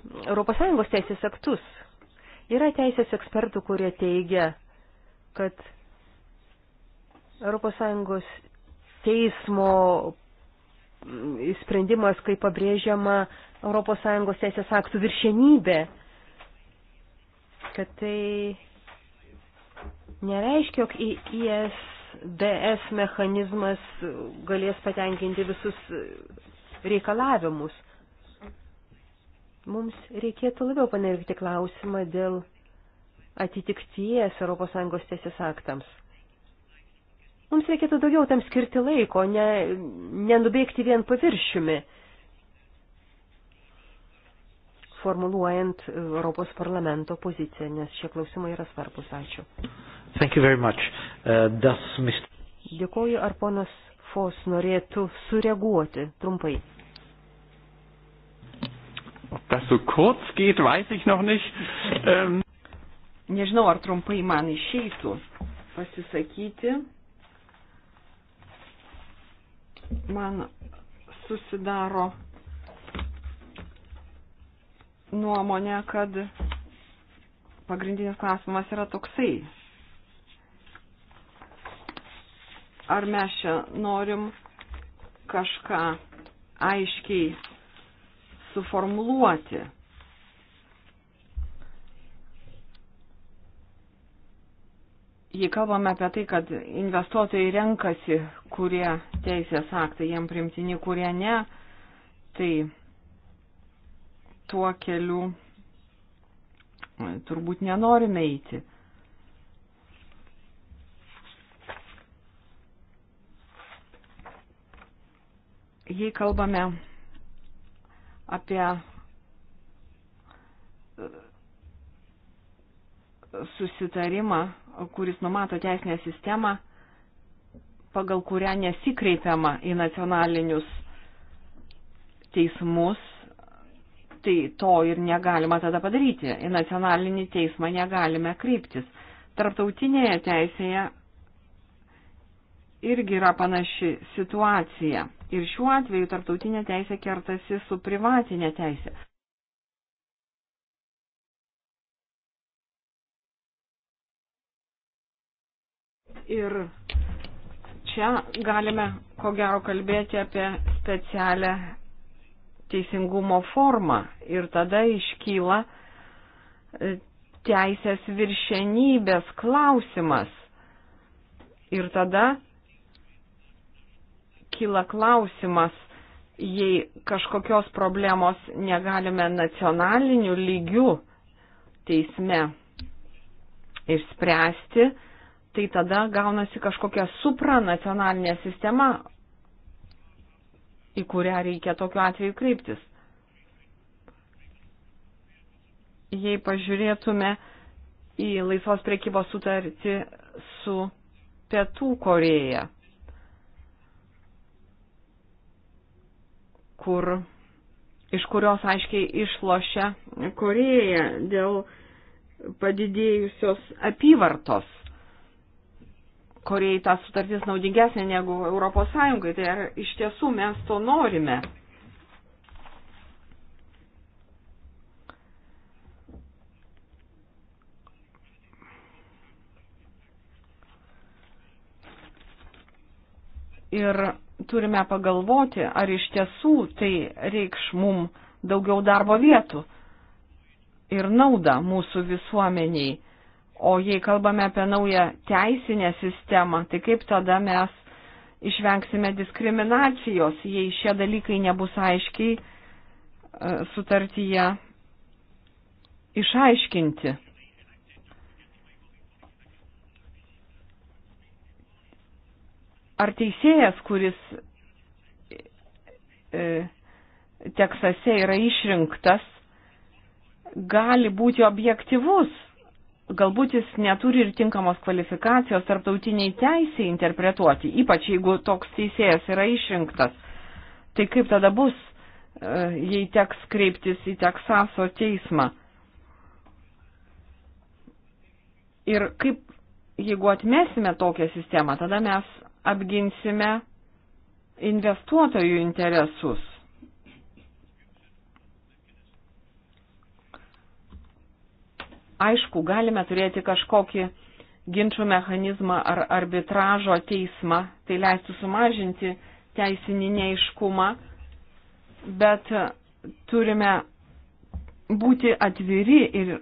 ES teisės aktus. Yra teisės ekspertų, kurie teigia, kad ES teismo sprendimas, kaip pabrėžiama ES teisės aktų viršenybė, kad tai nereiškia, jog ISDS mechanizmas galės patenkinti visus reikalavimus. Mums reikėtų labiau panergti klausimą dėl atitikties ES teisės aktams. Mums reikėtų daugiau tam skirti laiko, ne, nenubėgti vien paviršiumi, formuluojant Europos parlamento poziciją, nes šie klausimai yra svarbus. Ačiū. Thank you very much. Uh, does Mr. Dėkoju, ar ponas Fos norėtų sureaguoti trumpai. Das so kurz geht, weiß ich noch nicht. Ähm. Nežinau, ar trumpai man išeitų pasisakyti man susidaro nuomonė, kad pagrindinis klausimas yra toksai. Ar mes čia norim kažką aiškiai suformuluoti? jei kalbame apie tai, kad investuotojai renkasi, kurie teisės aktai jiem primtini, kurie ne, tai tuo keliu e, turbūt nenorime eiti. Jei kalbame apie e, susitarimą kuris numato teisinę sistemą, pagal kurią nesikreipiama į nacionalinius teismus, tai to ir negalima tada padaryti. Į nacionalinį teismą negalime kreiptis. Tarptautinėje teisėje irgi yra panaši situacija. Ir šiuo atveju tarptautinė teisė kertasi su privatinė teisė. Ir čia galime, ko gero, kalbėti apie specialią teisingumo formą. Ir tada iškyla e, teisės viršenybės klausimas. Ir tada kyla klausimas, jei kažkokios problemos negalime nacionaliniu lygiu teisme išspręsti, tai tada gaunasi kažkokia supranacionalinė sistema, į kurią reikia tokiu atveju kreiptis. Jei pažiūrėtume į laisvos priekybos sutartį su Pietų Koreja, kur, iš kurios aiškiai išlošia Koreja dėl padidėjusios apyvartos Korejai ta sutartis naudingesnė negu Europos Sąjungai. Tai ar iš tiesų mes to norime? Ir turime pagalvoti, ar iš tiesų tai reikš mum daugiau darbo vietų ir naudą mūsų visuomeniai O jei kalbame apie naują teisinę sistemą, tai kaip tada mes išvengsime diskriminacijos, jei šie dalykai nebus aiškiai e, sutartyje išaiškinti. Ar teisėjas, kuris e, Teksase yra išrinktas, gali būti objektivus galbūt jis neturi ir tinkamos kvalifikacijos tarptautiniai teisiai interpretuoti, ypač jeigu toks teisėjas yra išrinktas. Tai kaip tada bus, e, jei teks kreiptis į Teksaso teismą? Ir kaip, jeigu atmesime tokią sistemą, tada mes apginsime investuotojų interesus. Aišku, galime turėti kažkokį ginčių mechanizmą ar arbitražo teismą, tai leistų sumažinti teisinį neiškumą, bet turime būti atviri ir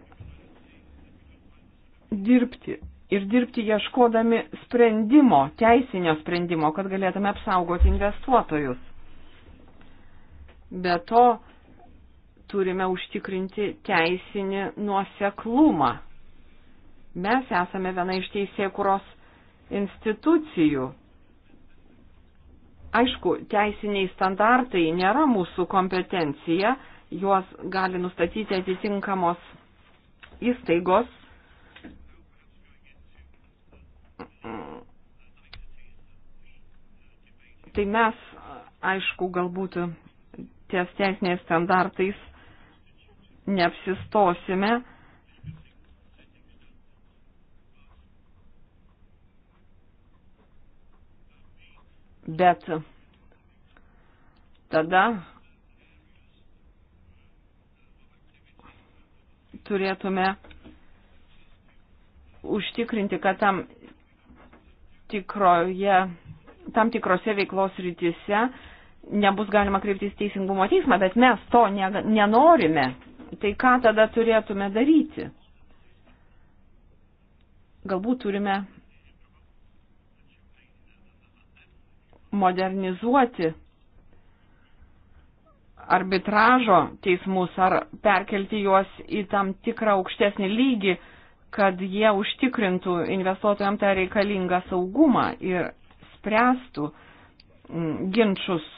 dirbti. Ir dirbti ieškodami sprendimo, teisinio sprendimo, kad galėtume apsaugoti investuotojus. Be to, turime užtikrinti teisinį nuoseklumą. Mes esame viena iš teisėkuros institucijų. Aišku, teisiniai standartai nėra mūsų kompetencija, juos gali nustatyti atitinkamos įstaigos. Tai mes, aišku, galbūt ties teisiniais standartais neapsistosime. Bet tada turėtume užtikrinti, kad tam, tikroje, tam tikrose veiklos rytise nebus galima kreiptis teisingumo teismą, bet mes to nenorime tai ką tada turėtume daryti? Galbūt turime modernizuoti arbitražo teismus ar perkelti juos į tam tikrą aukštesnį lygį, kad jie užtikrintų investuotojams tą reikalingą saugumą ir spręstų mm, ginčius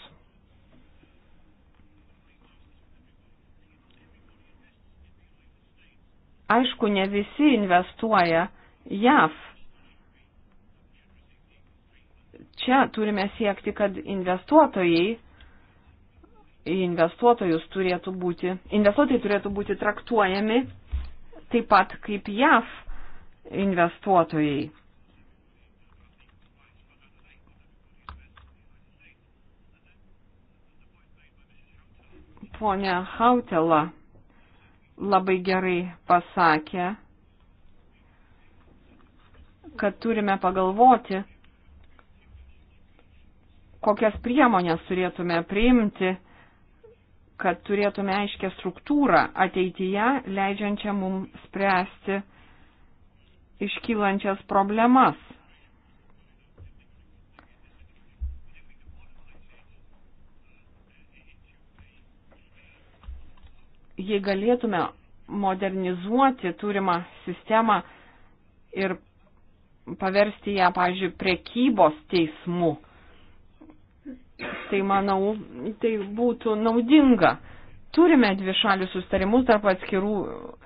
Aišku, ne visi investuoja JAV. Čia turime siekti, kad investuotojai į investuotojus turėtų būti, investuotojai turėtų būti traktuojami taip pat kaip JAV investuotojai. Pone Hautela labai gerai pasakė, kad turime pagalvoti, kokias priemonės turėtume priimti, kad turėtume aiškę struktūrą ateityje, leidžiančią mums spręsti iškylančias problemas. jei galėtume modernizuoti turimą sistemą ir paversti ją, pavyzdžiui, prekybos teismu, tai manau, tai būtų naudinga. Turime dvi šalių sustarimus tarp atskirų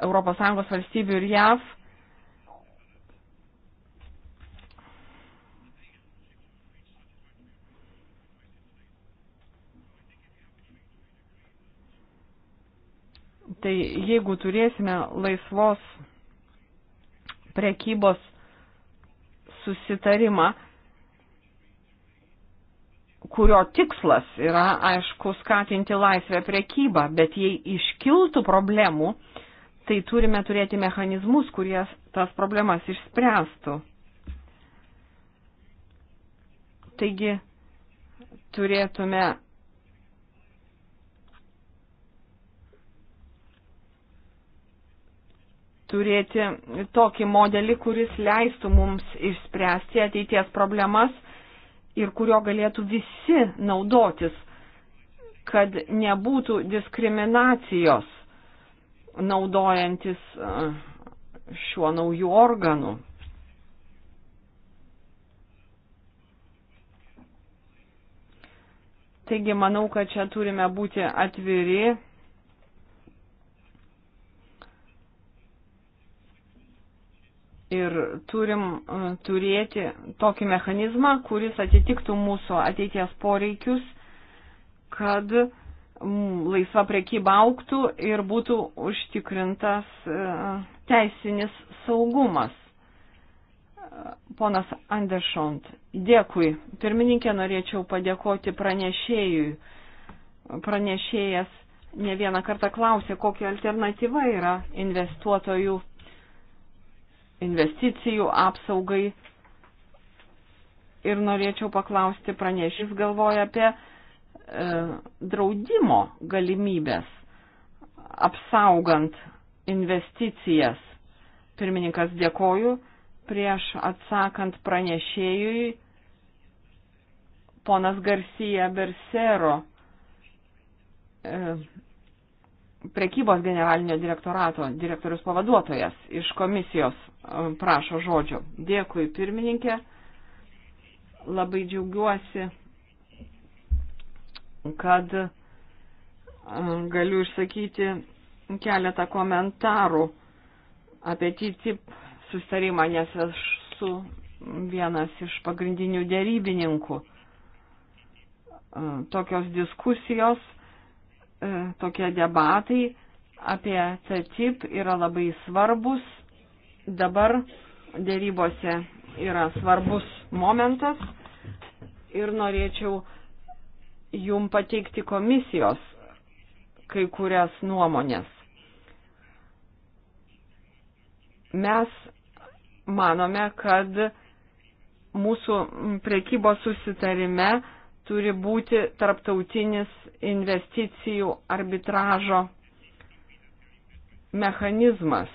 ES valstybių ir JAV Tai jeigu turėsime laisvos prekybos susitarimą, kurio tikslas yra, aišku, skatinti laisvę priekybą, bet jei iškiltų problemų, tai turime turėti mechanizmus, kurie tas problemas išspręstų. Taigi turėtume turėti tokį modelį, kuris leistų mums išspręsti ateities problemas ir kurio galėtų visi naudotis, kad nebūtų diskriminacijos naudojantis šiuo naujų organų. Taigi manau, kad čia turime būti atviri ir turim e, turėti tokį mechanizmą, kuris atitiktų mūsų ateities poreikius, kad laisva priekyba auktų ir būtų užtikrintas e, teisinis saugumas. Ponas Anderšont, dėkui. Pirmininkė, norėčiau padėkoti pranešėjui. Pranešėjas ne vieną kartą klausė, kokia alternatyva yra investuotojų investicijų apsaugai. Ir norėčiau paklausti, pranešys galvoja apie e, draudimo galimybės apsaugant investicijas. Pirmininkas dėkoju prieš atsakant pranešėjui ponas Garcija Bersero. E, prekybos generalinio direktorato direktorius pavaduotojas iš komisijos e, prašo žodžio. Dėkui pirmininkė, labai džiaugiuosi, kad e, galiu išsakyti keletą komentarų apie TTIP sustarimą, nes aš su vienas iš pagrindinių dėrybininkų. E, tokios diskusijos E, tokie debatai apie CETIP yra labai svarbus. Dabar dėrybose yra svarbus momentas ir norėčiau jum pateikti komisijos kai kurias nuomonės. Mes manome, kad mūsų prekybos susitarime turi būti tarptautinis investicijų arbitražo mechanizmas.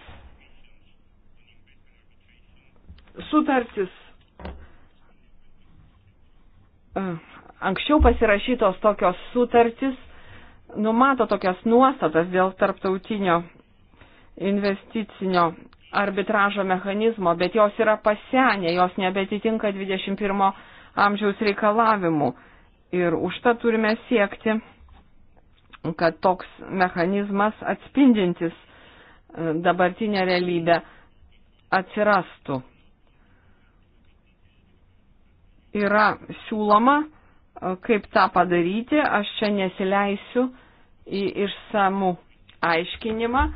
Sutartis e, anksčiau pasirašytos tokios sutartis numato tokias nuostatas dėl tarptautinio investicinio arbitražo mechanizmo, bet jos yra pasenę, jos nebetitinka 21 amžiaus reikalavimų. Ir už tą turime siekti, kad toks mechanizmas atspindintis e, dabartinę realybę atsirastų. Yra siūloma, e, kaip tą padaryti, aš čia nesileisiu į išsamų aiškinimą.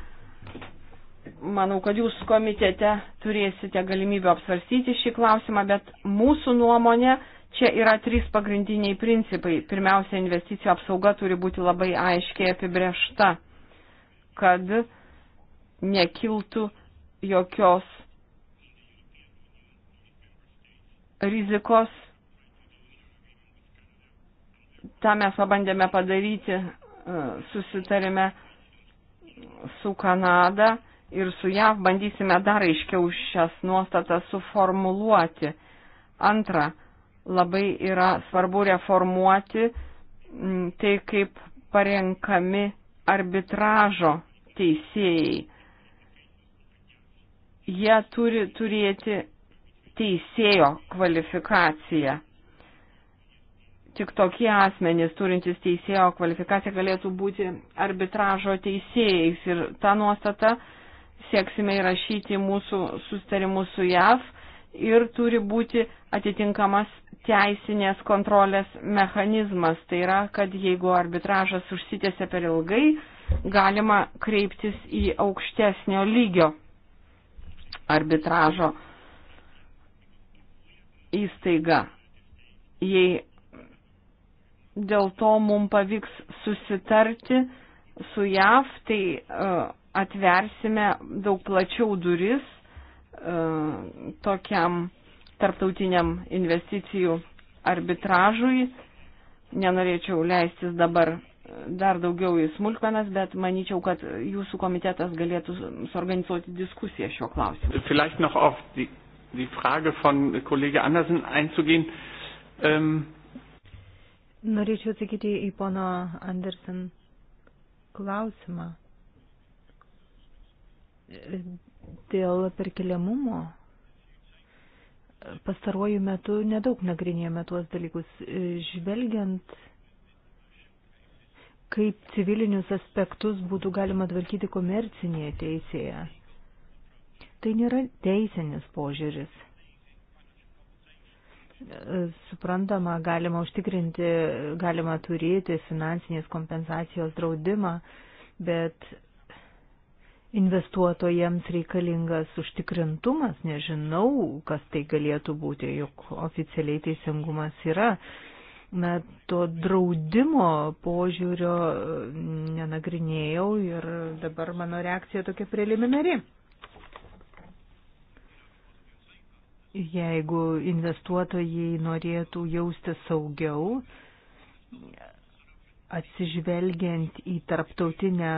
Manau, kad jūs komitete turėsite galimybę apsvarstyti šį klausimą, bet mūsų nuomonė, Čia yra trys pagrindiniai principai. Pirmiausia, investicijų apsauga turi būti labai aiškiai apibriešta, kad nekiltų jokios rizikos. Ta mes pabandėme padaryti e, susitarime su Kanada ir su JAV bandysime dar aiškiau šias nuostatas suformuluoti. Antra, labai yra svarbu reformuoti tai, kaip parenkami arbitražo teisėjai. Jie turi turėti teisėjo kvalifikaciją. Tik tokie asmenys turintys teisėjo kvalifikaciją galėtų būti arbitražo teisėjais ir tą nuostatą sieksime įrašyti mūsų sustarimus su JAV ir turi būti atitinkamas teisinės kontrolės mechanizmas. Tai yra, kad jeigu arbitražas užsitęsia per ilgai, galima kreiptis į aukštesnio lygio arbitražo įstaigą. Jei dėl to mums pavyks susitarti su JAV, tai e, atversime daug plačiau duris e, tokiam tarptautiniam investicijų arbitražui. Nenorėčiau leistis dabar dar daugiau į smulkmenas, bet manyčiau, kad jūsų komitetas galėtų suorganizuoti diskusiją šiuo klausimu. Vielleicht noch auf die, die Frage von Kollege Andersen einzugehen. Ähm Norėčiau atsakyti į pono Andersen klausimą dėl perkeliamumo pastaruoju metu nedaug nagrinėjame tuos dalykus. E, žvelgiant, kaip civilinius aspektus būtų galima tvarkyti komercinėje teisėje, tai nėra teisinis požiūris. E, suprantama, galima užtikrinti, galima turėti finansinės kompensacijos draudimą, bet investuotojams reikalingas užtikrintumas, nežinau, kas tai galėtų būti, juk oficialiai teisingumas yra. Na, to draudimo požiūrio nenagrinėjau ir dabar mano reakcija tokia preliminari. Jeigu investuotojai norėtų jausti saugiau, atsižvelgiant į tarptautinę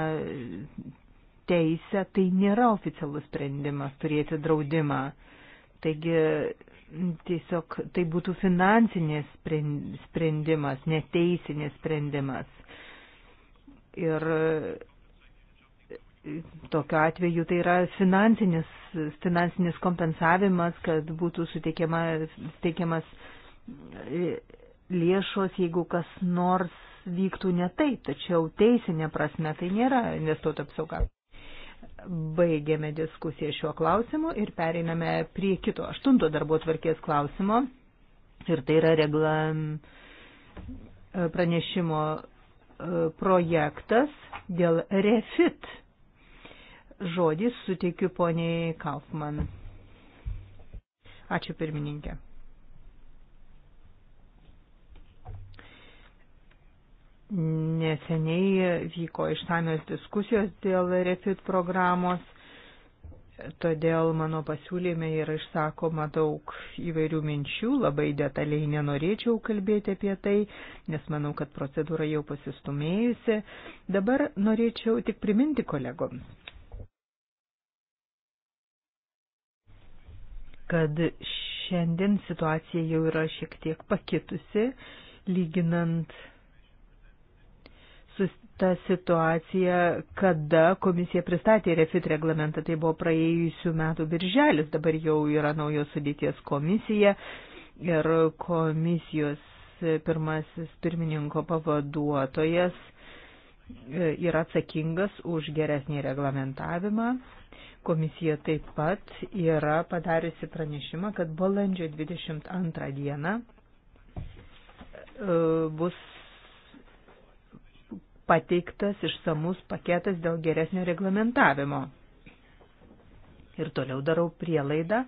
teisę, tai nėra oficialus sprendimas turėti draudimą. Taigi tiesiog tai būtų finansinės sprendimas, neteisinės sprendimas. Ir tokiu atveju tai yra finansinis, finansinis kompensavimas, kad būtų suteikiama, suteikiamas lėšos, jeigu kas nors vyktų ne taip, tačiau teisinė prasme tai nėra investuoto apsauga. Baigėme diskusiją šiuo klausimu ir pereiname prie kito aštunto darbo tvarkės klausimo. Ir tai yra regla e, pranešimo e, projektas dėl refit. Žodį suteikiu poniai Kaufman. Ačiū pirmininkė. Neseniai vyko ištamios diskusijos dėl refit programos, todėl mano pasiūlyme yra išsakoma daug įvairių minčių, labai detaliai nenorėčiau kalbėti apie tai, nes manau, kad procedūra jau pasistumėjusi. Dabar norėčiau tik priminti kolegoms, kad šiandien situacija jau yra šiek tiek pakitusi, lyginant ta situacija, kada komisija pristatė refit reglamentą, tai buvo praėjusių metų birželis, dabar jau yra naujos sudėties komisija ir komisijos pirmasis pirmininko pavaduotojas e, yra atsakingas už geresnį reglamentavimą. Komisija taip pat yra padariusi pranešimą, kad balandžio 22 dieną e, bus pateiktas išsamus paketas dėl geresnio reglamentavimo. Ir toliau darau prielaidą,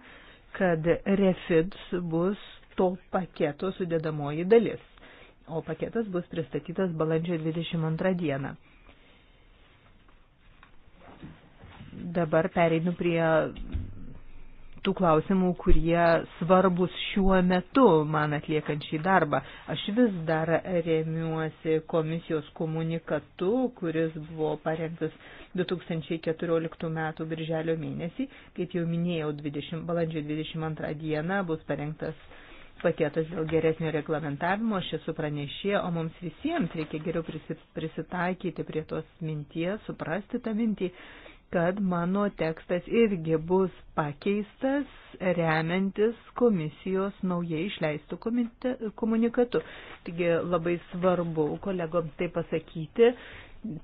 kad refit bus to paketo sudėdamoji dalis, o paketas bus pristatytas balandžio 22 dieną. Dabar pereinu prie tų klausimų, kurie svarbus šiuo metu man atliekant šį darbą. Aš vis dar remiuosi komisijos komunikatu, kuris buvo parengtas 2014 m. birželio mėnesį. Kaip jau minėjau, 20, balandžio 22 dieną bus parengtas paketas dėl geresnio reglamentavimo. Aš esu pranešė, o mums visiems reikia geriau prisitaikyti prie tos minties, suprasti tą mintį kad mano tekstas irgi bus pakeistas remiantis komisijos naujai išleistų komunikatu. Taigi labai svarbu kolegoms tai pasakyti.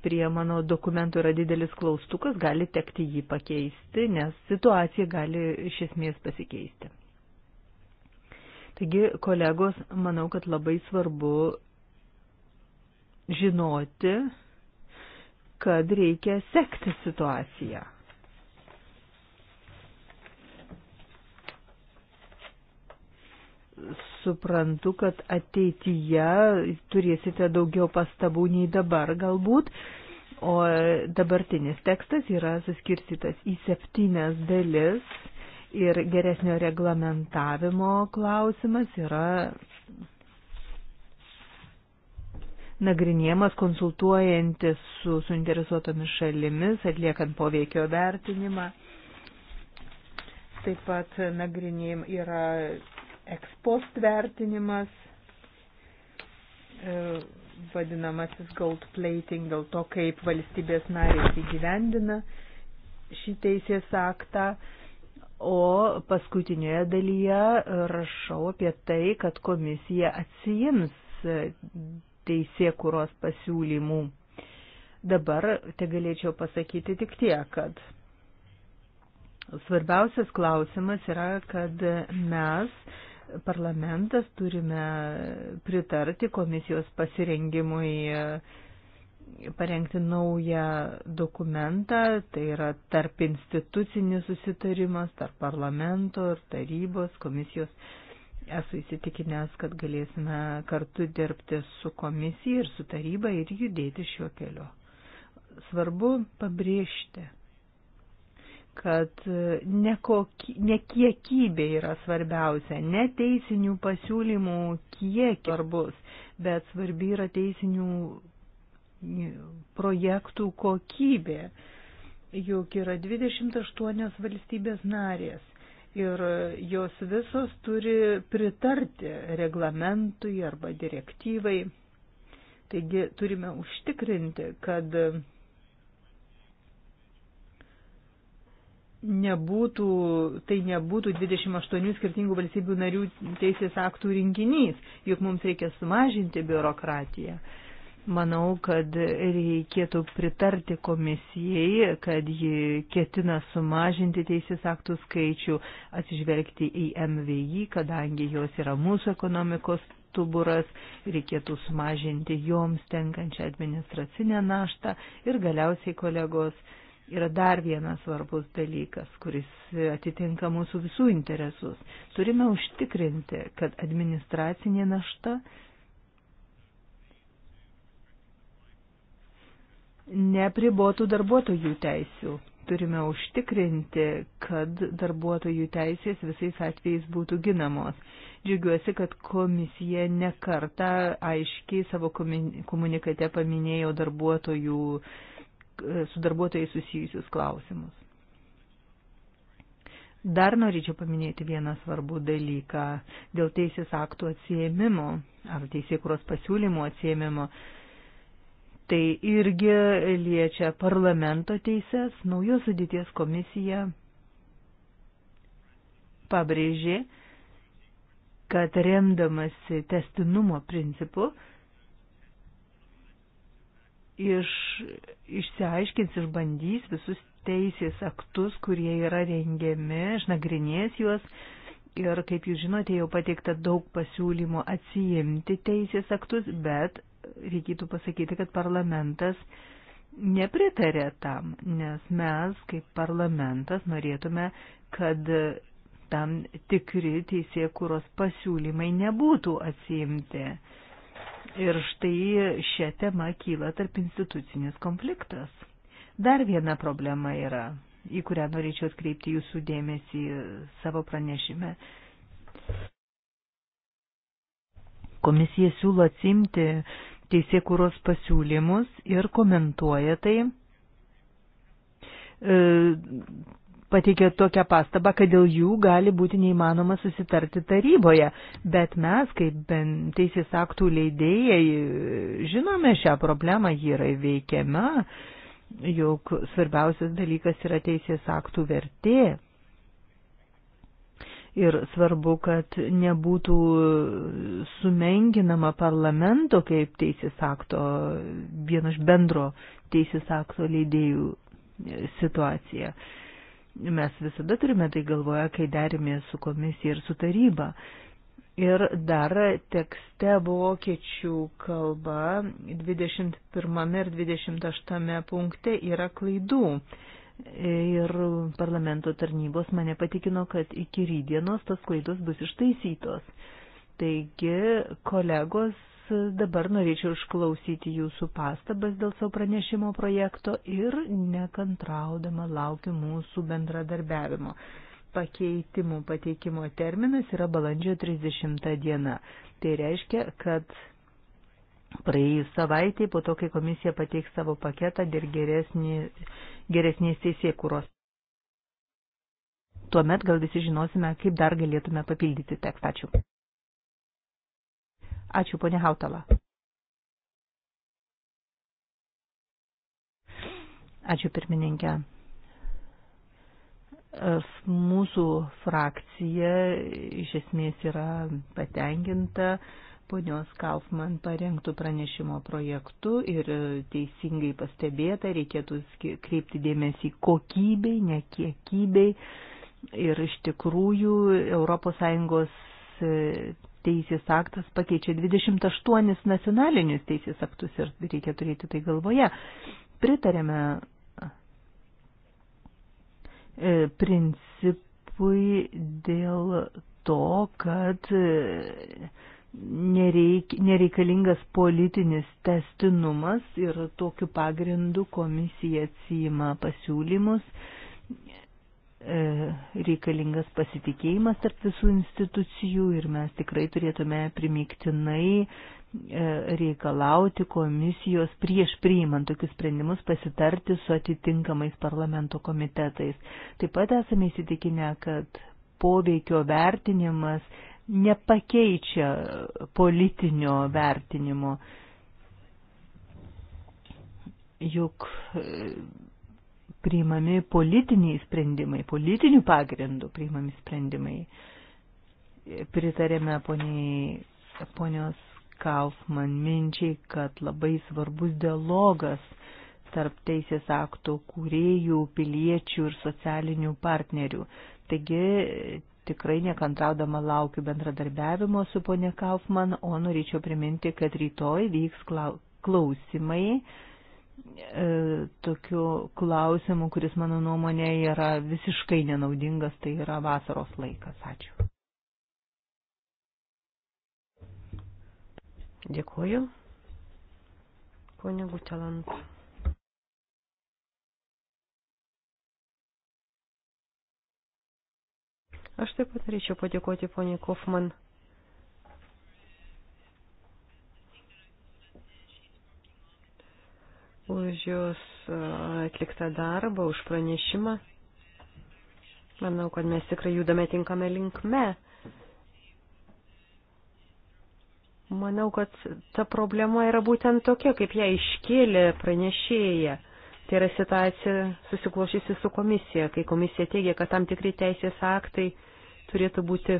Prie mano dokumentų yra didelis klaustukas, gali tekti jį pakeisti, nes situacija gali iš esmės pasikeisti. Taigi, kolegos, manau, kad labai svarbu žinoti, kad reikia sekti situaciją. Suprantu, kad ateityje turėsite daugiau pastabų nei dabar galbūt, o dabartinis tekstas yra suskirstytas į septynes dalis ir geresnio reglamentavimo klausimas yra nagrinėjamas konsultuojantis su suinteresuotomis šalimis, atliekant poveikio vertinimą. Taip pat nagrinėjim yra ekspost vertinimas, e, vadinamasis gold plating, dėl to, kaip valstybės narės įgyvendina šį teisės aktą. O paskutinėje dalyje rašau apie tai, kad komisija atsijims teisėkuros pasiūlymų. Dabar te galėčiau pasakyti tik tiek, kad svarbiausias klausimas yra, kad mes, parlamentas, turime pritarti komisijos pasirengimui e, parengti naują dokumentą, tai yra tarp institucinis susitarimas, tarp parlamento ir tarybos komisijos esu įsitikinęs, kad galėsime kartu dirbti su komisija ir su taryba ir judėti šiuo keliu. Svarbu pabrėžti, kad ne, koky, ne kiekybė yra svarbiausia, ne teisinių pasiūlymų kiek svarbus, bet svarbi yra teisinių projektų kokybė. Juk yra 28 valstybės narės ir jos visos turi pritarti reglamentui arba direktyvai. Taigi turime užtikrinti, kad nebūtų, tai nebūtų 28 skirtingų valstybių narių teisės aktų rinkinys, juk mums reikia sumažinti biurokratiją. Manau, kad reikėtų pritarti komisijai, kad ji ketina sumažinti teisės aktų skaičių, atsižvelgti į MVI, kadangi jos yra mūsų ekonomikos stuburas, reikėtų sumažinti joms tenkančią administracinę naštą ir galiausiai kolegos. Yra dar vienas svarbus dalykas, kuris atitinka mūsų visų interesus. Turime užtikrinti, kad administracinė našta nepribotų darbuotojų teisių. Turime užtikrinti, kad darbuotojų teisės visais atvejais būtų ginamos. Džiugiuosi, kad komisija nekarta aiškiai savo komunikate paminėjo darbuotojų, su darbuotojai susijusius klausimus. Dar norėčiau paminėti vieną svarbų dalyką dėl teisės aktų atsiemimo ar teisėkuros pasiūlymų atsiemimo. Tai irgi liečia parlamento teises, naujos sudėties komisija pabrėžė, kad remdamasi testinumo principu iš, išsiaiškins, išbandys visus teisės aktus, kurie yra rengiami, išnagrinės juos. Ir kaip jūs žinote, jau pateikta daug pasiūlymų atsijimti teisės aktus, bet reikėtų pasakyti, kad parlamentas nepritarė tam, nes mes kaip parlamentas norėtume, kad tam tikri teisėkūros pasiūlymai nebūtų atsiimti. Ir štai šią temą kyla tarp institucinis konfliktas. Dar viena problema yra, į kurią norėčiau atkreipti jūsų dėmesį savo pranešime. Komisija siūlo atsimti teisėkūros pasiūlymus ir komentuoja tai. E, Pateikė tokią pastabą, kad dėl jų gali būti neįmanoma susitarti taryboje, bet mes, kaip teisės aktų leidėjai, žinome šią problemą, ji yra įveikiama, juk svarbiausias dalykas yra teisės aktų vertė ir svarbu, kad nebūtų sumenginama parlamento kaip teisės akto, vieno iš bendro teisės akto leidėjų e, situacija. Mes visada turime tai galvoje, kai derimės su komisija ir su taryba. Ir dar tekste vokiečių kalba 21 ir 28 punkte yra klaidų ir parlamento tarnybos mane patikino, kad iki rydienos tos klaidos bus ištaisytos. Taigi, kolegos, dabar norėčiau išklausyti jūsų pastabas dėl savo pranešimo projekto ir nekantraudama laukiu mūsų bendradarbiavimo. Pakeitimų pateikimo terminas yra balandžio 30 diena. Tai reiškia, kad praėjus savaitį, po to, kai komisija pateiks savo paketą dėl geresnės, geresnės teisėkūros. Tuomet gal visi žinosime, kaip dar galėtume papildyti tekstą. Ačiū. Ačiū, ponė Hautala. Ačiū, pirmininkė. Mūsų frakcija iš esmės yra patenkinta ponios Kaufman parengtų pranešimo projektu ir e, teisingai pastebėta, reikėtų kreipti dėmesį kokybei, ne kiekybei. Ir iš tikrųjų ES e, teisės aktas pakeičia 28 nacionalinius teisės aktus ir reikia turėti tai galvoje. Pritarėme e, principui dėl to, kad nereik, nereikalingas politinis testinumas ir tokiu pagrindu komisija atsijima pasiūlymus, e, reikalingas pasitikėjimas tarp visų institucijų ir mes tikrai turėtume primiktinai e, reikalauti komisijos prieš priimant tokius sprendimus pasitarti su atitinkamais parlamento komitetais. Taip pat esame įsitikinę, kad poveikio vertinimas nepakeičia politinio vertinimo. Juk e, priimami politiniai sprendimai, politinių pagrindų priimami sprendimai. Pritarėme poniai, ponios Kaufman minčiai, kad labai svarbus dialogas tarp teisės aktų kūrėjų, piliečių ir socialinių partnerių. Taigi tikrai nekantraudama laukiu bendradarbiavimo su ponė Kaufman, o norėčiau priminti, kad rytoj vyks klausimai e, tokiu klausimu, kuris mano nuomonė yra visiškai nenaudingas, tai yra vasaros laikas. Ačiū. Dėkuoju. Pone Gutelant. Aš taip pat norėčiau padėkoti poniai Kofman. Už jos atliktą darbą, už pranešimą. Manau, kad mes tikrai judame tinkame linkme. Manau, kad ta problema yra būtent tokia, kaip ją iškėlė pranešėja. Tai yra situacija susiklošysi su komisija, kai komisija teigia, kad tam tikri teisės aktai turėtų būti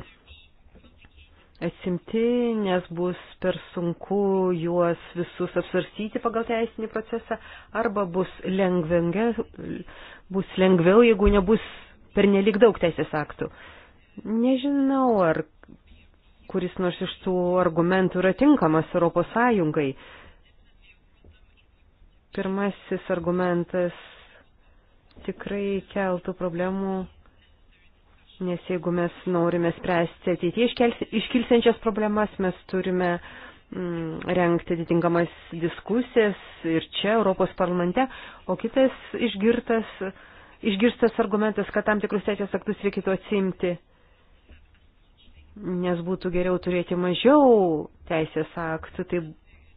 atsimti, nes bus per sunku juos visus apsvarstyti pagal teisinį procesą, arba bus, lengvengia, bus lengviau, jeigu nebus per nelik daug teisės aktų. Nežinau, ar kuris nors iš tų argumentų yra tinkamas Europos Sąjungai. Pirmasis argumentas tikrai keltų problemų Nes jeigu mes norime spręsti ateityje iškilsiančias problemas, mes turime mm, renkti atitinkamas diskusijas ir čia Europos parlamente, o kitas išgirtas, išgirstas argumentas, kad tam tikrus teisės aktus reikėtų atsimti, nes būtų geriau turėti mažiau teisės aktų, tai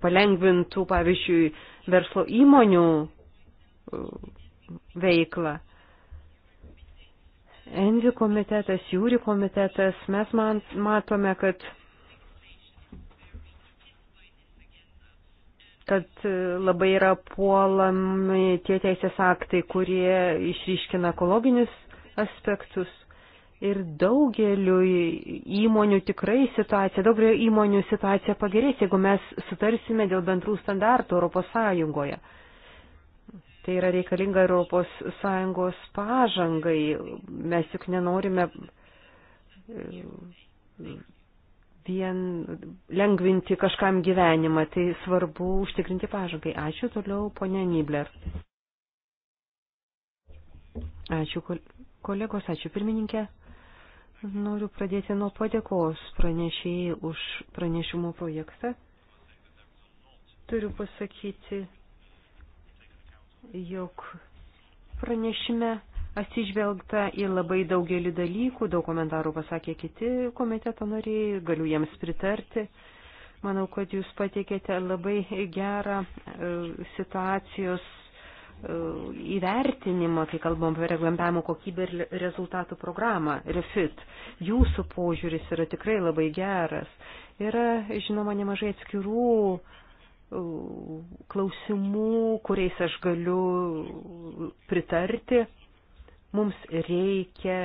palengvintų, pavyzdžiui, verslo įmonių uh, veiklą. Envi komitetas, Jūri komitetas, mes man, matome, kad, kad labai yra puolami tie teisės aktai, kurie išryškina ekologinius aspektus. Ir daugeliu įmonių tikrai situacija, daugeliu įmonių situacija pagerės, jeigu mes sutarsime dėl bendrų standartų Europos Sąjungoje. Tai yra reikalinga ES pažangai. Mes juk nenorime e, vien lengvinti kažkam gyvenimą, tai svarbu užtikrinti pažangai. Ačiū toliau, ponia Nibler. Ačiū kolegos, ačiū pirmininkė. Noriu pradėti nuo padėkos pranešėjai už pranešimo projektą. Turiu pasakyti, jog pranešime atsižvelgta į labai daugelį dalykų, daug komentarų pasakė kiti komiteto nariai, galiu jiems pritarti. Manau, kad jūs pateikėte labai gerą e, situacijos e, įvertinimą, kai kalbam apie reglamentavimo kokybę ir rezultatų programą, refit. Jūsų požiūris yra tikrai labai geras. Yra, žinoma, nemažai atskirų uh, klausimų, kuriais aš galiu pritarti. Mums reikia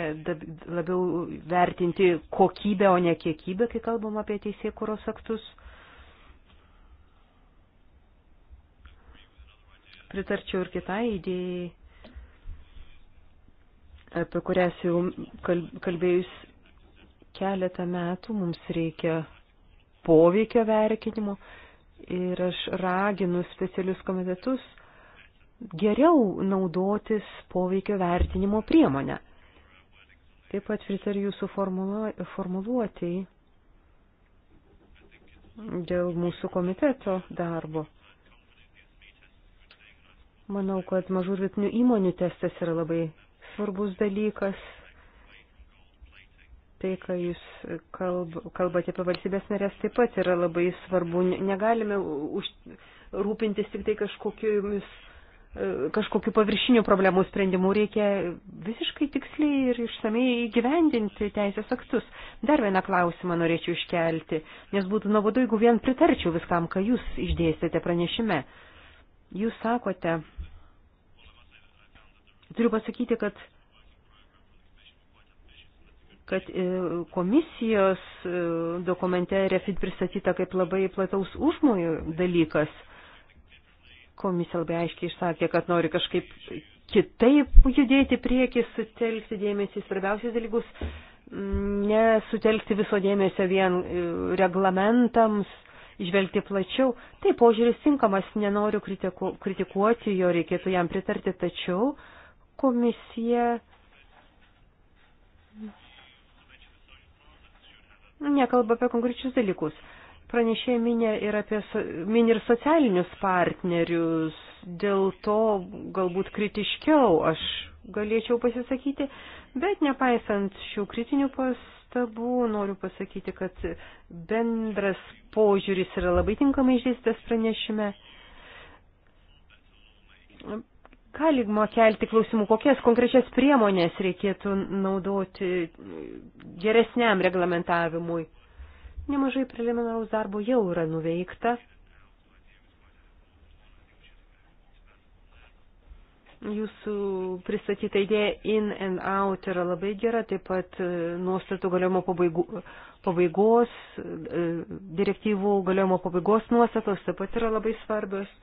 labiau vertinti kokybę, o ne kiekybę, kai kalbam apie teisėjų kuros aktus. Pritarčiau ir kitai idėjai, apie kurias jau kalbėjus keletą metų mums reikia poveikio verkinimo Ir aš raginu specialius komitetus geriau naudotis poveikio vertinimo priemonę. Taip pat pritariu jūsų formuluotėjai dėl mūsų komiteto darbo. Manau, kad mažų ir vidutinių įmonių testas yra labai svarbus dalykas, tai, ką jūs kalb, kalbate apie valstybės narės, taip pat yra labai svarbu. Negalime už, rūpintis tik tai kažkokius e, kažkokiu paviršiniu problemų sprendimu reikia visiškai tiksliai ir išsamei įgyvendinti teisės aktus. Dar vieną klausimą norėčiau iškelti, nes būtų nuobodu, jeigu vien pritarčiau viskam, ką jūs išdėstėte pranešime. Jūs sakote, turiu pasakyti, kad kad e, komisijos e, dokumente refit pristatyta kaip labai plataus užmojų dalykas. Komisija labai aiškiai išsakė, kad nori kažkaip kitaip judėti prieki, sutelkti dėmesį į svarbiausius dalykus, nesutelkti viso dėmesio vien e, reglamentams, žvelgti plačiau. Tai požiūris tinkamas, nenoriu kritiku, kritikuoti, jo reikėtų jam pritarti, tačiau komisija Nu, nekalba apie konkrečius dalykus. Pranešėjai minė ir, apie, minė ir socialinius partnerius, dėl to galbūt kritiškiau aš galėčiau pasisakyti, bet nepaisant šių kritinių pastabų, noriu pasakyti, kad bendras požiūris yra labai tinkamai išdėstas pranešime ką lygmo kelti klausimų, kokias konkrečias priemonės reikėtų naudoti geresniam reglamentavimui. Nemažai preliminaraus darbo jau yra nuveikta. Jūsų pristatyta idėja in and out yra labai gera, taip pat e, nuostatų galiojimo pabaigos, e, direktyvų galiojimo pabaigos nuostatos taip pat yra labai svarbios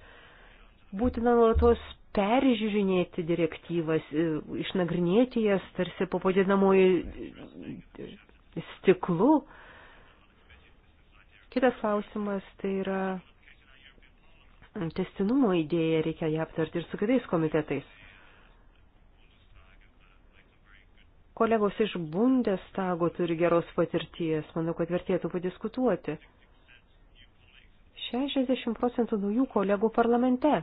būtina nuolatos peržiūrinėti direktyvas, e, išnagrinėti jas tarsi po padėdamoji e, stiklu. Kitas klausimas tai yra testinumo idėja, reikia ją aptarti ir su kitais komitetais. Kolegos iš Bundestago turi geros patirties, manau, kad vertėtų padiskutuoti. 60 procentų naujų kolegų parlamente.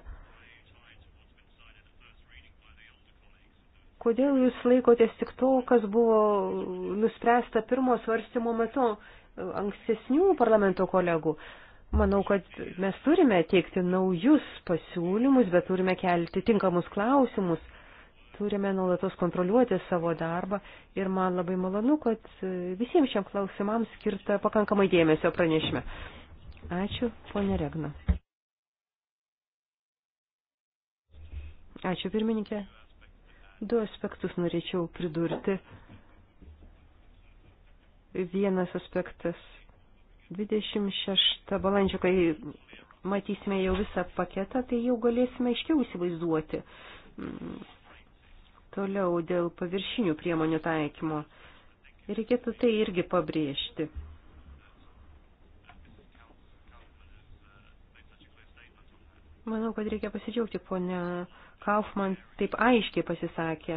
Kodėl jūs laikotės tik to, kas buvo nuspręsta pirmo svarstymo metu ankstesnių parlamento kolegų? Manau, kad mes turime teikti naujus pasiūlymus, bet turime kelti tinkamus klausimus, turime nuolatos kontroliuoti savo darbą ir man labai malonu, kad visiems šiam klausimams skirta pakankamai dėmesio pranešime. Ačiū, ponė Regna. Ačiū, pirmininkė. Du aspektus norėčiau pridurti. Vienas aspektas. 26 balandžio, kai matysime jau visą paketą, tai jau galėsime aiškiau įsivaizduoti. Mm. Toliau dėl paviršinių priemonių taikymo. Reikėtų tai irgi pabrėžti. Manau, kad reikia pasidžiaugti, ponia Kaufman taip aiškiai pasisakė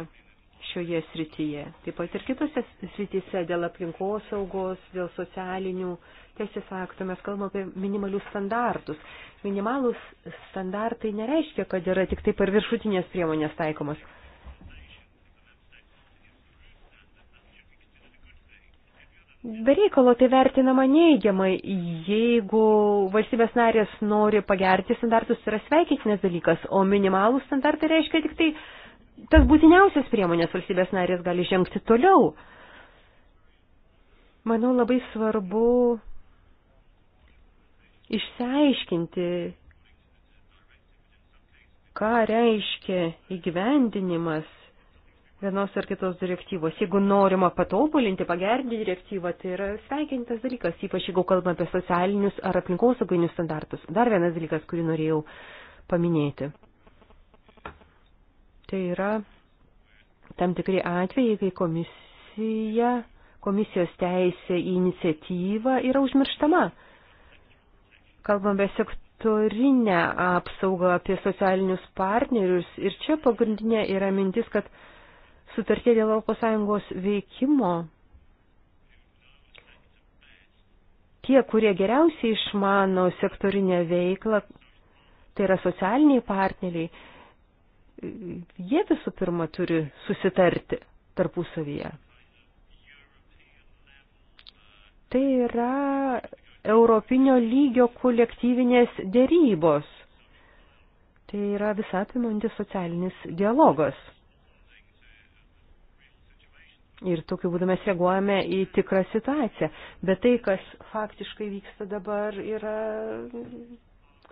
šioje srityje, taip pat ir kitose srityse dėl aplinkos saugos, dėl socialinių teisės aktų, mes kalbame apie minimalius standartus. Minimalus standartai nereiškia, kad yra tik taip ar viršutinės priemonės taikomos. Bereikalo tai vertinama neigiamai, jeigu valstybės narės nori pagerti standartus, tai yra sveikintinas dalykas, o minimalų standartai reiškia tik tai tas būtiniausias priemonės valstybės narės gali žengti toliau. Manau, labai svarbu išsiaiškinti, ką reiškia įgyvendinimas vienos ar kitos direktyvos. Jeigu norima patobulinti, pagerinti direktyvą, tai yra sveikintas dalykas, ypač jeigu kalbame apie socialinius ar aplinkosauginius standartus. Dar vienas dalykas, kurį norėjau paminėti. Tai yra tam tikri atvejai, kai komisija, komisijos teisė į iniciatyvą yra užmirštama. Kalbame sektorinę apsaugą apie socialinius partnerius ir čia pagrindinė yra mintis, kad sutartie dėl ES veikimo tie, kurie geriausiai išmano sektorinę veiklą, tai yra socialiniai partneriai, jie visų pirma turi susitarti tarpusavyje. Tai yra europinio lygio kolektyvinės dėrybos. Tai yra visapimantis socialinis dialogas. Ir tokiu būdu mes reaguojame į tikrą situaciją. Bet tai, kas faktiškai vyksta dabar, yra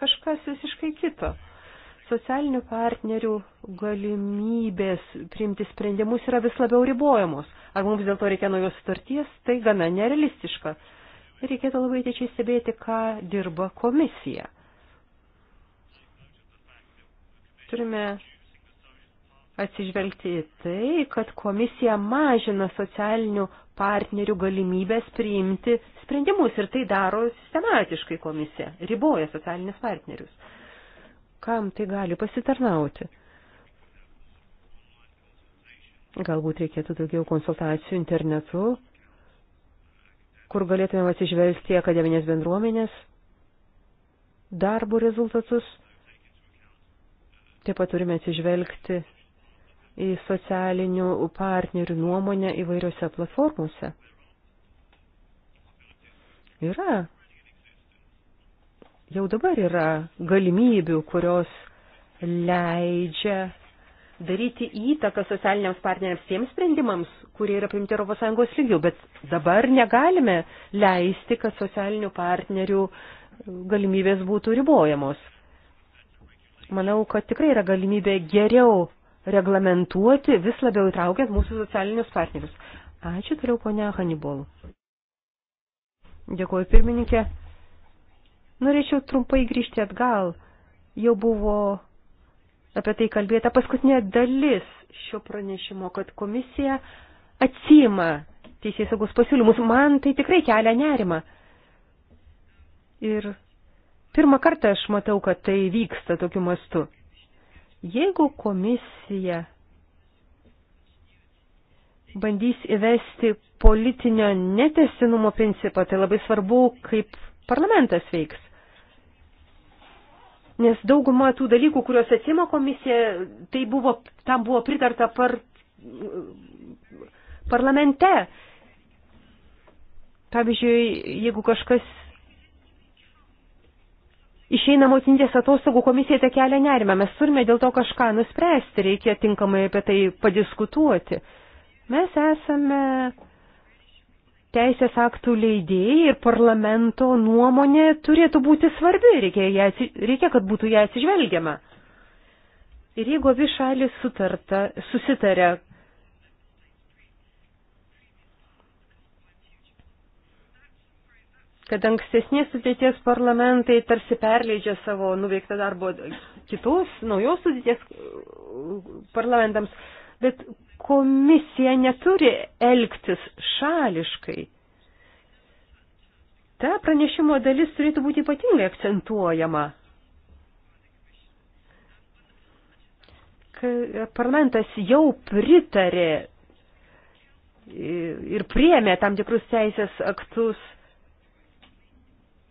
kažkas visiškai kito. Socialinių partnerių galimybės priimti sprendimus yra vis labiau ribojamos. Ar mums dėl to reikia naujos sutarties, tai gana nerealistiška. Reikėtų labai tiečiai stebėti, ką dirba komisija. Turime atsižvelgti į tai, kad komisija mažina socialinių partnerių galimybės priimti sprendimus ir tai daro sistematiškai komisija, riboja socialinius partnerius. Kam tai gali pasitarnauti? Galbūt reikėtų daugiau konsultacijų internetu, kur galėtumėm atsižvelgti akademinės bendruomenės darbų rezultatus. Taip pat turime atsižvelgti į socialinių partnerių nuomonę įvairiose platformose. Yra. Jau dabar yra galimybių, kurios leidžia daryti įtaką socialiniams partneriams tiems sprendimams, kurie yra priimti ES lygių, bet dabar negalime leisti, kad socialinių partnerių galimybės būtų ribojamos. Manau, kad tikrai yra galimybė geriau reglamentuoti, vis labiau įtraukiant mūsų socialinius partnerius. Ačiū toliau, ponia Hanibol. Dėkuoju, pirmininkė. Norėčiau trumpai grįžti atgal. Jau buvo apie tai kalbėta paskutinė dalis šio pranešimo, kad komisija atsima teisės saugos pasiūlymus. Man tai tikrai kelia nerima. Ir pirmą kartą aš matau, kad tai vyksta tokiu mastu. Jeigu komisija bandys įvesti politinio netesinumo principą, tai labai svarbu, kaip parlamentas veiks. Nes dauguma tų dalykų, kuriuos atsima komisija, tai buvo, tam buvo pritarta par, parlamente. Pavyzdžiui, jeigu kažkas išeina motinės atostogų komisija tai kelia nerimą. Mes turime dėl to kažką nuspręsti, reikia tinkamai apie tai padiskutuoti. Mes esame teisės aktų leidėjai ir parlamento nuomonė turėtų būti svarbi, reikia, ją, reikia kad būtų ją atsižvelgiama. Ir jeigu abi šalis sutarta, susitarė, kad ankstesnės sudėties parlamentai tarsi perleidžia savo nuveiktą darbo kitos, naujos sudėties uh, parlamentams, bet komisija neturi elgtis šališkai. Ta pranešimo dalis turėtų būti ypatingai akcentuojama. Parlamentas jau pritarė ir priemė tam tikrus teisės aktus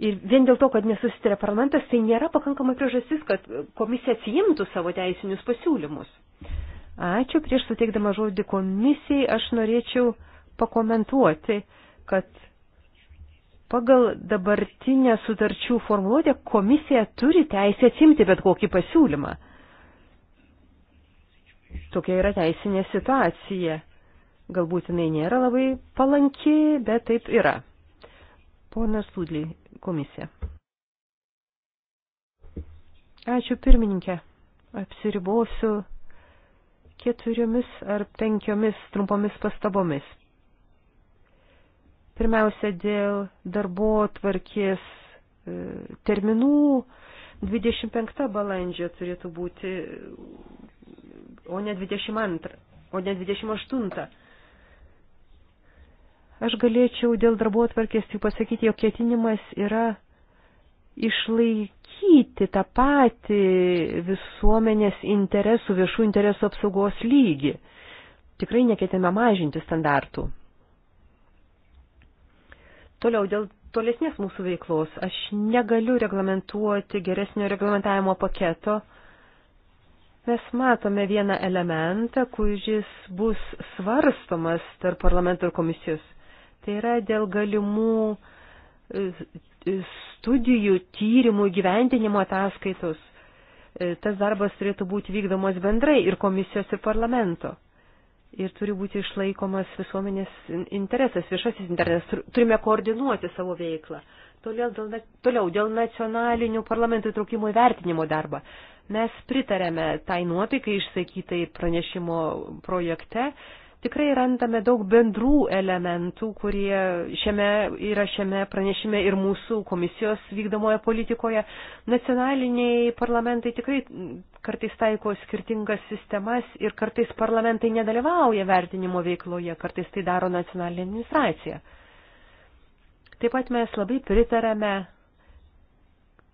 Ir vien dėl to, kad nesusitarė parlamentas, tai nėra pakankama priežastis, kad komisija atsijimtų savo teisinius pasiūlymus. Ačiū. Prieš suteikdama žodį komisijai, aš norėčiau pakomentuoti, kad pagal dabartinę sutarčių formuluotę komisija turi teisę atsimti bet kokį pasiūlymą. Tokia yra teisinė situacija. Galbūt jinai nėra labai palanki, bet taip yra. Ponas Sudly, komisija. Ačiū pirmininkė. Apsiribosiu keturiomis ar penkiomis trumpomis pastabomis. Pirmiausia, dėl darbo tvarkės e, terminų 25 balandžio turėtų būti, o ne 22, o ne 28. Aš galėčiau dėl darbo atvarkės tik pasakyti, jo ketinimas yra išlaikyti tą patį visuomenės interesų, viešų interesų apsaugos lygį. Tikrai neketėme mažinti standartų. Toliau, dėl tolesnės mūsų veiklos aš negaliu reglamentuoti geresnio reglamentavimo paketo. Mes matome vieną elementą, kuris bus svarstomas tarp parlamento ir komisijos. Tai yra dėl galimų e, e, studijų, tyrimų, gyventinimo ataskaitos. E, tas darbas turėtų būti vykdomas bendrai ir komisijos ir parlamento. Ir turi būti išlaikomas visuomenės interesas, viešasis interesas. Turime koordinuoti savo veiklą. Toliau dėl, toliau dėl nacionalinių parlamentų įtraukimo įvertinimo darbą. Mes pritarėme tai nuotaikai išsakytai pranešimo projekte, tikrai randame daug bendrų elementų, kurie šiame, yra šiame pranešime ir mūsų komisijos vykdomoje politikoje. Nacionaliniai parlamentai tikrai kartais taiko skirtingas sistemas ir kartais parlamentai nedalyvauja vertinimo veikloje, kartais tai daro nacionalinė administracija. Taip pat mes labai pritarame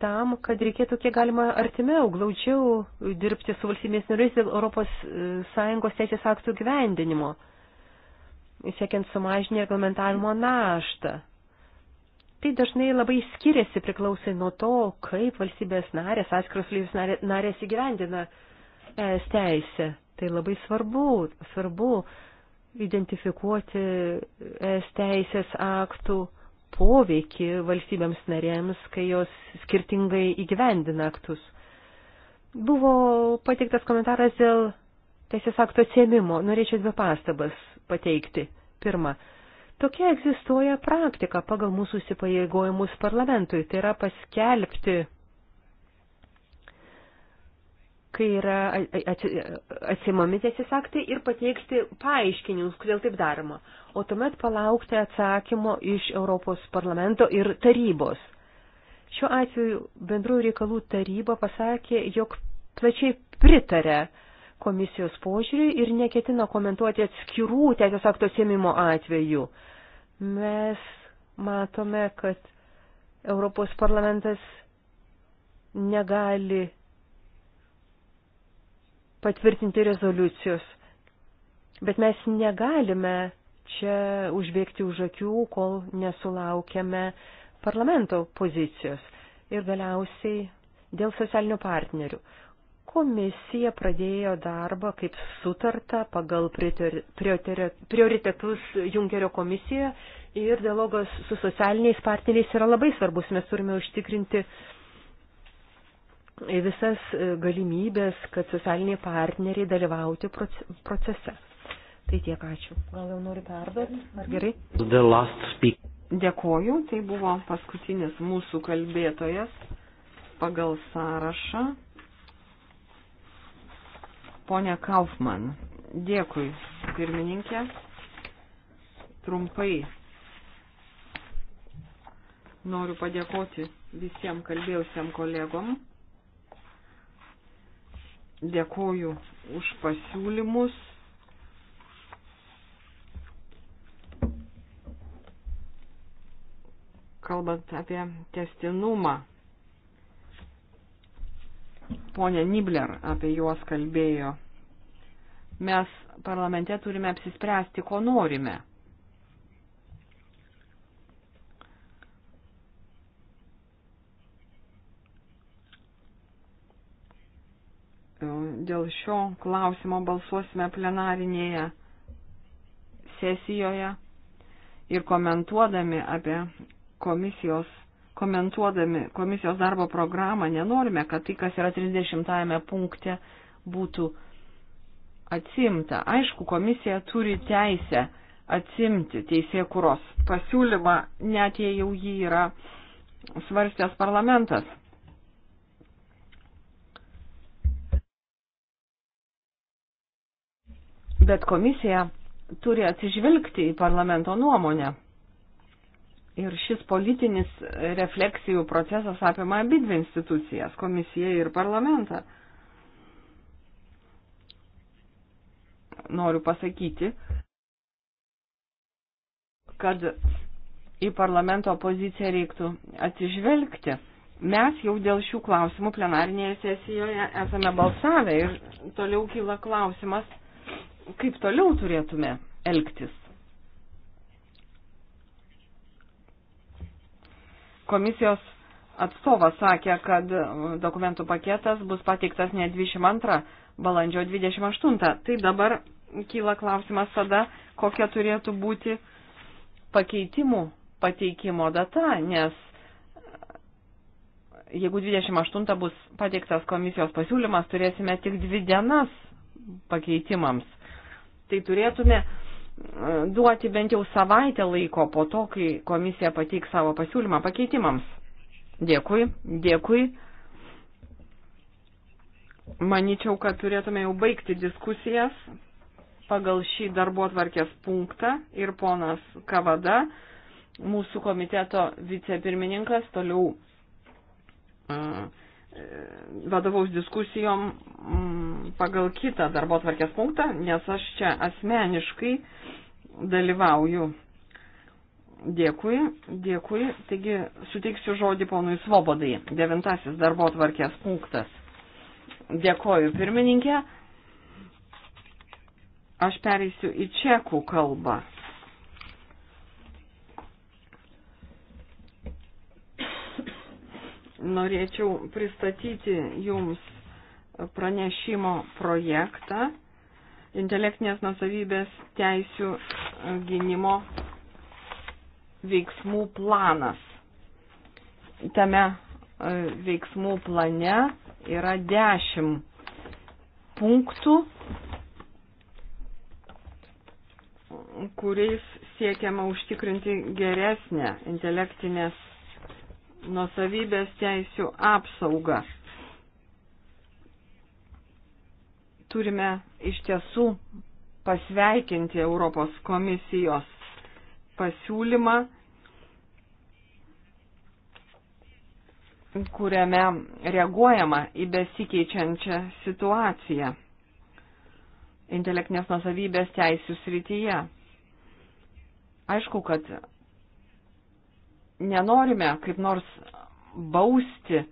tam, kad reikėtų kiek galima artimiau, glaudžiau dirbti su valstybės nariais dėl ES e, teisės aktų gyvendinimo, siekiant sumažinti reglamentavimo naštą. Tai dažnai labai skiriasi priklausai nuo to, kaip valstybės narės, atskiros valstybės narės įgyvendina es teisę. Tai labai svarbu, svarbu identifikuoti es teisės aktų poveikį valstybėms narėms, kai jos skirtingai įgyvendina aktus. Buvo pateiktas komentaras dėl teisės akto atsiemimo. Norėčiau dvi pastabas pateikti. Pirma, tokia egzistuoja praktika pagal mūsų įsipareigojimus parlamentui, tai yra paskelbti kai yra atsimami teisės aktai ir pateikti paaiškinimus, kodėl taip daroma, o tuomet palaukti atsakymo iš Europos parlamento ir tarybos. Šiuo atveju bendrųjų reikalų taryba pasakė, jog plačiai pritarė komisijos požiūriui ir neketina komentuoti atskirų teisės akto sėmimo atvejų. Mes matome, kad Europos parlamentas negali patvirtinti rezoliucijos. Bet mes negalime čia užbėgti už akių, kol nesulaukiame parlamento pozicijos. Ir galiausiai dėl socialinių partnerių. Komisija pradėjo darbą kaip sutarta pagal prioritetus Junkerio komisijoje ir dialogas su socialiniais partneriais yra labai svarbus. Mes turime užtikrinti uh, visas e, galimybės, kad socialiniai partneriai dalyvauti procese. Tai tiek ačiū. Gal jau noriu perduoti? Ar gerai? Dėkoju, tai buvo paskutinis mūsų kalbėtojas pagal sąrašą. Pone Kaufman, dėkui, pirmininkė. Trumpai noriu padėkoti visiems kalbėjusiem kolegom Dėkoju už pasiūlymus. Kalbant apie testinumą, ponė Nibler apie juos kalbėjo. Mes parlamente turime apsispręsti, ko norime. dėl šio klausimo balsuosime plenarinėje sesijoje ir komentuodami apie komisijos, komentuodami komisijos darbo programą nenorime, kad tai, kas yra 30-ame punkte, būtų atsimta. Aišku, komisija turi teisę atsimti teisėkuros pasiūlymą, net jei jau jį yra svarstęs parlamentas. Bet komisija turi atsižvelgti į parlamento nuomonę. Ir šis politinis refleksijų procesas apima abidvi institucijas - komisiją ir parlamentą. Noriu pasakyti, kad į parlamento poziciją reiktų atsižvelgti. Mes jau dėl šių klausimų plenarinėje sesijoje esame balsavę ir toliau kyla klausimas kaip toliau turėtume elgtis. Komisijos atstovas sakė, kad dokumentų paketas bus pateiktas ne 22 balandžio 28. Tai dabar kyla klausimas tada, kokia turėtų būti pakeitimų pateikimo data, nes jeigu 28 bus pateiktas komisijos pasiūlymas, turėsime tik dvi dienas pakeitimams tai turėtume e, duoti bent jau savaitę laiko po to, kai komisija pateik savo pasiūlymą pakeitimams. Dėkui, dėkui. Maničiau, kad turėtume jau baigti diskusijas pagal šį darbo atvarkės punktą ir ponas Kavada, mūsų komiteto vicepirmininkas, toliau uh, E, vadovaus diskusijom mm, pagal kitą darbo tvarkės punktą, nes aš čia asmeniškai dalyvauju. Dėkui, dėkui. Taigi suteiksiu žodį ponui Svobodai. Devintasis darbo tvarkės punktas. Dėkoju pirmininkė. Aš pereisiu į čekų kalbą. norėčiau pristatyti jums pranešimo projektą intelektinės nusavybės teisių gynimo veiksmų planas. Tame e, veiksmų plane yra dešimt punktų, kuriais siekiama užtikrinti geresnę intelektinės nusavybės teisių apsaugą. Turime iš tiesų pasveikinti Europos komisijos pasiūlymą, kuriame reaguojama į besikeičiančią situaciją intelektinės nusavybės teisų srityje. Aišku, kad nenorime kaip nors bausti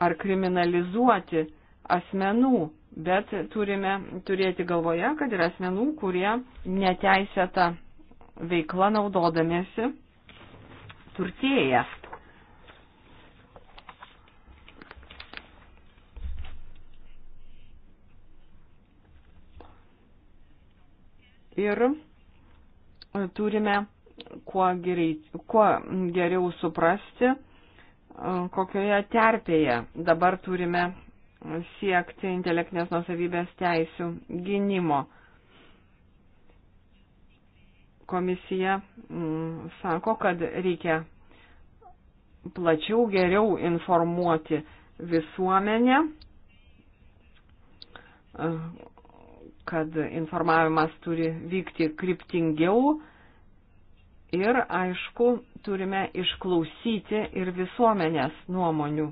ar kriminalizuoti asmenų, bet turime turėti galvoje, kad yra asmenų, kurie neteisėta veikla naudodamėsi turtėja. Ir turime kuo, gerei, kuo geriau suprasti, e, kokioje terpėje dabar turime siekti intelektinės nusavybės teisių gynimo. Komisija m, mm, sako, kad reikia plačiau geriau informuoti visuomenę, e, kad informavimas turi vykti kryptingiau, Ir, aišku, turime išklausyti ir visuomenės nuomonių.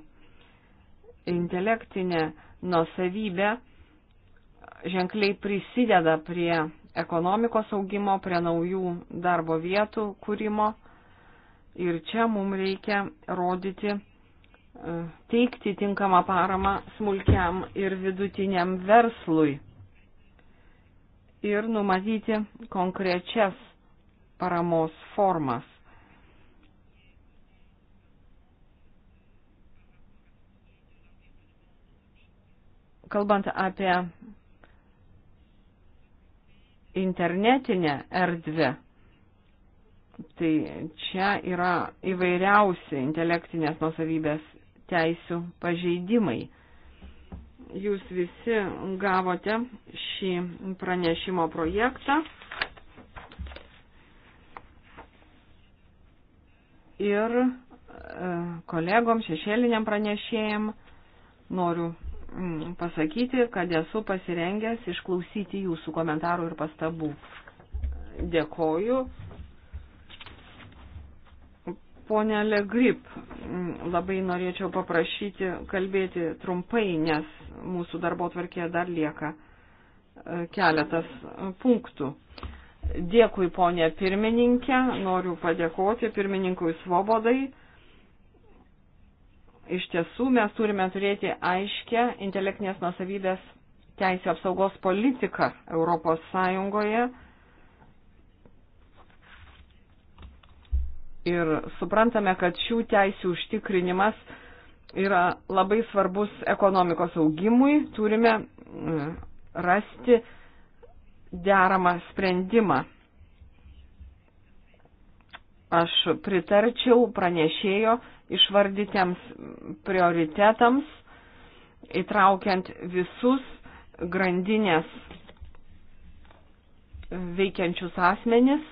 Intelektinė nuosavybė ženkliai prisideda prie ekonomikos augimo, prie naujų darbo vietų kūrimo. Ir čia mums reikia rodyti, e, teikti tinkamą paramą smulkiam ir vidutiniam verslui ir numatyti konkrečias paramos formas. Kalbant apie internetinę erdvę, tai čia yra įvairiausi intelektinės nusavybės teisių pažeidimai jūs visi gavote šį pranešimo projektą. ir e, kolegom, šešėliniam pranešėjim noriu mm, pasakyti, kad esu pasirengęs išklausyti jūsų komentarų ir pastabų. Dėkoju. Pone Legrip, mm, labai norėčiau paprašyti kalbėti trumpai, nes mūsų darbo tvarkėje dar lieka e, keletas e, punktų. Dėkui, ponė pirmininkė, noriu padėkoti pirmininkui Svobodai. Iš tiesų mes turime turėti aiškę intelektinės nusavybės teisų apsaugos politiką Europos Sąjungoje. Ir suprantame, kad šių teisų užtikrinimas yra labai svarbus ekonomikos augimui. Turime mm, rasti deramą sprendimą. Aš pritarčiau pranešėjo išvardytiems prioritetams, įtraukiant visus grandinės veikiančius asmenis,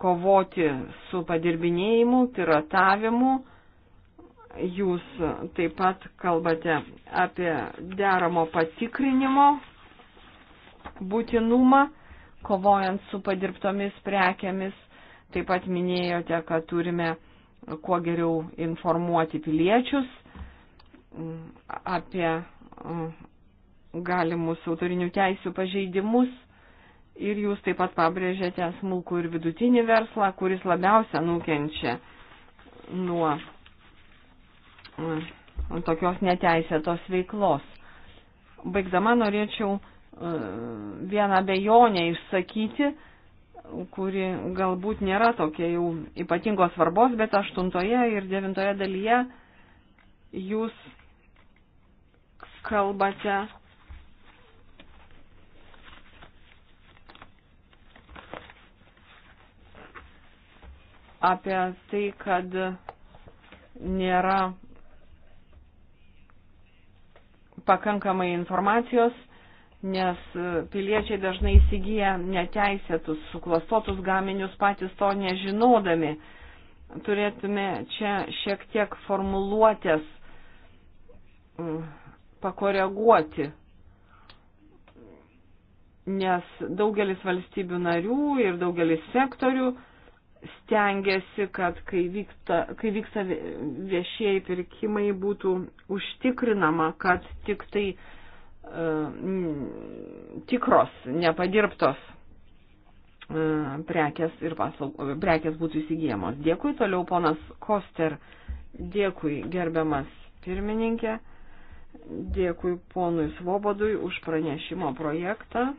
kovoti su padirbinėjimu, piratavimu, Jūs taip pat kalbate apie deramo patikrinimo būtinumą, kovojant su padirbtomis prekiamis. Taip pat minėjote, kad turime kuo geriau informuoti piliečius apie mm, galimus autorinių teisų pažeidimus. Ir jūs taip pat pabrėžėte smulkų ir vidutinį verslą, kuris labiausia nukenčia nuo E, tokios neteisėtos veiklos. Baigdama norėčiau e, vieną bejonę išsakyti, kuri galbūt nėra tokia jau ypatingos svarbos, bet aštuntoje ir devintoje dalyje jūs kalbate apie tai, kad nėra pakankamai informacijos, nes e, piliečiai dažnai įsigyja neteisėtus, suklastotus gaminius patys to nežinodami. Turėtume čia šiek tiek formuluotės e, pakoreguoti, nes daugelis valstybių narių ir daugelis sektorių stengiasi, kad kai vyksta, kai vyksta viešieji pirkimai, būtų užtikrinama, kad tik tai e, tikros, nepadirbtos e, prekės ir paslaugos, prekės būtų įsigijamos. Dėkui, toliau ponas Koster, dėkui gerbiamas pirmininkė, dėkui ponui Svobodui už pranešimo projektą.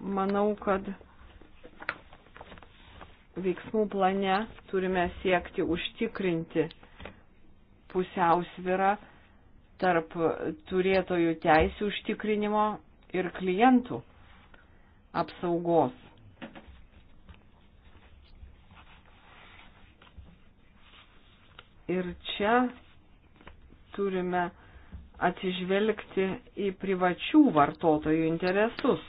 manau, kad veiksmų plane turime siekti užtikrinti pusiausvirą tarp turėtojų teisų užtikrinimo ir klientų apsaugos. Ir čia turime atsižvelgti į privačių vartotojų interesus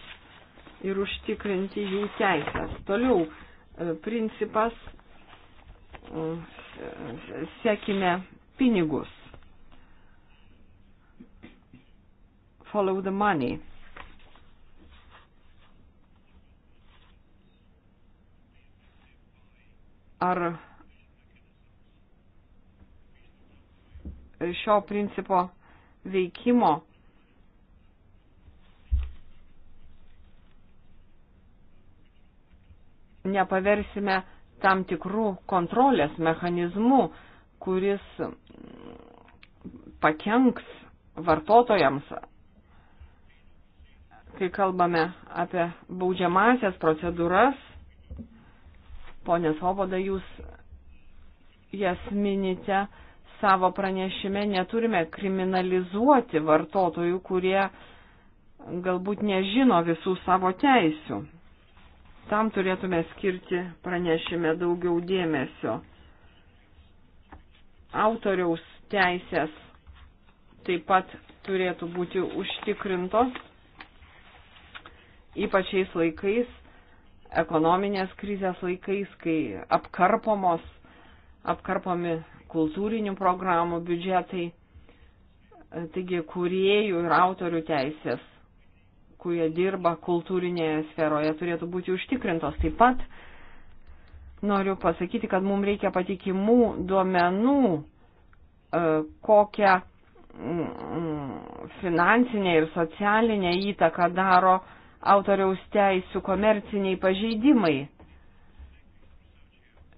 ir užtikrinti jų teisės. Toliau e, principas e, sekime pinigus. Follow the money. Ar šio principo veikimo nepaversime tam tikrų kontrolės mechanizmų, kuris pakenks vartotojams. Kai kalbame apie baudžiamasias procedūras, ponė Svoboda, jūs jas minite savo pranešime, neturime kriminalizuoti vartotojų, kurie galbūt nežino visų savo teisių. Tam turėtume skirti pranešime daugiau dėmesio. Autoriaus teisės taip pat turėtų būti užtikrintos, ypač šiais laikais, ekonominės krizės laikais, kai apkarpomos, apkarpomi kultūrinių programų biudžetai, taigi kuriejų ir autorių teisės kurie dirba kultūrinėje sferoje, turėtų būti užtikrintos. Taip pat noriu pasakyti, kad mums reikia patikimų duomenų, e, kokią mm, finansinę ir socialinę įtaką daro autoriaus teisų komerciniai pažeidimai.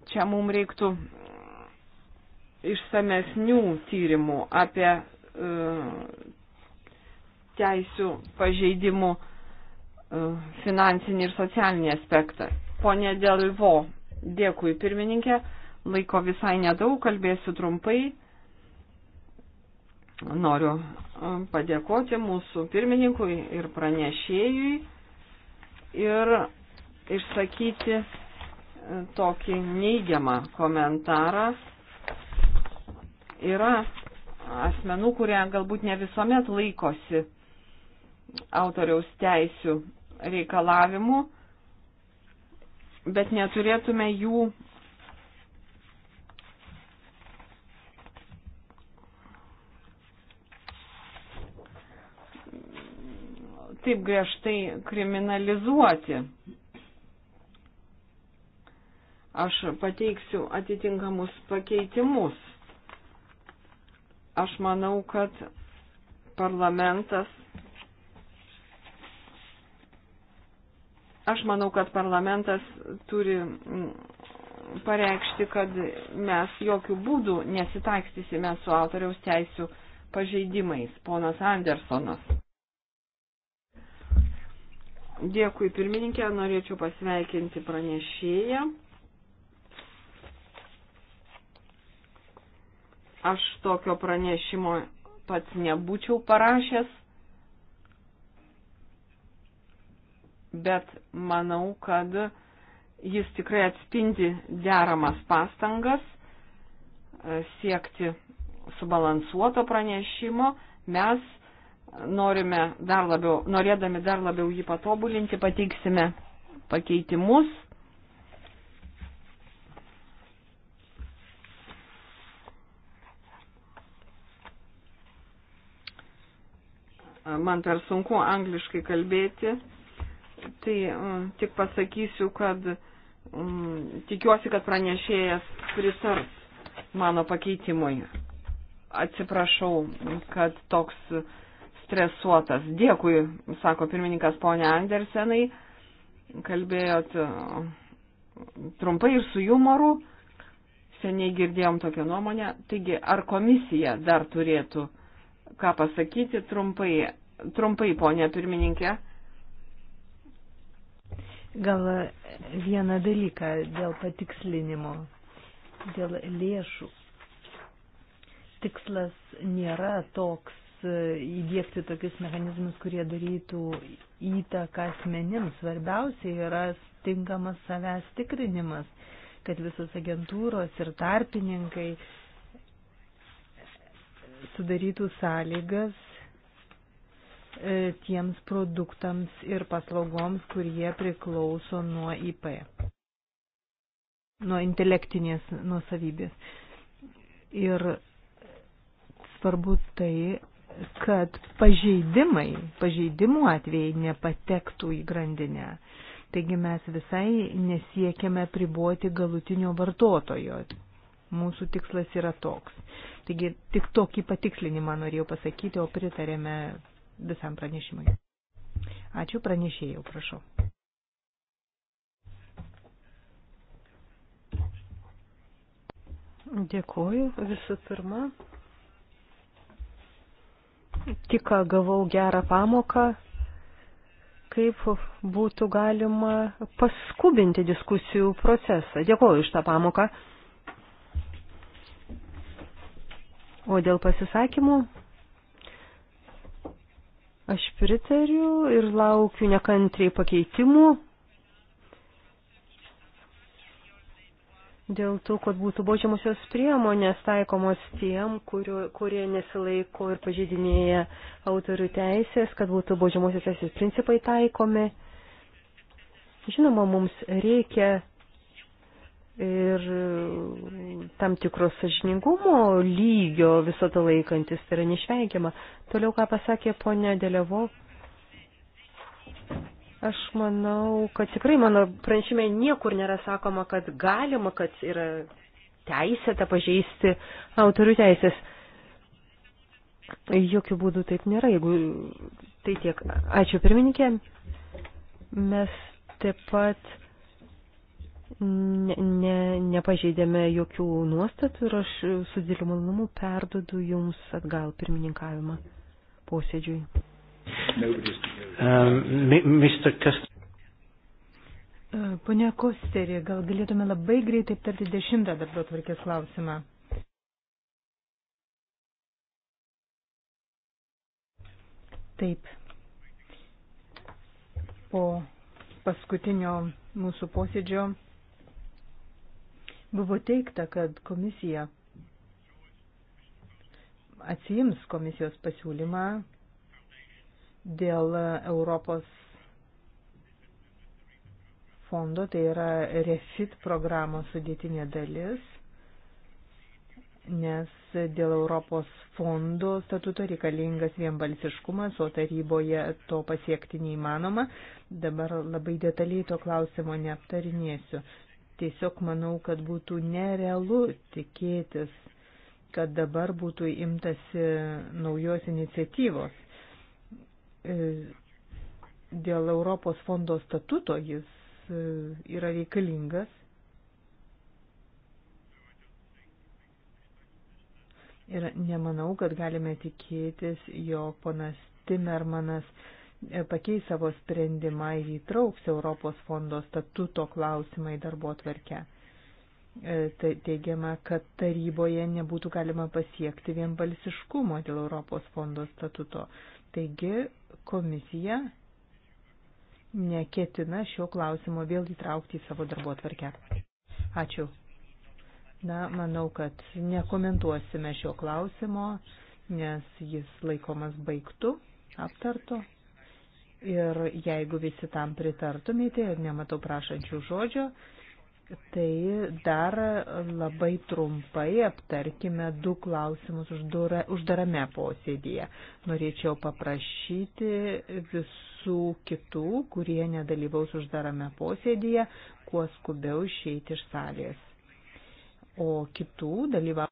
Čia mums reiktų išsamesnių tyrimų apie e, teisų pažeidimų e, finansinį ir socialinį aspektą. Pone Delivo, dėkui pirmininkė, laiko visai nedaug, kalbėsiu trumpai. Noriu e, padėkoti mūsų pirmininkui ir pranešėjui ir išsakyti e, tokį neigiamą komentarą. Yra asmenų, kurie galbūt ne visuomet laikosi autoriaus teisių reikalavimų, bet neturėtume jų taip griežtai kriminalizuoti. Aš pateiksiu atitinkamus pakeitimus. Aš manau, kad parlamentas Aš manau, kad parlamentas turi mm, pareikšti, kad mes jokių būdų nesitaikstysime su autoriaus teisų pažeidimais, ponas Andersonas. Dėkui pirmininkė, norėčiau pasveikinti pranešėją. Aš tokio pranešimo pats nebūčiau parašęs, bet manau, kad jis tikrai atspindi deramas pastangas e, siekti subalansuoto pranešimo. Mes norime dar labiau, norėdami dar labiau jį patobulinti, pateiksime pakeitimus. Man per sunku angliškai kalbėti. Tai mm, tik pasakysiu, kad m, mm, tikiuosi, kad pranešėjas pritars mano pakeitimui. Atsiprašau, kad toks stresuotas. Dėkui, sako pirmininkas ponia Andersenai. Kalbėjot mm, trumpai ir su jumoru. Seniai girdėjom tokią nuomonę. Taigi, ar komisija dar turėtų ką pasakyti trumpai, trumpai ponia pirmininkė? Gal vieną dalyką dėl patikslinimo, dėl lėšų. Tikslas nėra toks e, įdėkti tokius mechanizmus, kurie darytų įtaką asmenims. Svarbiausia yra tinkamas savęs tikrinimas, kad visos agentūros ir tarpininkai sudarytų sąlygas E, tiems produktams ir paslaugoms, kurie priklauso nuo IP, nuo intelektinės nusavybės. Ir svarbu tai, kad pažeidimai, pažeidimų atvejai nepatektų į grandinę. Taigi mes visai nesiekiame priboti galutinio vartotojo. Mūsų tikslas yra toks. Taigi tik tokį patikslinimą norėjau pasakyti, o pritarėme visam pranešimui. Ačiū pranešėjau, prašau. Dėkuoju visų pirma. Tik gavau gerą pamoką, kaip būtų galima paskubinti diskusijų procesą. Dėkuoju iš tą pamoką. O dėl pasisakymų Aš pritariu ir laukiu nekantriai pakeitimų. Dėl to, kad būtų baudžiamosios priemonės taikomos tiem, kuriu, kurie nesilaiko ir pažydinėja autorių teisės, kad būtų baudžiamosios teisės principai taikomi. Žinoma, mums reikia ir mm, tam tikros sažiningumo lygio viso to laikantis tai yra neišvengiama. Toliau, ką pasakė ponia Delevo, aš manau, kad tikrai mano pranešime niekur nėra sakoma, kad galima, kad yra teisėta pažeisti autorių teisės. Jokių būdų taip nėra, jeigu tai tiek. Ačiū pirmininkė. Mes taip pat ne, ne, nepažeidėme jokių nuostatų ir aš su dideliu malonumu perdodu jums atgal pirmininkavimą posėdžiui. Um, uh, Pone Kosterį, gal galėtume labai greitai aptarti dešimtą darbo tvarkės klausimą. Taip. Po paskutinio mūsų posėdžio Buvo teikta, kad komisija atsijims komisijos pasiūlymą dėl Europos fondo, tai yra refit programos sudėtinė dalis, nes dėl Europos fondo statuto reikalingas vienbalsiškumas, o taryboje to pasiekti neįmanoma. Dabar labai detaliai to klausimo neaptarinėsiu. Tiesiog manau, kad būtų nerealu tikėtis, kad dabar būtų imtasi naujos iniciatyvos. E, dėl Europos fondo statuto jis e, yra reikalingas. Ir nemanau, kad galime tikėtis, jog ponas Timermanas uh, pakeis savo sprendimą ir įtrauks Europos fondo statuto klausimą į darbo atvarkę. E, teigiama, kad taryboje nebūtų galima pasiekti vienbalsiškumo dėl Europos fondo statuto. Taigi komisija neketina šio klausimo vėl įtraukti į savo darbo atvarkę. Ačiū. Na, manau, kad nekomentuosime šio klausimo, nes jis laikomas baigtų, aptarto. Ir jeigu visi tam pritartumėte ir nematau prašančių žodžio, tai dar labai trumpai aptarkime du klausimus uždura, uždarame posėdėje. Norėčiau paprašyti visų kitų, kurie nedalyvaus uždarame posėdėje, kuo skubiau išeiti iš salės. O kitų dalyvauti.